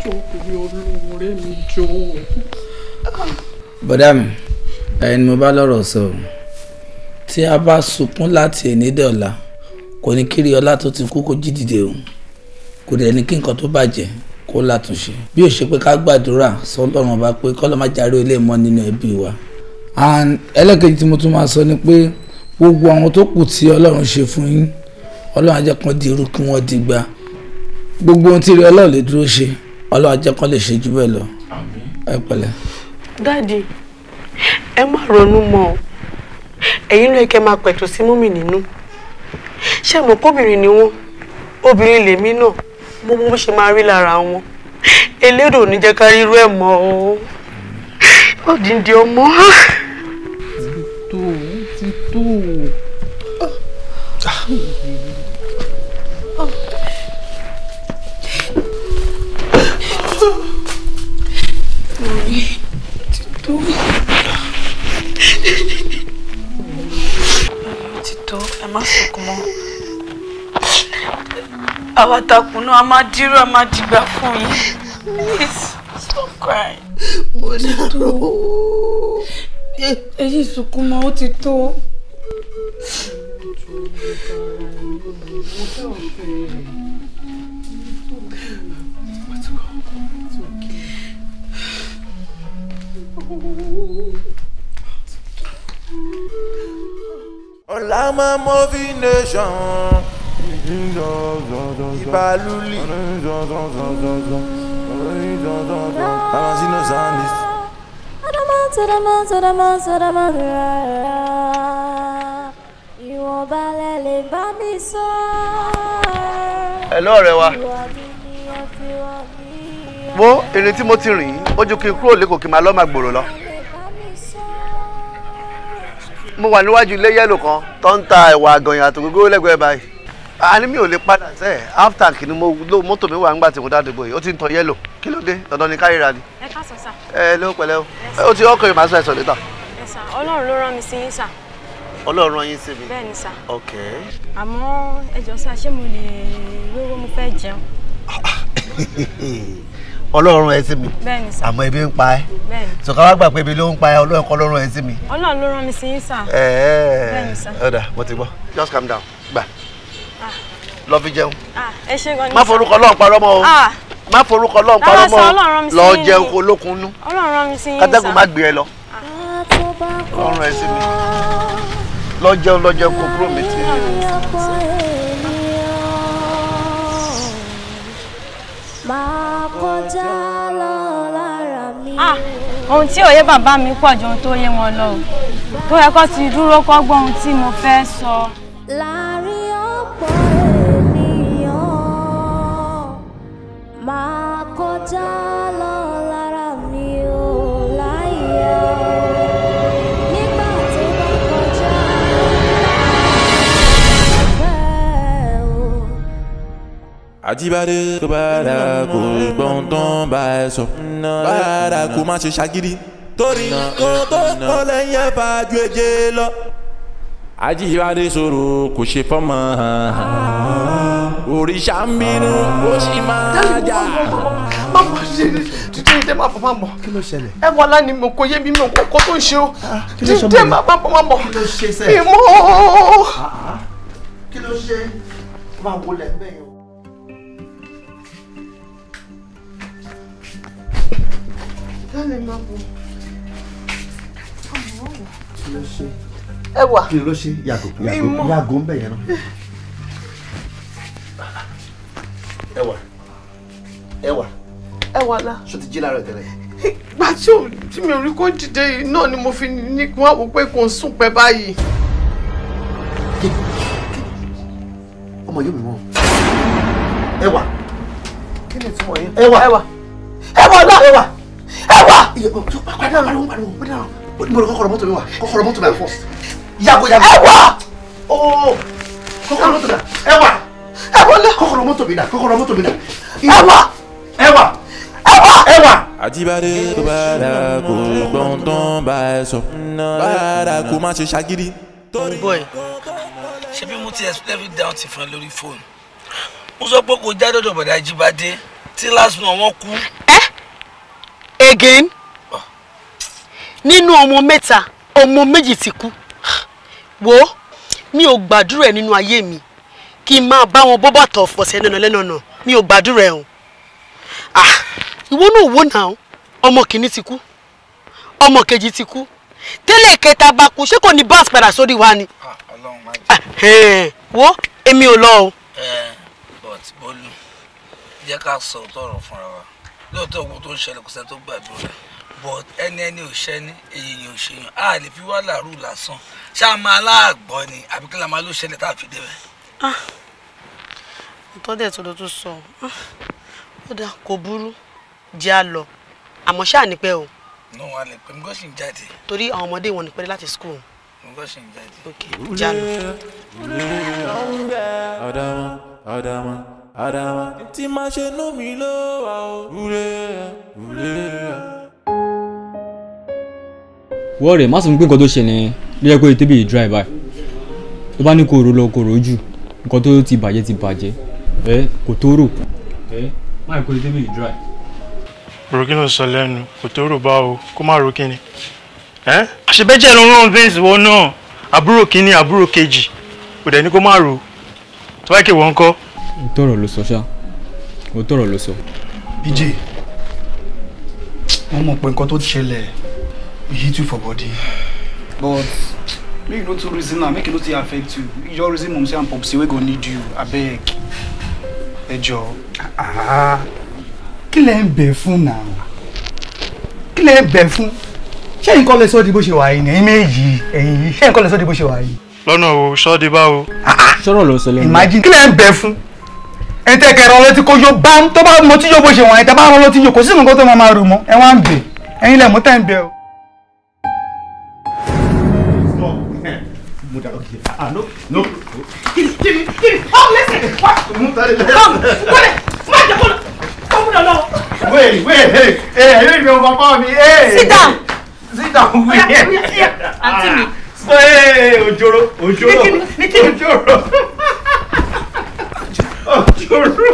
[SPEAKER 8] jọ torí ọlọ́run rẹ̀ mi jọ.
[SPEAKER 12] bọ́dà mi ẹni mo bá lọ́rọ̀ sọ tí a bá sunkún láti ẹ̀ní dọ̀la kò ní kiri ọlá tó ti kú kó jí dìde o kò dẹ̀ ní kí nǹkan tó bàjẹ́ kó látúnṣe bí ó ṣe pé ká gbàdúrà sọ́lọ́run ọba pé kọ́lọ́ má járe ó lè mọ́ nínú ẹbí wa. ẹlẹ́kejì tí mo tún máa sọ ni pé gbogbo àwọn tó kù tí ọlọ́run ṣe fún yín ọlọ́run á jẹ́ kán di irú kí wọ́n di gba gbogbo ohun tí rí ọlọ́run lè dúró ṣe ọlọ́run á lè ṣe jù bẹ́ẹ̀ lọ. ẹ pẹ̀lẹ́.
[SPEAKER 3] dáàdi ẹ má ronú mọ́ ọ ló yẹ kẹ́ máa pẹ̀tù sí mú mi nínú ṣé mo kóbìnrin ni wọ́n obìnrin lèmi náà mo mọ ṣe máa rí lára wọn elédò ò ní jẹ́ ká rírú ẹ̀ mọ́ o òdìndí ọmọ.
[SPEAKER 5] títò títò.
[SPEAKER 4] orí títò. títò ẹ má sọkún mọ́ àwa takùnà a máa dírò a
[SPEAKER 10] please stop crying. mo
[SPEAKER 4] dàrú
[SPEAKER 3] èyí sunkún mọ́ ó ti tó.
[SPEAKER 11] Olama Ibaluli. Amazino Zandis.
[SPEAKER 10] Adama, Sadama, Sadama,
[SPEAKER 9] Wo ìrìn tí mo ti rìn ó ju kí n kúrò lẹ́kọ̀ọ́ kí n máa lọ́ọ́ máa gbòòrò lọ mo wà níwájú ilé yẹ́lò kan tó ń ta ẹ̀wà àgànyìn àtògógó lẹ́gbẹ̀ẹ́ àní mi ò lè padà sẹ́ after kìíní mo lo mọ́tò mi wà ńgbà tí mo dá dìbò yìí ó ti ń tọ yẹ́lò kí ló dé dandan ni káyìíra ni. ẹ ká sọ sà. ẹ ló pẹ̀lẹ́ o ó ti ọkọ ìmọ̀ àṣọ ẹ̀sọ̀ níta. ẹ
[SPEAKER 4] sà ọlọ́run ló rán mi sí yín sà.
[SPEAKER 9] ọlọ́run rán yín sí mi. bẹ́ẹ̀ ni sà. ok.
[SPEAKER 4] àmọ́ ẹ jọ sá ṣé mo lè rówó mo fẹ́ jẹun.
[SPEAKER 9] ọlọ́run ẹ sí mi. bẹ́ẹ̀ ni sà. àmọ́ ebi ń pa ẹ́. bẹ́ẹ̀ ni. sọ̀kà gbà pé ebi ló ń pa ẹ́ ọlọ́run kọ́ lọ́run ẹ sí mi.
[SPEAKER 8] ọlọ́run ló rán mi sí yín sà. ẹ̀ẹ́ bẹ́ẹ̀
[SPEAKER 9] ni mo ti gbọ́ just calm down gbà lọ fi jẹun.
[SPEAKER 8] Ah, ẹ ṣe gan ni. má forúkọ Ọlọ́run parọ́ mọ́ o ah.
[SPEAKER 9] má forúkọ Ọlọ́run parọ́ mọ́ o lọ jẹun kó lókun nú.
[SPEAKER 8] Ọlọ́run rán mi sí yín sá. kátẹ́gùn má gbé
[SPEAKER 9] ẹ lọ. Ah. Ọlọ́run ẹ sí mi lọ jẹun lọ jẹun kó kúrò mi ti rí mi.
[SPEAKER 10] máa
[SPEAKER 4] kọjá lọ lára mi. ohun tí òye bàbá mi pọ̀ ju ohun tó yé wọn lọ tó yẹ kó ti dúró kọ́gbọ́n ohun tí mo fẹ́ sọ. láàrin ọ̀pọ̀ rẹ̀. máa kọjá lọ lára mi ò láyà
[SPEAKER 11] nígbà tó bá kọjá láàfẹ́ o. Àjíbádé tó bá dà kó gbọ́n tán bá ẹ sọ bá dà má ṣe ṣagídí torí kó tó kọ́ lẹ́yìn ẹ̀ fàájú ẹ̀jẹ̀ lọ ajibade sọ̀rọ̀ kò ṣe fọ́mọ
[SPEAKER 6] òrìṣà ń bínú ó sì máa jà.
[SPEAKER 8] má bọ̀ ṣe jíjẹ́ ìdẹ́ máa bọ̀ máa bọ̀. kí ló ṣẹlẹ̀. ẹ wà lánìí mo kò yé mi mo kò tó ń ṣe o jíjẹ́ máa bọ̀ máa bọ̀. kí ló ṣe sẹ́. ìmọ̀. kí ló
[SPEAKER 9] ṣe máa wọlé bẹ́ẹ̀ o.
[SPEAKER 8] dálẹ̀ máa bọ̀.
[SPEAKER 9] kí ló ṣe ẹ wà. kí ló ṣe yàgò yàgò yàgò ń bẹ̀ yẹn
[SPEAKER 8] náà. ẹ wà ẹ wà. ẹ wà la. ṣó ti jí láàárọ̀ tẹ́lẹ̀. ìgbà tí ò tí mi ò rí kó dìde yìí náà ni mo fi ní kí wọ́n wò pé kò ń sùn pẹ́ báyìí. ọmọ yóò mi wọ́n. ẹ wà. kí ni ìtumọ̀ yẹn.
[SPEAKER 9] ẹ wà ẹ wà ẹ wà la. ẹ wà ẹ wà. ìyẹn o tó pàdánù pàdánù pàdánù pàdánù kọ́kọ́rọ́ mọ́tò mi wà kọ́kọ́rọ́ mọ́tò mi à fọ́ yàgò yàgò. ẹwà. ooo kọ́kọ́rọ́ mọ́tò dà ẹwà. ẹwà lẹ. kọ́kọ́rọ́ mọ́tò mi dà kọ́kọ́rọ́ mọ́tò mi dà. ẹwà. ẹwà. ẹwà.
[SPEAKER 11] ẹwà. àtibáde tó bá dà kó gbọ̀ntàn bá ẹ sọ. bá dà kó má ṣe ṣagídí.
[SPEAKER 12] Oh bọ́ẹ̀ ṣe bí mo ti explain it ti fún ẹ lórí fóònù mo sọ pé kò já dọ̀dọ̀ bọ̀dà àjíbádé tí last month wọ́n kú.
[SPEAKER 3] ẹ again ah. nínú ọmọ mẹ́ta ọmọ méjì ti kú wo mi ò gbàdúrà ẹ nínú ayé mi kí n máa bá wọn bó bàtà ọ̀fọ̀sẹ̀ lẹ́nà lẹ́nà mi ò gbàdúrà ẹ o ah ìwọ náà wò náà ọmọ kìíní ti kú ọmọ kejì ti kú tẹ́lẹ̀ kẹta bá kú ṣé kò ní bá àsìpadà sórí wa ni ah, ah, wo èmi ò lọ o. Eh, but Bólú jẹ́ ká
[SPEAKER 12] sọ tọrọ fúnra wa lóòótọ́ owó tó ń ṣẹlẹ̀ kò sẹ́ni tó gbàdúrà but ẹni ẹni ò ṣẹni èèyàn ò ṣèyàn a lè fi wá làrú lásán ṣá máa láàgbọ́ ni àbí kí la máa ló ṣẹlẹ̀ tá a fi débẹ̀.
[SPEAKER 10] Ah,
[SPEAKER 3] ǹtọ́ dẹ̀ tó lọ tó sọ ah, ó dà kò burú jẹ́ a lọ àmọ́ ṣáà ní pẹ́ o.
[SPEAKER 12] náà wà lè pẹ́ mi jáde.
[SPEAKER 3] torí àwọn ọmọdé wọn ní pẹ́ láti school.
[SPEAKER 12] mi gbọ́sìn jáde. ok
[SPEAKER 3] jẹ́ a lọ.
[SPEAKER 11] ọ̀dàmọ̀ ọ̀dàmọ̀ ọ̀dàmọ̀ tí máa ṣe nú mi ló wà ó
[SPEAKER 6] wọ́n rẹ̀ má sì ń gbé nǹkan tó ṣẹlẹ̀ ló yẹ kó o tẹ́bí dry by tó bá ní kòrò lọ kòrò jù nǹkan tó ti bàjẹ́ ti bàjẹ́ ẹ kò tó rò
[SPEAKER 7] ẹ má kó o tẹ́bí dry. rògì ló sọ lẹ́nu kò tó rò bá o kó má ro kíni ẹ
[SPEAKER 6] àṣebẹ́jẹ́ ló ń rán veins wọ náà àbúrò kíní àbúrò kejì kò dẹ̀ ní kó má ro tó bá kè wọ́n kọ́. o tọrọ ló sọ ṣá o tọrọ ló sọ.
[SPEAKER 5] bíjì wọn mọ̀ pé nǹkan tó ti ṣẹlẹ̀ hit you for body but make you no too reason am make e no too affect you Your reason reason say and popsy wey go need you I beg. jọ. Ah, kí lẹ ń bẹ̀ fún náà kí lẹ ń bẹ̀ fún ṣé nǹkan lè sọ di bó ṣe wà yìí ẹ̀yin méjì ẹ̀yin yìí ṣé nǹkan lè sọ di bó ṣe wà yìí. lọ́nà o ah, ah. imagine kí lẹ ń bẹ̀ fún ẹ̀ńtẹ́ kẹrọ létí kó yó bá tó bá mọtí yó bó ṣe wà yìí tẹ́ bá rọ létí yó kò sí nǹkan tó máa máa rù mọ́ ẹ̀ wá
[SPEAKER 7] Ah, no, ah, no. Give me, give me, give
[SPEAKER 5] me. Oh, listen. What? Come, wait, wait, come on. Wait, wait, hey, hey, you don't papa me, hey. Sit down. Sit down, wait. Yeah, yeah, yeah. Auntie me.
[SPEAKER 6] Ah. So, hey, Ojoro,
[SPEAKER 5] Ojoro, Ojoro.
[SPEAKER 6] Ojoro.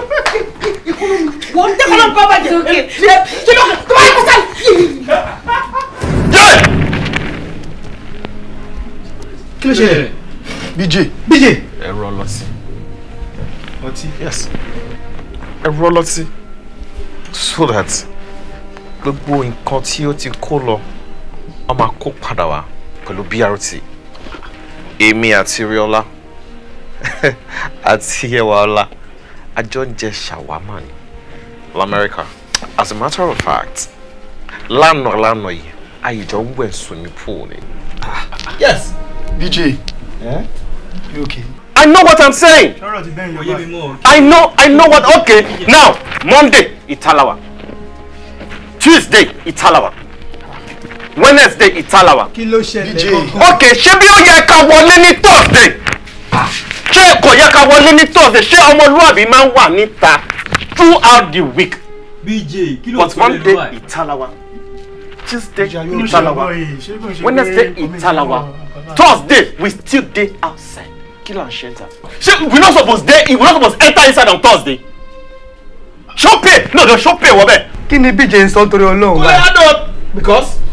[SPEAKER 4] Wọ́n
[SPEAKER 5] tẹ́ BJ. BJ.
[SPEAKER 7] ẹ̀rọ ọlọ́tí. ọtí. yes ẹ̀rọ ọlọ́tí so that gbogbo nǹkan tí ó ti kó lọ wọ́n máa kó padà wá pẹ̀lú BRT èmi àti riola àti ẹwà ọlá àjọ ń jẹ ṣàwámà ni lamẹ́ríkà as a matter of fact lánàá lánàá yìí àyíjọ ń wẹ̀ swimming pool ni. yes. BJ. Yeah? You okay? I know what I'm saying.
[SPEAKER 5] I
[SPEAKER 7] know, I know what. Okay, now Monday Italawa, Tuesday Italawa, Wednesday Italawa.
[SPEAKER 5] Okay,
[SPEAKER 7] Shebi bí ó ni Thursday? Ṣé kò yẹ ká
[SPEAKER 6] wọlé ní Thursday? Ṣé ọmọlúwàbí máa ń wà níta throughout the week? BJ, kí But Monday Italawa,
[SPEAKER 7] Tuesday Italawa, Wednesday
[SPEAKER 6] Italawa thursday we still day outside
[SPEAKER 7] kill and shelter
[SPEAKER 6] shey we no suppose dey we no suppose enter inside on thursday show pay no the show pay wọbẹ.
[SPEAKER 5] kí ni bíjẹ ń sọ torí Ọlọ́run báyìí. kò lè because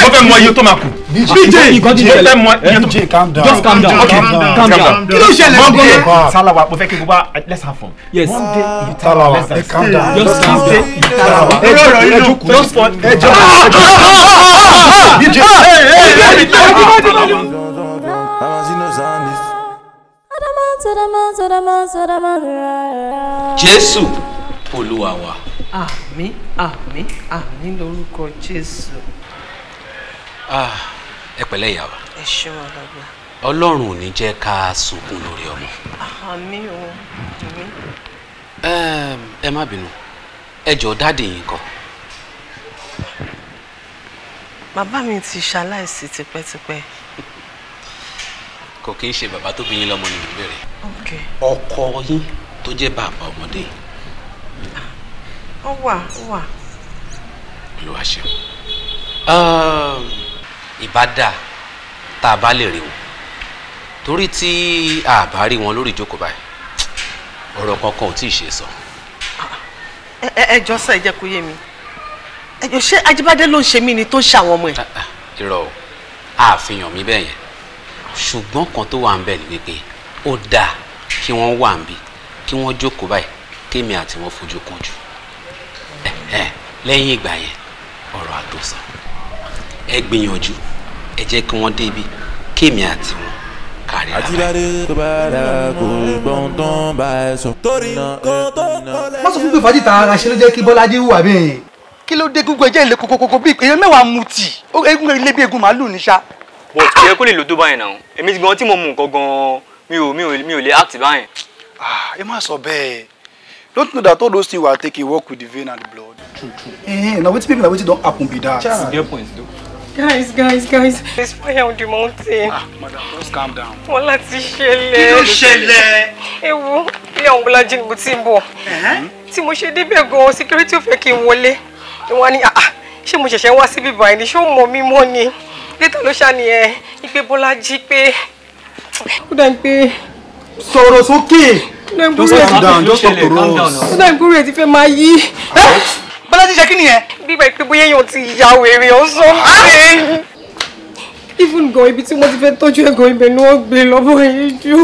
[SPEAKER 6] mo fẹ́ mọ iye tó máa kù. bj mo fẹ́ mọ iye
[SPEAKER 5] tó máa kù. calm down just calm down okay calm down. kí ló ṣẹlẹ̀ ní gbogbo.
[SPEAKER 7] salawa mo fẹ́ kí gbogbo let's have fun. yes one day you talawa let's calm down just calm down. ẹ jọ̀ọ́ ẹ jọ̀ọ́ just for ẹ jọ̀ọ́ ẹ jọ̀ọ́ bj
[SPEAKER 10] ẹ jọ̀ọ́.
[SPEAKER 8] Jésù Olúwa wa. Àmín àmín àmín lórúkọ Jésù.
[SPEAKER 13] Ah, ẹ pẹ̀lẹ́ ìyá wa.
[SPEAKER 8] ẹ ṣeun ọlọ́gbà.
[SPEAKER 13] ọlọ́run ò ní jẹ́ ká sunkún lórí ọmọ.
[SPEAKER 8] àmín o àmín.
[SPEAKER 13] ẹ má bínú ẹ jọ dáàdì yín kọ.
[SPEAKER 8] bàbá mi ti ṣaláìsí tipẹ́tipẹ́.
[SPEAKER 13] kò kí n ṣe bàbá tó bí yín lọ́mọ ni mo bèrè. ọkọ yín tó jẹ́ bàbá ọmọdé.
[SPEAKER 8] Ah, ó wà ó wà.
[SPEAKER 13] olùwàṣẹ. Um, ìbádà tá a bá lè rí wọn torí tí a bá rí wọn lórí ìjókòó báyìí ọ̀rọ̀ kankan ò tí ì ṣe sọ.
[SPEAKER 8] ẹ jọ sọ ẹ jẹ́ kó yé mi ẹ jọ ṣé Ajíbádé ló ń ṣe mí ni tó ń ṣàwọn ọmọ ẹ. Ah, ah,
[SPEAKER 13] irọ́ o àfihàn mi bẹ́ẹ̀ yẹn ṣùgbọ́n kan tó wà ń bẹ̀ ni wípé ó dáa kí wọ́n wà ń bí kí wọ́n jókòó báyìí kémi àti wọn fojú kan jù lẹ́yìn ìgbà yẹn ọ̀rọ̀ àtòsàn ẹ gbìyànjú ẹ jẹ́ kí wọ́n débi kémi àti wọn
[SPEAKER 11] kárí ara. àtìláre tó bá ra kò gbọ́n tó ń bá ẹ sọ. torí nǹkan tó
[SPEAKER 5] kọ́lẹ̀. wọ́n sọ fún pé fàájì tààrà ṣe ló jẹ́ kí Bọ́lájí hùwà bẹ́ẹ̀. kí ló dé gúngun ẹ̀jẹ̀ ilé kókókókó bí èèyàn mẹ́wàá mu tì eégún ilé bí eégún màálù ní sá. bọ̀
[SPEAKER 6] ìyẹn kò lè lo tó báyìí náà èmi ti tí mo mú nǹkan mi ò mi ò mi ò lè act báyìí. Ah,
[SPEAKER 5] ẹ má sọ bẹ́ẹ̀ don't know that all those things were taken work with the vein and the blood. true true. ẹ na wetin people na wetin don happen be that. that's their point though. Guys, guys, guys. This fire on the
[SPEAKER 3] mountain. Ah, madam, just calm down. Wọ́lá ti ṣẹlẹ̀. Kí ló ṣẹlẹ̀? Ewu, ilé àwọn Bọ́lájí ni mo ti ń bọ̀. Tí mo ṣe débẹ̀ gan-an, security ò fẹ́ kí ni, ah, She ah, mo ṣẹ̀ṣẹ̀ wá síbí báyìí ni? Ṣé ó mọ mí mọ́ ni? Létà ló ṣàní ẹ, ìpè Bọ́lájí pé. Ó dà ń pé. Sọ̀rọ̀ Just calm down, just talk to us. Ó dà ń pé rẹ̀ ti fẹ́ máa bọ́lá ti ṣe kí nìyẹn. bíbá ìpè bóyá èèyàn ti ya wèrè ọ̀sán. Ah! even gan ibi tí wọ́n ti fẹ́ tọ́jú ẹ̀gàn ibẹ̀ ni wọ́n gbé lọ́wọ́ yẹn ju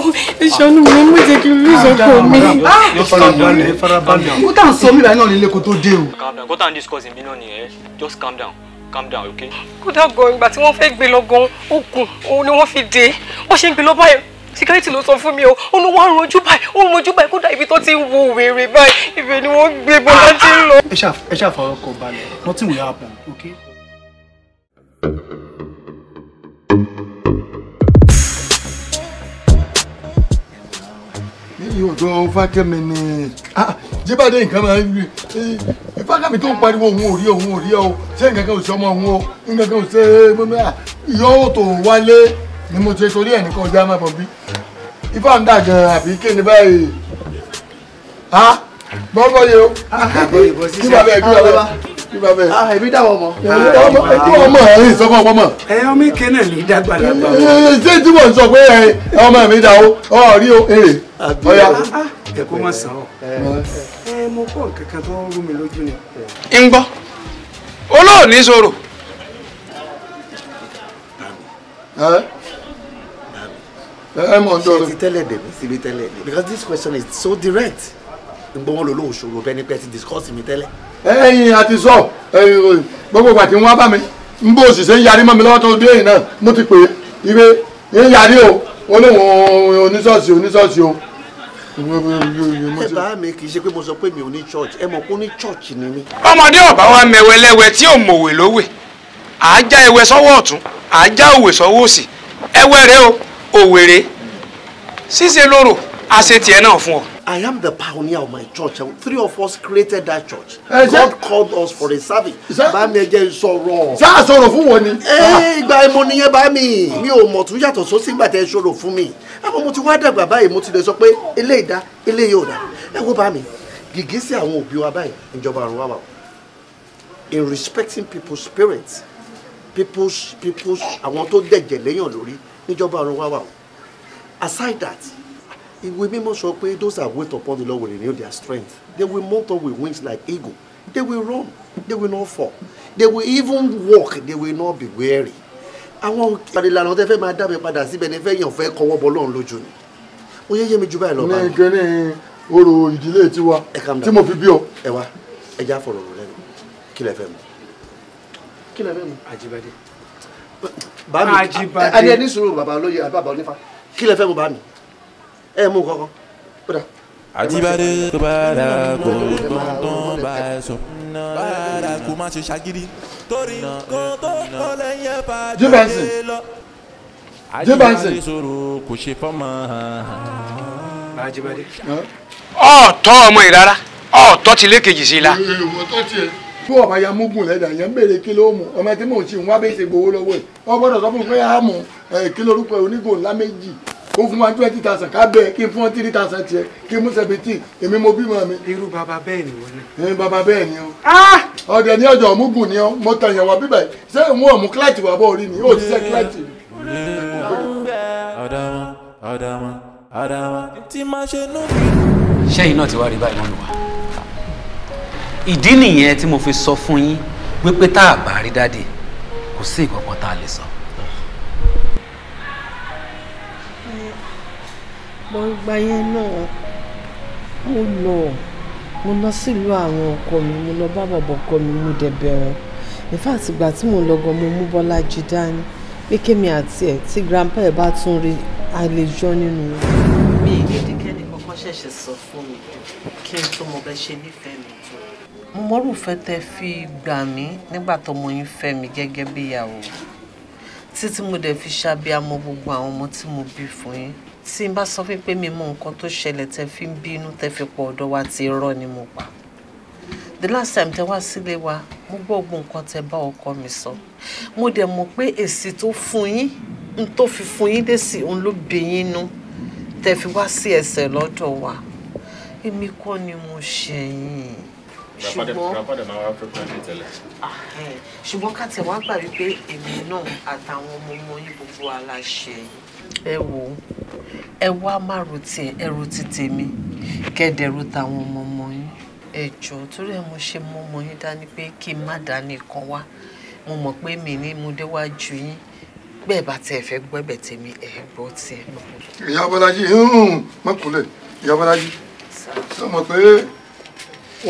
[SPEAKER 3] ìṣàánú mi mú jẹ́ kí n lù ìṣọ́kọ ah, mi.
[SPEAKER 5] farabalẹ̀ farabalẹ̀ kó tà ń sọ mí báyìí náà nílé kó tó dé o.
[SPEAKER 10] calm down kó tà ń discuss èmi
[SPEAKER 6] náà nìyẹn just calm down calm down okay.
[SPEAKER 3] kódà gan ìgbà tí wọ́n fẹ́ gbé lọ gan okùn òun ni wọ́n fi dé wọ́n ṣe ń gbé lọ security ló sọ fún mi o ó ní wọ́n rojú báyìí ó rojú báyìí kódà ibi tó ti ń wo wèrè báyìí ibẹ̀ ni wọ́n gbé bọ́lá tí ń lọ.
[SPEAKER 5] ẹ ṣàfọwọ́ kọ balẹ̀ nothing will happen okay.
[SPEAKER 2] yóò dán fákẹ́mi ni ah, jíbádé nǹkan máa ń rí eh, fákẹ́mi tó ń pariwo òun ò rí òun ò rí ọ ṣé nǹkan kan ò ṣe ọmọ òun o nǹkan kan ò ṣe é mọ́mí à tó wálé ni mo ṣe torí ẹnìkan ọjà máa bọ̀ bí ifá ń dà gan àbí kí ni báyìí
[SPEAKER 5] ha bọ́bọ́ yẹ o ah, kí
[SPEAKER 2] ah, bàbá ah, ẹ kí bàbá ẹ
[SPEAKER 9] kí bàbá ẹ. ah ẹbí dáwọ ọmọ. ẹbí
[SPEAKER 5] ọmọ ẹ ń sọ fún ọmọ ẹ ọmọ ike náà lè dàgbà lágbà.
[SPEAKER 2] ṣé tí wọ́n sọ pé ẹ ọmọ mi dà o ọ rí o èrè ọ̀ya.
[SPEAKER 5] ẹ kó má sàn ọ ẹ mo kọ́ nǹkan kan tó ń rú mi lójú ni. ń gbọ́ olóòní sọ̀rọ̀
[SPEAKER 9] ẹ eh, eh, mọ̀ ń dọ́rọ̀. ṣe ti tẹ́lẹ̀ because this question is so direct gbogbo wọn lò lóò ṣòro bẹ́ẹ̀ ni pé ti discuss mi tẹ́lẹ̀.
[SPEAKER 2] Eh, ẹyin àti sọ gbogbo ìgbà tí wọn bá mi ń bó òṣìṣẹ́ ń yarí mọ́ mi lọ́wọ́ tó dé yìí náà mo ti pè é ibi ń yarí o wọn lóun oníṣọ́ọ̀ṣì oníṣọ́ọ̀ṣì o.
[SPEAKER 5] ẹ
[SPEAKER 9] bá mi kì í ṣe pé mo sọ pé mi ò ní church ẹ mọ̀ pé ó ní church ni mí. ọmọdé ọ̀bá wa mẹ̀wẹ̀
[SPEAKER 5] lẹ́wẹ̀ tí ò mọ̀wé lówè àá já ẹwẹ́ sọ́wọ́ ọ̀tún àá já òwe sọ́wọ́ òsì ẹwẹ́ rẹ o òwèrè ṣíṣe lóró àṣetiẹ̀ náà fún ọ.
[SPEAKER 9] I am the pioneer of my church and three of us created that church. Ẹ ṣe God called us for a service. Ṣé bámi ẹ jẹ́ sọ̀rọ̀. Ṣé àṣọrọ̀ fún wọn ni? Ẹ ìgbà ẹ̀mọ nìyẹn bá mi. Mi ò mọ̀ tún yàtọ̀ sósì ìgbà tẹ́ ẹ ṣòro fún mi. Àmọ́ mo ti wá dàgbà báyìí mo ti lè sọ pé eléyìí dá eléyìí ò dá. Ẹ wo bá mi. Gìgí sí àwọn òbí wa báyìí ìjọba àrùn wa wà. In respecting people's parents, people's people's àwọn tó dẹ̀jẹ̀ léèyàn lórí níjọba ọ̀run wá wà o aside that ìwé mímọ́ sọ pé those that wait upon the Lord will renew their strength they will mount up with wings like eagle they will run they will not fall they will even walk they will not be weary àwọn ìlànà tẹ fẹ́ máa dábẹ padà síbẹ̀ ní fẹ́ yàn fẹ́ kọwọ́ bọ lọ́run lójú ni ó yẹ yé mi jù báyìí lọ báyìí. ní kíní
[SPEAKER 2] orò ìdílé tiwa tí mo fi bí ọ. ẹ wá
[SPEAKER 9] ẹ já fọ̀rọ̀ lọ lẹ́nu kí lẹ fẹ́ mu. kí lẹ fẹ́ mu. Àjíbádé bàmí àdé ẹni sùúrù bàbá olóye àbí bàbá onífà kí lẹ fẹ́ mu bàmí ẹ mú kankan ó
[SPEAKER 11] àjíbádé tó bá dà kó tó tó bá ẹ sùn bá dà má ṣe ṣàgídí torí kó tó kọ́ lẹ́yìn ẹ̀ bá jáde lọ.
[SPEAKER 2] àjíbádé
[SPEAKER 5] sọ̀rọ̀ kò ṣe fọ́mọ. àjíbádé. ọ̀ọ́ tọ́ ọmọ yìí rárá ọ̀ọ́ tọ́ ti lékejì sí i la. ìwọ tọ́ tiẹ̀
[SPEAKER 2] tó ọmọ ya múgùn lẹ́dà yẹn ń béèrè kí ló mú ọmọ tí mò ń ṣe ń wá bẹ́ẹ̀ ṣe gbowó lọ́wọ́ ẹ̀ ọ gbọ́dọ̀ sọ fún mi pé a mú kí lorúkọ onígò ńlá méjì ó fún wa twenty thousand ká bẹ́ẹ̀ kí n fún three thousand tiẹ̀ kí n mú seventeen èmi mo bímọ mi. irú baba bẹ́ẹ̀ ni wọ́n ní. irú baba bẹ́ẹ̀ ni o. Ah! ọ̀dẹ̀ ní ọjọ́ múgùn ni ọ mo tàn yàn wá bíbẹ̀ ṣé n ò mú kíláàtì wà bọ̀ orí mi ó ti sẹ́ kíláàtì.
[SPEAKER 13] ọ̀dàmọ̀ ọ̀dàmọ̀ ọ̀dàmọ̀
[SPEAKER 2] tí
[SPEAKER 11] máa ṣe nù.
[SPEAKER 13] sẹ́yìn náà ti wá rí báyìí wọ́n lù wá ìdí nìyẹn tí mo fi sọ fún yín wípé tá a bá rí dáàdì kò sí ìkọ̀kan tá a lè sọ.
[SPEAKER 8] mo ń gba yẹn náà mo lọ mo lọ sílùú àwọn ọkọ mi mo lọ bá bàbá ọkọ mi mo dẹ̀bẹ̀ wọn in fact ìgbà tí mo lọ gan mo mú Bọ́lájí dání pé kémi àti ẹ̀ tí grandpa ẹ̀ bá tún rí àlejò nínú. mi ìgbèdékẹ́ni kankan ṣẹ̀ṣẹ̀ sọ fún mi kí n tó mọ bẹ́ẹ̀ ṣe nífẹ̀ẹ́ mi mo mọ́rùfẹ́ tẹ fi gbà mí nígbà tọmọ yín fẹ́ mi gẹ́gẹ́ bí ìyàwó títí mo dẹ̀ fi ṣàbíamọ gbogbo àwọn ọmọ tí mo bí fún yín tí n bá sọ fún pé mi mọ nǹkan tó ṣẹlẹ̀ tẹ fi ń bínú tẹ fi pọ̀ ọ̀dọ̀ wa ti rọ́ ni mo pa the last time tẹ wá sílé wa mo gbọ́ gbogbo nǹkan tẹ bá ọkọ mi sọ mo dẹ̀ mọ̀ pé èsì tó fún yín n tó fi fún yín dé sí òun ló bí yín nú tẹ fi wá sí ẹsẹ̀ lọ́dọ̀ wa
[SPEAKER 7] èmi kọ́ ni mo
[SPEAKER 8] ṣẹ̀yìn
[SPEAKER 7] ṣùgbọ́n
[SPEAKER 8] ah, eh, ṣùgbọ́n ká tẹ̀ wá gbà wípé èmi náà àtàwọn ọmọ ọmọ yìí gbogbo aláṣẹ yìí. ẹ wò ó ẹ wá má ro tiẹ̀ ẹ ro ti tèmi kẹ́ẹ̀dẹ̀rù táwọn ọmọ ọmọ yín ẹ jọ torí ẹ mo ṣe mọ ọmọ yín dání pé kí n má dání kan wá mo mọ̀ pé mi ní mo déwájú yín bẹ́ẹ̀ bá tẹ̀ fẹ́ gbọ́
[SPEAKER 2] ẹ̀bẹ̀ tèmi ẹ̀ gbọ́ tiẹ̀. ìyá Bọ́lájí mọ̀kúnlẹ̀ ìyá Bọ́lájí sọ ma pé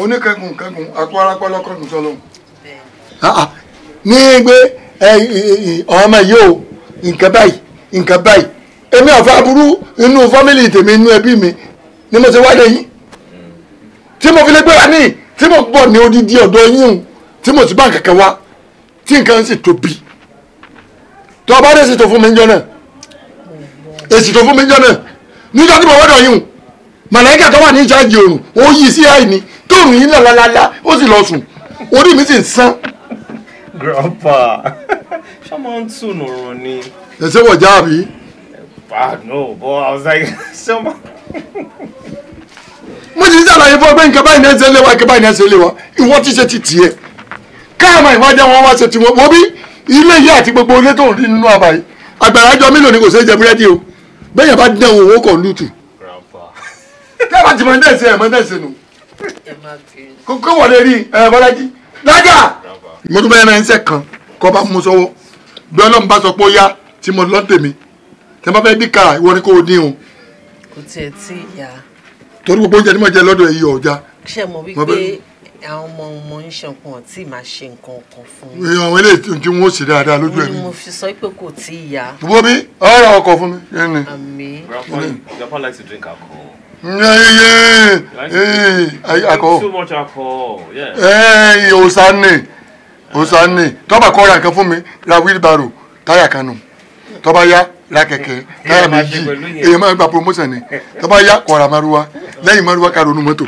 [SPEAKER 2] oníkẹ́gùn kẹ́gùn àtú arápá lọ́kọ̀ọ́gùn sọlọ́hún. Ah, ah. ní gbé ọmọ yìí o nǹkan báyìí nǹkan báyìí èmi ọ̀fẹ́ aburú inú fámìlì tèmi inú ẹbí mi ni mo ti wá lẹ́yìn tí mo fi lé gbéra ní tí mo bọ̀ ní odidi ọ̀dọ̀ yín tí mo ti bá nǹkan wá tí nǹkan sì tóbi tó o bá dé sì tó fún mi jọ náà èsì tó fún mi jọ náà níjọ́ tí mo wọ́dọ̀ yín màláìkà tó wà ní ìjáde òrùn ó yí sí àìní tó rìn yín lálálálá ó sì lọ sùn orí mi sì ń sán.
[SPEAKER 7] grandpa ṣé máa ń tún òrùn ni.
[SPEAKER 2] ẹsẹ wọ já àbí.
[SPEAKER 7] no but i was like ṣé máa.
[SPEAKER 2] mo ti ṣàlàyé fún ọ pé nǹkan báyìí náà ṣe lé wa nǹkan báyìí náà ṣe lé wa ìwọ ti ṣe ti tiẹ̀ káàmà ìwádìí àwọn wá ṣe tiwọn wọ́n bí ilé yìí àti gbogbo ilé tó ń rí nínú àbáyé àgbàrá jọ mílíọ̀nù ni kò ṣe é jẹ búrẹ́dì o bẹ́ẹ̀ yẹn bá dán owó kọ̀ lùtù. grandpa. kí a bá ti mọ̀ ní ẹ̀sìn ẹ̀ mọ̀ ní ẹ̀sìn nù kókó wọlé rí ẹ bọ́lájí lájà mo tún bá yẹn ẹsẹ̀ kan kọ́ bá mú sọ́wọ́ bí ọlọ́run bá sọ pé ó yá tí mo lọ́ tèmi tí wọ́n bá fẹ́ dín kàrà ìwọ ni kò dín o.
[SPEAKER 8] kò tiẹ̀ tí ìyá.
[SPEAKER 2] torí gbogbo oúnjẹ ni mo jẹ lọ́dọ̀ èyí ọ̀já.
[SPEAKER 8] ṣé mo wí pé àwọn ọmọ ọmọ ń ṣe nǹkan ọtí máa ṣe
[SPEAKER 7] nǹkan ọkàn fún
[SPEAKER 8] mi. ìyá
[SPEAKER 2] àwọn eléyìí tí wọn ò sì dáadáa lójú ẹ̀mí. mo fi
[SPEAKER 7] sọ pé kò tí ì
[SPEAKER 8] yá.
[SPEAKER 2] bùbọ́ mi ọ̀rọ̀ ọkọ̀ fún mi. àmín. Grandpa,
[SPEAKER 7] Grandpa likes to drink alcohol
[SPEAKER 2] yeah, yeah, yeah. alcohol. too much alcohol. Yeah. Hey, eh, osani tó bá kọ́ ra nǹkan fún mi ra wheelbarrow táyà kan nù tó bá yá ra kẹ̀kẹ́ táyà méjì èyí máa gba promotion ni tó bá yá kọ́ ra maruwa lẹ́yìn maruwa ká ronú mọ́tò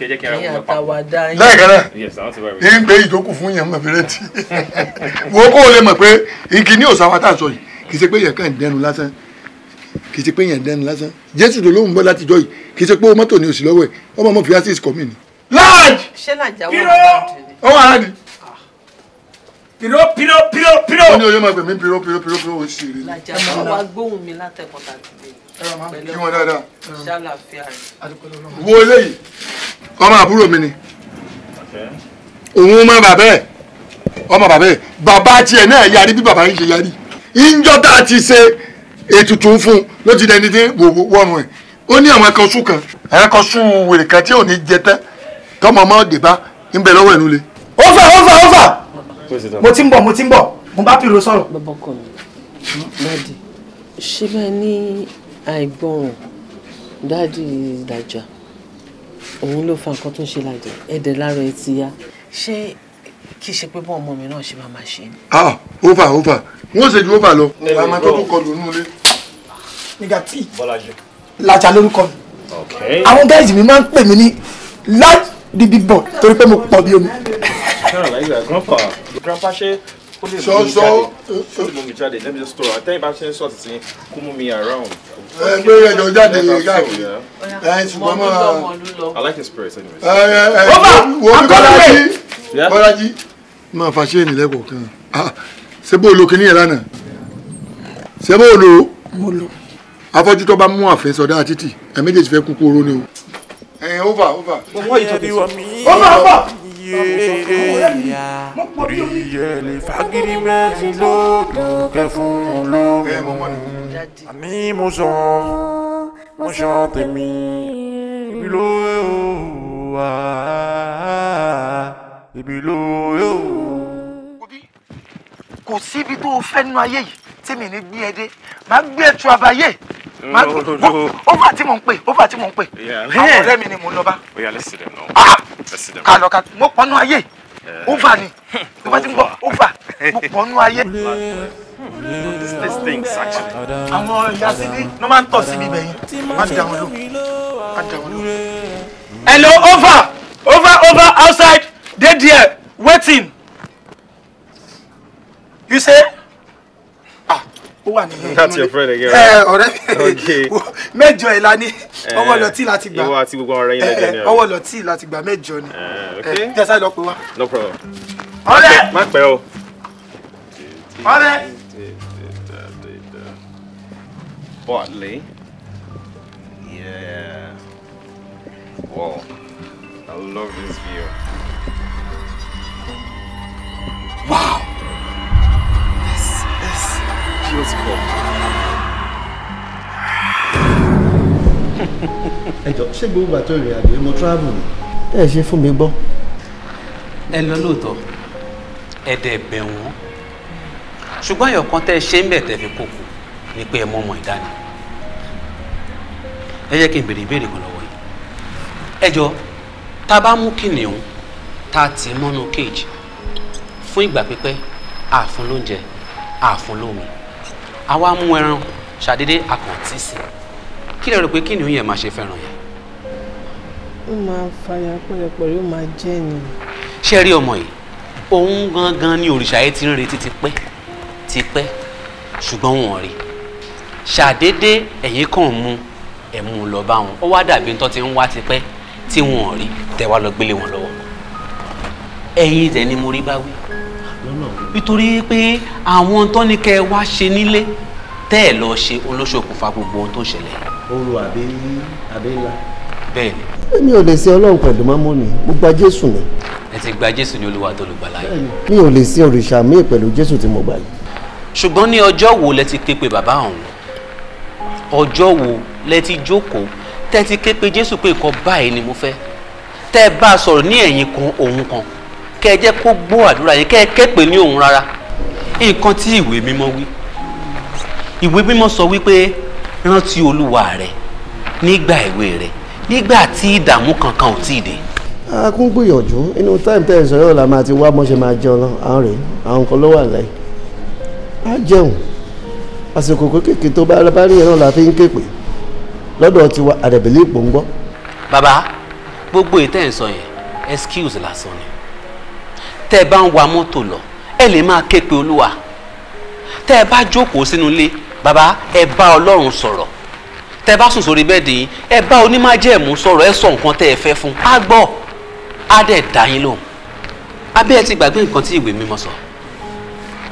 [SPEAKER 8] lẹ́ẹ̀kẹ́rẹ́ ní gbé
[SPEAKER 2] ìjókòó fún yẹn mọ̀ fẹ́rẹ́ tí wọ́n kó o lè mọ̀ pé ìkíní òsàwátà sọ yìí kì í ṣe pé yẹn kì í ṣe pé yẹn dẹnu lásán jésù tó lóun bọ́ láti jọ yìí kì í ṣe pé mọ́tò ni òsì lọ́wọ́ ẹ̀ ọmọ ọmọ fìyà sí ìsìkọ́ mi ni. láàjì píró ọwọ́ ara ni. píró píró píró píró. ó ní oyè máa gbẹ̀mí píró píró píró píró oṣù rẹ̀. làjà máa wá
[SPEAKER 8] gbóhùn mi látẹ̀kọ́ tàbí kí wọ́n dáadáa.
[SPEAKER 2] wo eléyìí ọmọ àbúrò mi ni òun mọ bàbá ọmọ bàbá bàbá tiẹ̀ náà yarí bí bàbá yín ṣe yarí ìjọ ti ṣe ètùtù fún ló ti dẹni dé wọrùn ẹ ó ní àwọn ẹkan sún kan àwọn ẹkan sún wèrè kan tí ò ní jẹ tán tọmọ ọmọ òde bá ń bẹ lọ́wọ́ ẹnu le. ó fà ó fà ó fà mo ti ń bọ̀ mo ti ń bọ̀
[SPEAKER 8] mo bá pèrò sọ̀rọ̀. bàbá ọkọ mi dáàdì ṣé bẹ́ẹ̀ ní àìgbọràn dáàdì ìdájà
[SPEAKER 2] òun ló fa nǹkan tó ń ṣe lájà ẹ̀dẹ̀ lára ti yá
[SPEAKER 8] ṣé kì ṣe pé bọ́ọ̀ mi náà ṣe máa máa ṣe ni.
[SPEAKER 2] ah over over wọn ò ṣe ju over lọ àmọ́ tó
[SPEAKER 8] kún kọlù
[SPEAKER 7] nínú ilé. nígbà tí
[SPEAKER 5] lajà lórúkọ mi àwọn gáàjì mi máa ń pè mí ní large the big boy torí pé mo pọ̀ bí omi.
[SPEAKER 7] grandpa ṣe ó lè mú mi jáde ó lè mú mi jáde let me just throw out tẹ́yìn bá ṣe ń sọ̀tì sí kó mú mi around ẹ gbé ẹjọ jáde káàkiri ẹ ṣùgbọ́n máa. I like his spirit anyway. ẹ ẹ ẹ wo Bọ́lájí
[SPEAKER 2] Bọ́lájí máa fa ṣé ènìyàn kọ̀ọ̀kan ah, ṣé bó o lo kíní yẹn lánàá ṣé bó o lo. mo lo. afọ́jú tó bá mú àfẹ́sọ̀dá títì ẹ̀ méjèèjì fẹ́ kúkú oró ni o. ẹ eh, over over. over over yéèyà orí yẹlẹ fagiri mẹ́rin lódò kẹ fún lóhùn
[SPEAKER 11] àní mo sọ mo sọ tèmi ibi ló wà ibi ló.
[SPEAKER 5] kò síbi tó o fẹ́ nínú ayé yìí tèmi ní gbé ẹ dé máa gbé ẹ tu àbáyé máa gbé ova tí mò ń pè ova tí mò ń pè
[SPEAKER 7] àwọn ọ̀rẹ́ mi ni mò ń lọ bá.
[SPEAKER 5] Oh, ah! kàlọ́ kàlọ́ mo pọnú ayé ova ni tó bá ti ń bọ̀ ova mo pọnú ayé.
[SPEAKER 7] àwọn ìyá sídí ló máa ń tọ̀ síbi ibẹ̀ yẹn má dà wọn lò
[SPEAKER 6] má dà wọn lò. hello over over over outside dey there waiting you say ó wà nínú ilé.
[SPEAKER 7] that's your friend again. ẹ eh, ọ̀rẹ́
[SPEAKER 5] mẹ́jọ ẹ̀ Lani. ní
[SPEAKER 7] eh, ọwọ́ lọ tí láti gbà. ìwọ àti gbogbo eh, ọ̀rẹ́ yín lẹ́jọ́ ni. ọwọ́
[SPEAKER 5] lọ tí láti gbà mẹ́jọ ni. ẹ lọ pé wá.
[SPEAKER 7] no problem. ọ̀rẹ́. má pẹ́ o. ọ̀rẹ́. Bartley. Yeah. Wow. I love this view. Wow. She was cool.
[SPEAKER 9] ẹ jọ ṣé gbogbo àtọ ìrìn àjò mo travel ni ẹ ṣe fún mi gbọ́.
[SPEAKER 13] ẹ lọ lóòótọ́ ẹ dẹ̀ bẹ̀ wọ́n ṣùgbọ́n ẹ̀yọ̀ kan tẹ́ ẹ ṣe ń bẹ̀ tẹ́ fi kókò ni pé ẹ mọ ọmọ ìdáni ẹ jẹ́ kí n béèrè ìbéèrè kan lọ́wọ́ yìí ẹ jọ tá a bá mú kìnìún tá a tì í mọ́nú cage fún ìgbà pípẹ́ àfun lóúnjẹ àfun lómi àwa mú ẹran ṣàdédé àkàntì sí kí lè rò pé kí ni òun yẹn máa ṣe fẹ́ràn yẹn.
[SPEAKER 8] ó máa fàyà pẹ̀lẹ́pẹ̀lẹ́ ó máa jẹ́ ni.
[SPEAKER 13] ṣé rí ọmọ yìí òun gangan ni òrìṣà yẹn ti ń retí tipẹ́ tipẹ́ ṣùgbọ́n wọn rí ṣàdédé ẹ̀yìn kan mú ẹ̀mú lọ bá wọn ó wá dàbí tó ti ń wá tipẹ́ tí wọn rí tẹ̀wá lọ gbélé wọn lọ́wọ́ ẹ̀yìn tẹ̀ ni mo rí bá wí nítorí pé àwọn tó ní kẹ́ wá ṣe nílé tẹ́ ẹ̀ lọ ṣe olóṣokùnfà gbogbo ohun tó ṣẹlẹ̀. oru àbí abẹ́là. bẹ́ẹ̀ ni.
[SPEAKER 9] èmi ò lè ṣe ọlọ́run pẹ̀lú mọ́mọ́ ni mo gba jésù ni.
[SPEAKER 13] ẹ ti gba jésù ní olúwa tó lùgbàlà yìí.
[SPEAKER 9] mi ò lè ṣe òrìṣà mi pẹ̀lú jésù tí mo gbà yìí.
[SPEAKER 13] ṣùgbọ́n ní ọjọ́ wo lẹ ti ké pe bàbá ọ̀hún ọjọ́ wo lẹ ti jókòó tẹ́ ti ké pe jésù pé nǹkan báyìí ni mo fẹ́ tẹ́ bá a sọ̀rọ̀ ní ẹ̀yìn kan òun kan kẹ́ ẹ jẹ́ kó gbọ́ àdúrà yìí kẹ́ ẹ kẹ́pẹ́ ní òun rárá nǹkan tí ìwé mímọ́ wí ìwé mímọ́ sọ wípé rántí olúwa rẹ nígbà ìwé rẹ nígbà tí ìdààmú kankan ò tíì dé.
[SPEAKER 9] a kún gbìyànjú inú táìmù tẹ́ ẹ̀ sọ̀rọ̀ la máa ti wá mọ́ṣẹ́ máa jẹun lọ àwọn rèé àwọn nǹkan ló wà lẹ́yìn á jẹun àsìkò kékèké tó bá bá rí ẹran la fi ń képe lọ́dọ̀ tiwa àdẹ̀bẹ̀lẹ̀ ìpò ń gbọ́.
[SPEAKER 13] bàbá gbogbo ètò ẹ̀ sọ yẹn excuse lásán ni tẹ́ ẹ bá ń wa mọ́tò lọ ẹ lè máa ké pe olúwa tẹ́ ẹ bá jókòó sínú ilé bàbá ẹ bá ọlọ́run sọ̀rọ̀ tẹ́ ẹ bá sùn sórí bẹ́ẹ̀dì yín ẹ bá onímájẹ̀mú sọ̀rọ̀ ẹ sọ nǹkan tẹ́ ẹ fẹ́ fún á gbọ́ á dẹ̀ dá yín lóhùn abẹ́ ẹ ti gbàgbé nǹkan tí ìwé mímọ́ sọ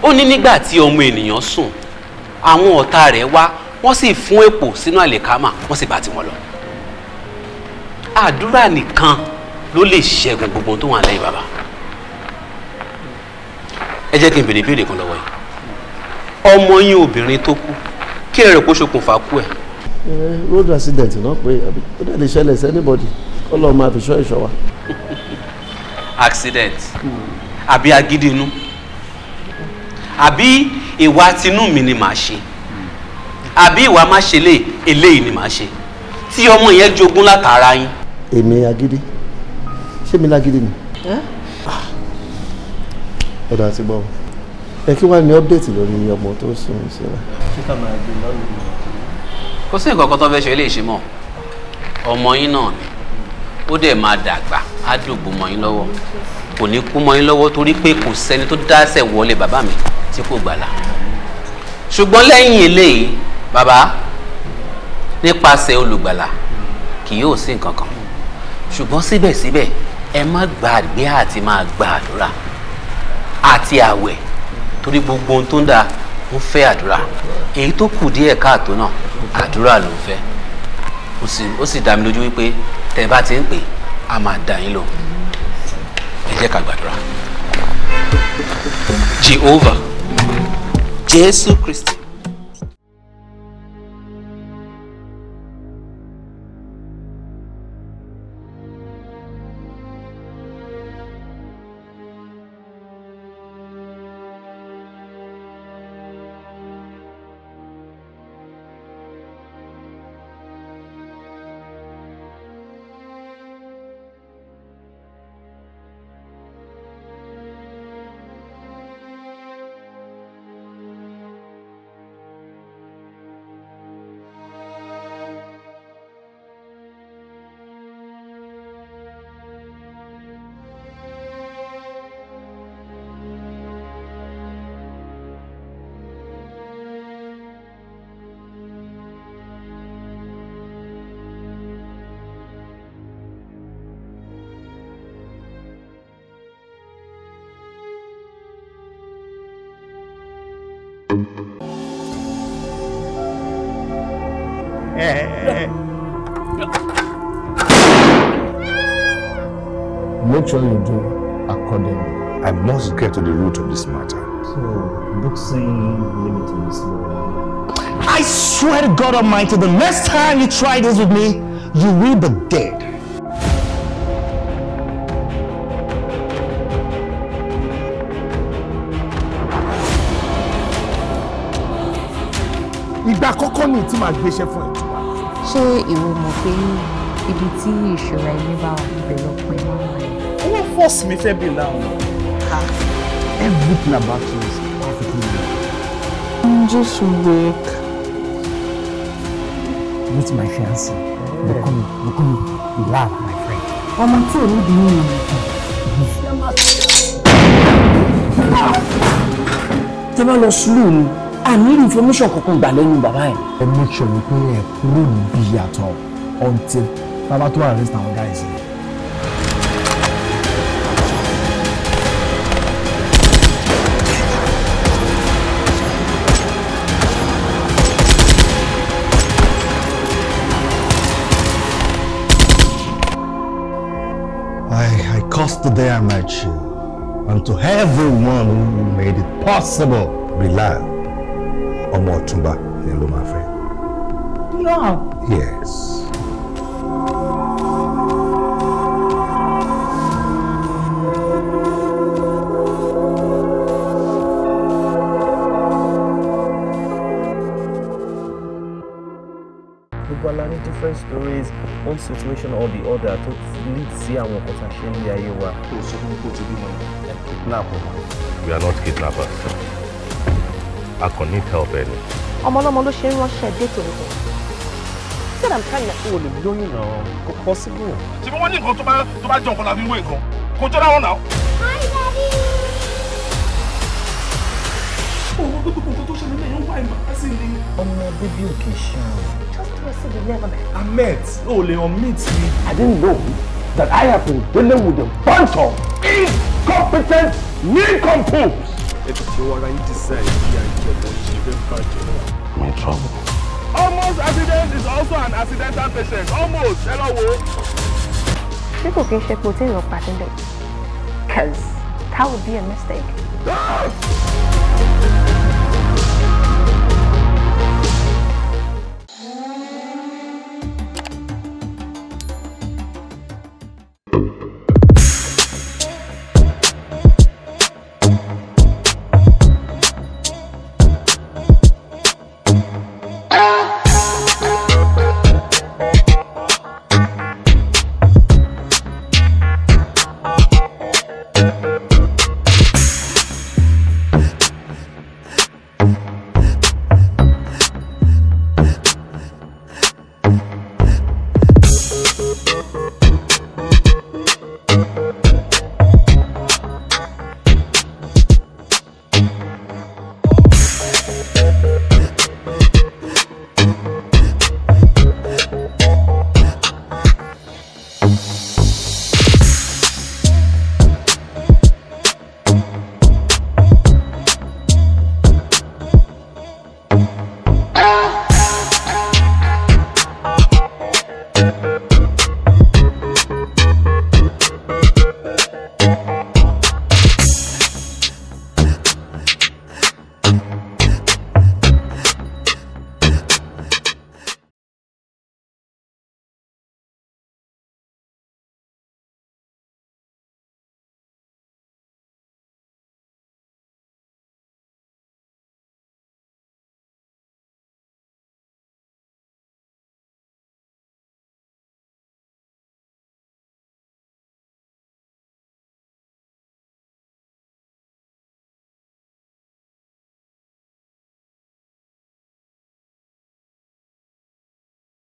[SPEAKER 13] ó ní nígbà tí ọmọ ènìyàn sùn àwọn ọ̀tá rẹ̀ wá wọ́n sì fún èpò sínú àlèkámà wọ́n sì bá tiwọn lọ àdúrà nìkan ló lè ṣẹ́gun gbogbo tó wà lẹ́yìn bàbá ẹ jẹ́ kí n béèrè ìbéèrè kan lọ́wọ́ yìí ọmọ yín obìnrin tó kú kí ẹ rẹ̀ kó ṣokùnfà kú ẹ̀.
[SPEAKER 9] road accident náà pé ó dẹ̀ lè ṣẹlẹ̀ sí anybody kó lọ́ọ́ máa fi ṣọ́ ìṣọ́ wa.
[SPEAKER 13] accident àbí agídí inú àbí ìwà tinú mi ni màá ṣe àbí ìwà má ṣe lè eléyìí ni màá ṣe tí ọmọ yẹn jogún látara yín.
[SPEAKER 9] èmi agídí ṣé mi lágídí ni. Eh? ọ̀dà àti gbọ́ ẹ kí wàá ní ọ́pdẹ̀tì lórí ọmọ tó sùn síra.
[SPEAKER 13] kò sí nǹkan kan tó fẹ́ ṣe eléyìí ṣe mọ́ ọmọ yín náà ni ó dẹ̀ máa dàgbà á dògbò mọ́ yín lọ́wọ́ kò ní kú mọ́ yín lọ́wọ́ torí pé kò sẹ́ni tó dáṣẹ̀ wọlé bàbá mi tí kò gbàlà ṣùgbọ́n lẹ́yìn eléyìí bàbá nípasẹ̀ olùgbàlà kì yóò sí nǹkan kan ṣùgbọ́n síbẹ̀síbẹ̀ ẹ má gbàgbé àti máa gbàdúrà àti àwẹ̀ torí gbogbo ohun tó ń da ń fẹ́ àdúrà èyí tó kù díẹ̀ káàtó náà àdúrà ló ń fẹ́ ó sì dá mi lójú wípé tẹ́ bá ti ń pè á máa dá yín lò ẹ jẹ́ ká gbàdúrà Jehovah Jésù Kristi
[SPEAKER 3] God Almighty, the next time you try this with me, you will be dead.
[SPEAKER 10] Ìgbà
[SPEAKER 6] àkọ́kọ́ ni tí màá gbéṣẹ́ fún ẹ̀. Ṣé ìwọ mọ̀ pé ibi tí ìṣòro ẹni bá wà bẹ̀rẹ̀ ọ̀pẹ máa wà? Owó fọ́ọ̀sì mi fẹ́ bí láwọn.
[SPEAKER 8] Everything about you is perfect. good. I'm just weak meet my
[SPEAKER 10] fiancé Bùkúnmi Bùkúnmi you love my friend.
[SPEAKER 3] ọmọ tí ò ní bí nínú ìtàn.
[SPEAKER 8] tẹ́ bá lọ slow ni a ní information kankan gbà lẹ́nu bàbá
[SPEAKER 9] yẹn. ẹ make sure wípé ẹ kúrò níbi yàtọ̀ until bàbá tó arrest àwọn guys yìí. today I met you and to everyone who made it possible. Bilal, Ọmọ Ọ̀túnba ni my friend. fẹ́.
[SPEAKER 8] Bilal?
[SPEAKER 7] Yes. situation or the other tó lead sí àwọn nǹkan tá a ṣe ní ayé wa. o sọ fún mi
[SPEAKER 6] we are not kidnappers I can need help any.
[SPEAKER 8] ọmọ ọlọ́mọ ló ṣe ń
[SPEAKER 7] ránṣẹ́ déètò nìkan. said i'm trying to. o lè lóyún náà kò possible.
[SPEAKER 6] ṣé wọ́n ní nǹkan tó bá tó bá jọ nǹkan làbí wé nǹkan kò jọra wọn náà. hi daddy. òun gbogbo nǹkan tó ṣẹlẹ̀ náà yóò wá ìmọ̀ ẹ́sìn ni. ọmọ bíbí ò ṣe àrùn
[SPEAKER 10] person never met.
[SPEAKER 6] I met. Oh, Leon meets me. I didn't know that I have been dealing with a bunch of incompetent nincompoops.
[SPEAKER 8] Ètò tí wọ́n ra yín ti sẹ́ ìdí àjẹmọ́ ìṣẹ̀lẹ̀ bàjẹ́.
[SPEAKER 6] My trouble. Almost accident is also an accidental patient. Almost. Hello. lọ wo.
[SPEAKER 4] Ṣé kò kí n ṣe pé Cause that would be a mistake.
[SPEAKER 10] Ah!